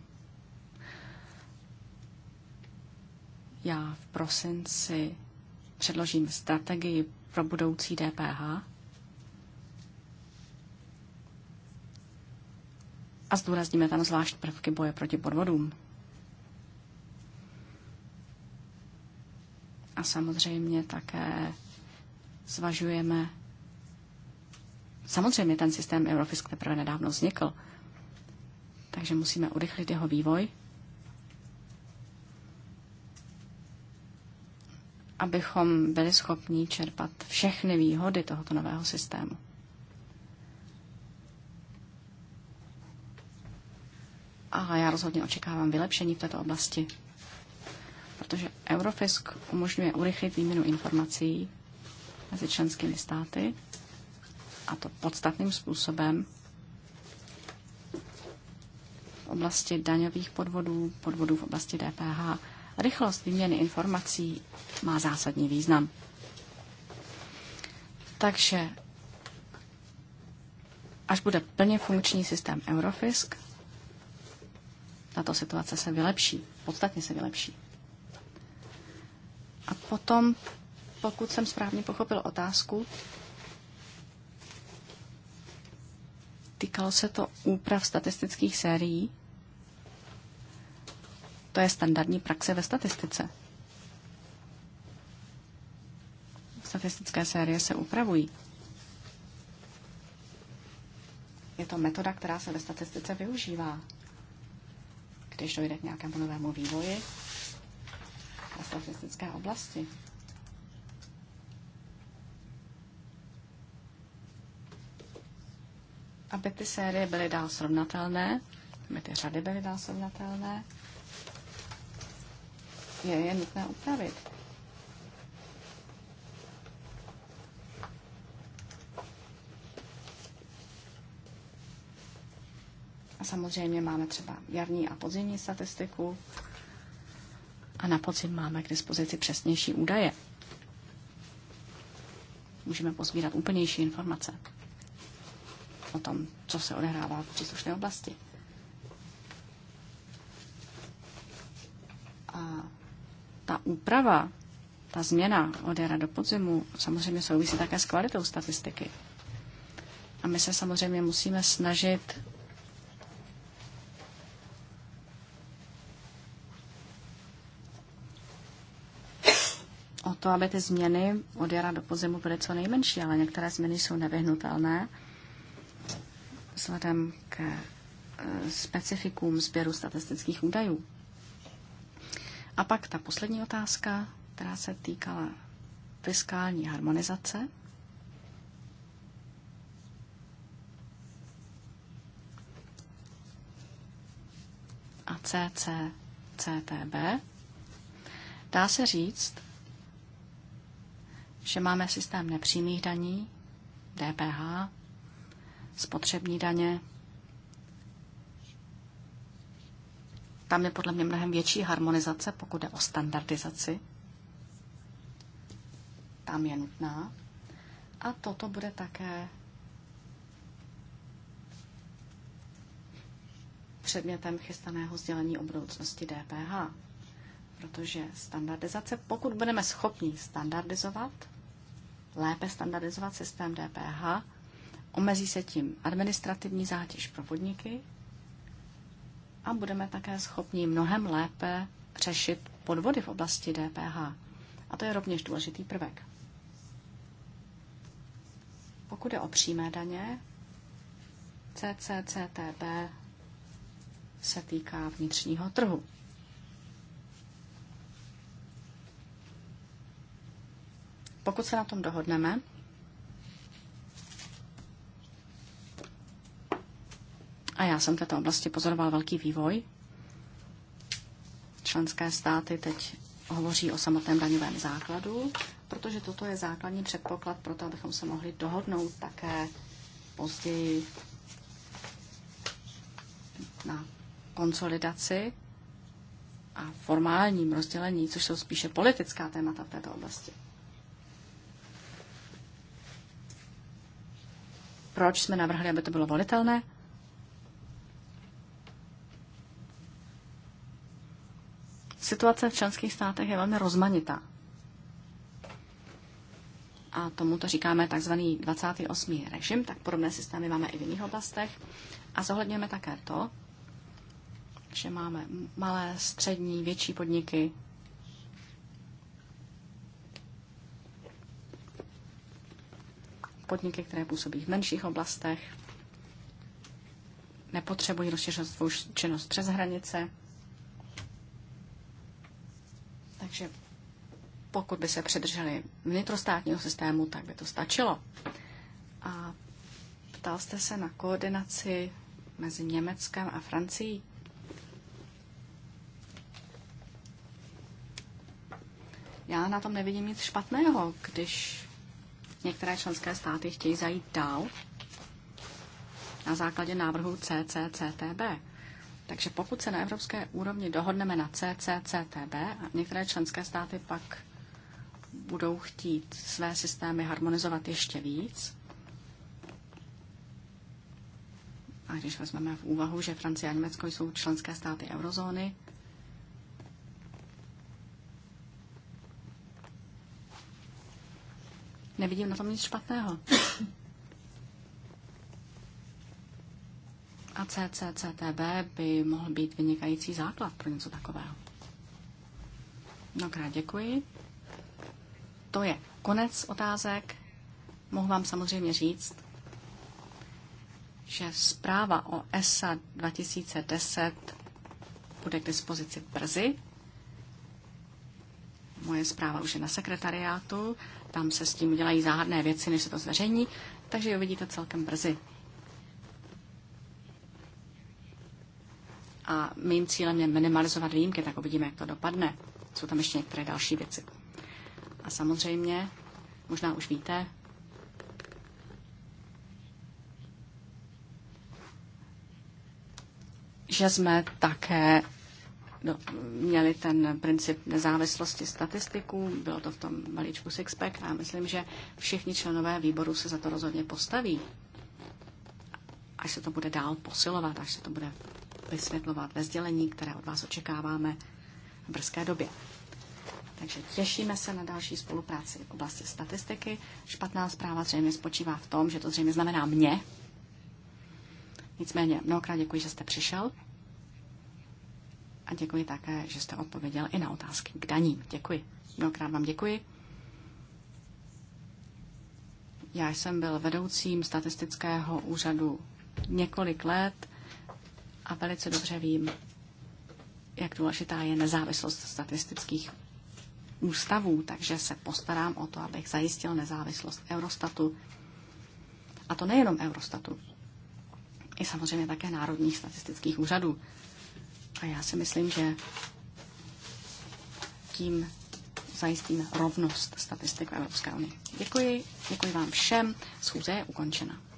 Já v prosinci předložím strategii pro budoucí DPH a zdůrazníme tam zvlášť prvky boje proti podvodům. A samozřejmě také zvažujeme. Samozřejmě ten systém Eurofisk teprve nedávno vznikl, takže musíme urychlit jeho vývoj, abychom byli schopni čerpat všechny výhody tohoto nového systému. a já rozhodně očekávám vylepšení v této oblasti, protože Eurofisk umožňuje urychlit výměnu informací mezi členskými státy a to podstatným způsobem v oblasti daňových podvodů, podvodů v oblasti DPH. Rychlost výměny informací má zásadní význam. Takže až bude plně funkční systém Eurofisk, tato situace se vylepší, podstatně se vylepší. A potom, pokud jsem správně pochopil otázku, týkalo se to úprav statistických sérií. To je standardní praxe ve statistice. Statistické série se upravují. Je to metoda, která se ve statistice využívá když dojde k nějakému novému vývoji v statistické oblasti. Aby ty série byly dál srovnatelné, aby ty řady byly dál srovnatelné, je je nutné upravit. A samozřejmě máme třeba jarní a podzimní statistiku a na podzim máme k dispozici přesnější údaje. Můžeme pozbírat úplnější informace o tom, co se odehrává v příslušné oblasti. A ta úprava, ta změna od jara do podzimu samozřejmě souvisí také s kvalitou statistiky. A my se samozřejmě musíme snažit to, aby ty změny od jara do podzimu byly co nejmenší, ale některé změny jsou nevyhnutelné vzhledem k eh, specifikům sběru statistických údajů. A pak ta poslední otázka, která se týkala fiskální harmonizace. A CCCTB. Dá se říct, že máme systém nepřímých daní, DPH, spotřební daně. Tam je podle mě mnohem větší harmonizace, pokud jde o standardizaci. Tam je nutná. A toto bude také předmětem chystaného sdělení o budoucnosti DPH. Protože standardizace, pokud budeme schopni standardizovat, lépe standardizovat systém DPH, omezí se tím administrativní zátěž pro podniky a budeme také schopni mnohem lépe řešit podvody v oblasti DPH. A to je rovněž důležitý prvek. Pokud je o přímé daně, CCCTB se týká vnitřního trhu. Pokud se na tom dohodneme, a já jsem v této oblasti pozoroval velký vývoj, členské státy teď hovoří o samotném daňovém základu, protože toto je základní předpoklad pro to, abychom se mohli dohodnout také později na konsolidaci a formálním rozdělení, což jsou spíše politická témata v této oblasti. proč jsme navrhli, aby to bylo volitelné. Situace v členských státech je velmi rozmanitá. A tomu to říkáme takzvaný 28. režim, tak podobné systémy máme i v jiných oblastech. A zohledňujeme také to, že máme malé, střední, větší podniky, podniky, které působí v menších oblastech, nepotřebují rozšiřovat svou činnost přes hranice. Takže pokud by se přidrželi vnitrostátního systému, tak by to stačilo. A ptal jste se na koordinaci mezi Německem a Francií. Já na tom nevidím nic špatného, když Některé členské státy chtějí zajít dál na základě návrhu CCCTB. Takže pokud se na evropské úrovni dohodneme na CCCTB a některé členské státy pak budou chtít své systémy harmonizovat ještě víc, a když vezmeme v úvahu, že Francie a Německo jsou členské státy eurozóny, Nevidím na tom nic špatného. A CCCTB by mohl být vynikající základ pro něco takového. Mnohokrát děkuji. To je konec otázek. Mohu vám samozřejmě říct, že zpráva o e ESA 2010 bude k dispozici brzy. Moje zpráva už je na sekretariátu tam se s tím dělají záhadné věci, než se to zveřejní, takže uvidíte celkem brzy. A mým cílem je minimalizovat výjimky, tak uvidíme, jak to dopadne. Jsou tam ještě některé další věci. A samozřejmě, možná už víte, že jsme také do, no, měli ten princip nezávislosti statistiků, bylo to v tom balíčku Sixpack a myslím, že všichni členové výboru se za to rozhodně postaví, až se to bude dál posilovat, až se to bude vysvětlovat ve sdělení, které od vás očekáváme v brzké době. Takže těšíme se na další spolupráci v oblasti statistiky. Špatná zpráva zřejmě spočívá v tom, že to zřejmě znamená mě. Nicméně mnohokrát děkuji, že jste přišel a děkuji také, že jste odpověděl i na otázky k daním. Děkuji. Mnohokrát vám děkuji. Já jsem byl vedoucím statistického úřadu několik let a velice dobře vím, jak důležitá je nezávislost statistických ústavů, takže se postarám o to, abych zajistil nezávislost Eurostatu. A to nejenom Eurostatu, i samozřejmě také národních statistických úřadů. A já si myslím, že tím zajistím rovnost statistik v Evropské unii. Děkuji, děkuji vám všem. Schůze je ukončena.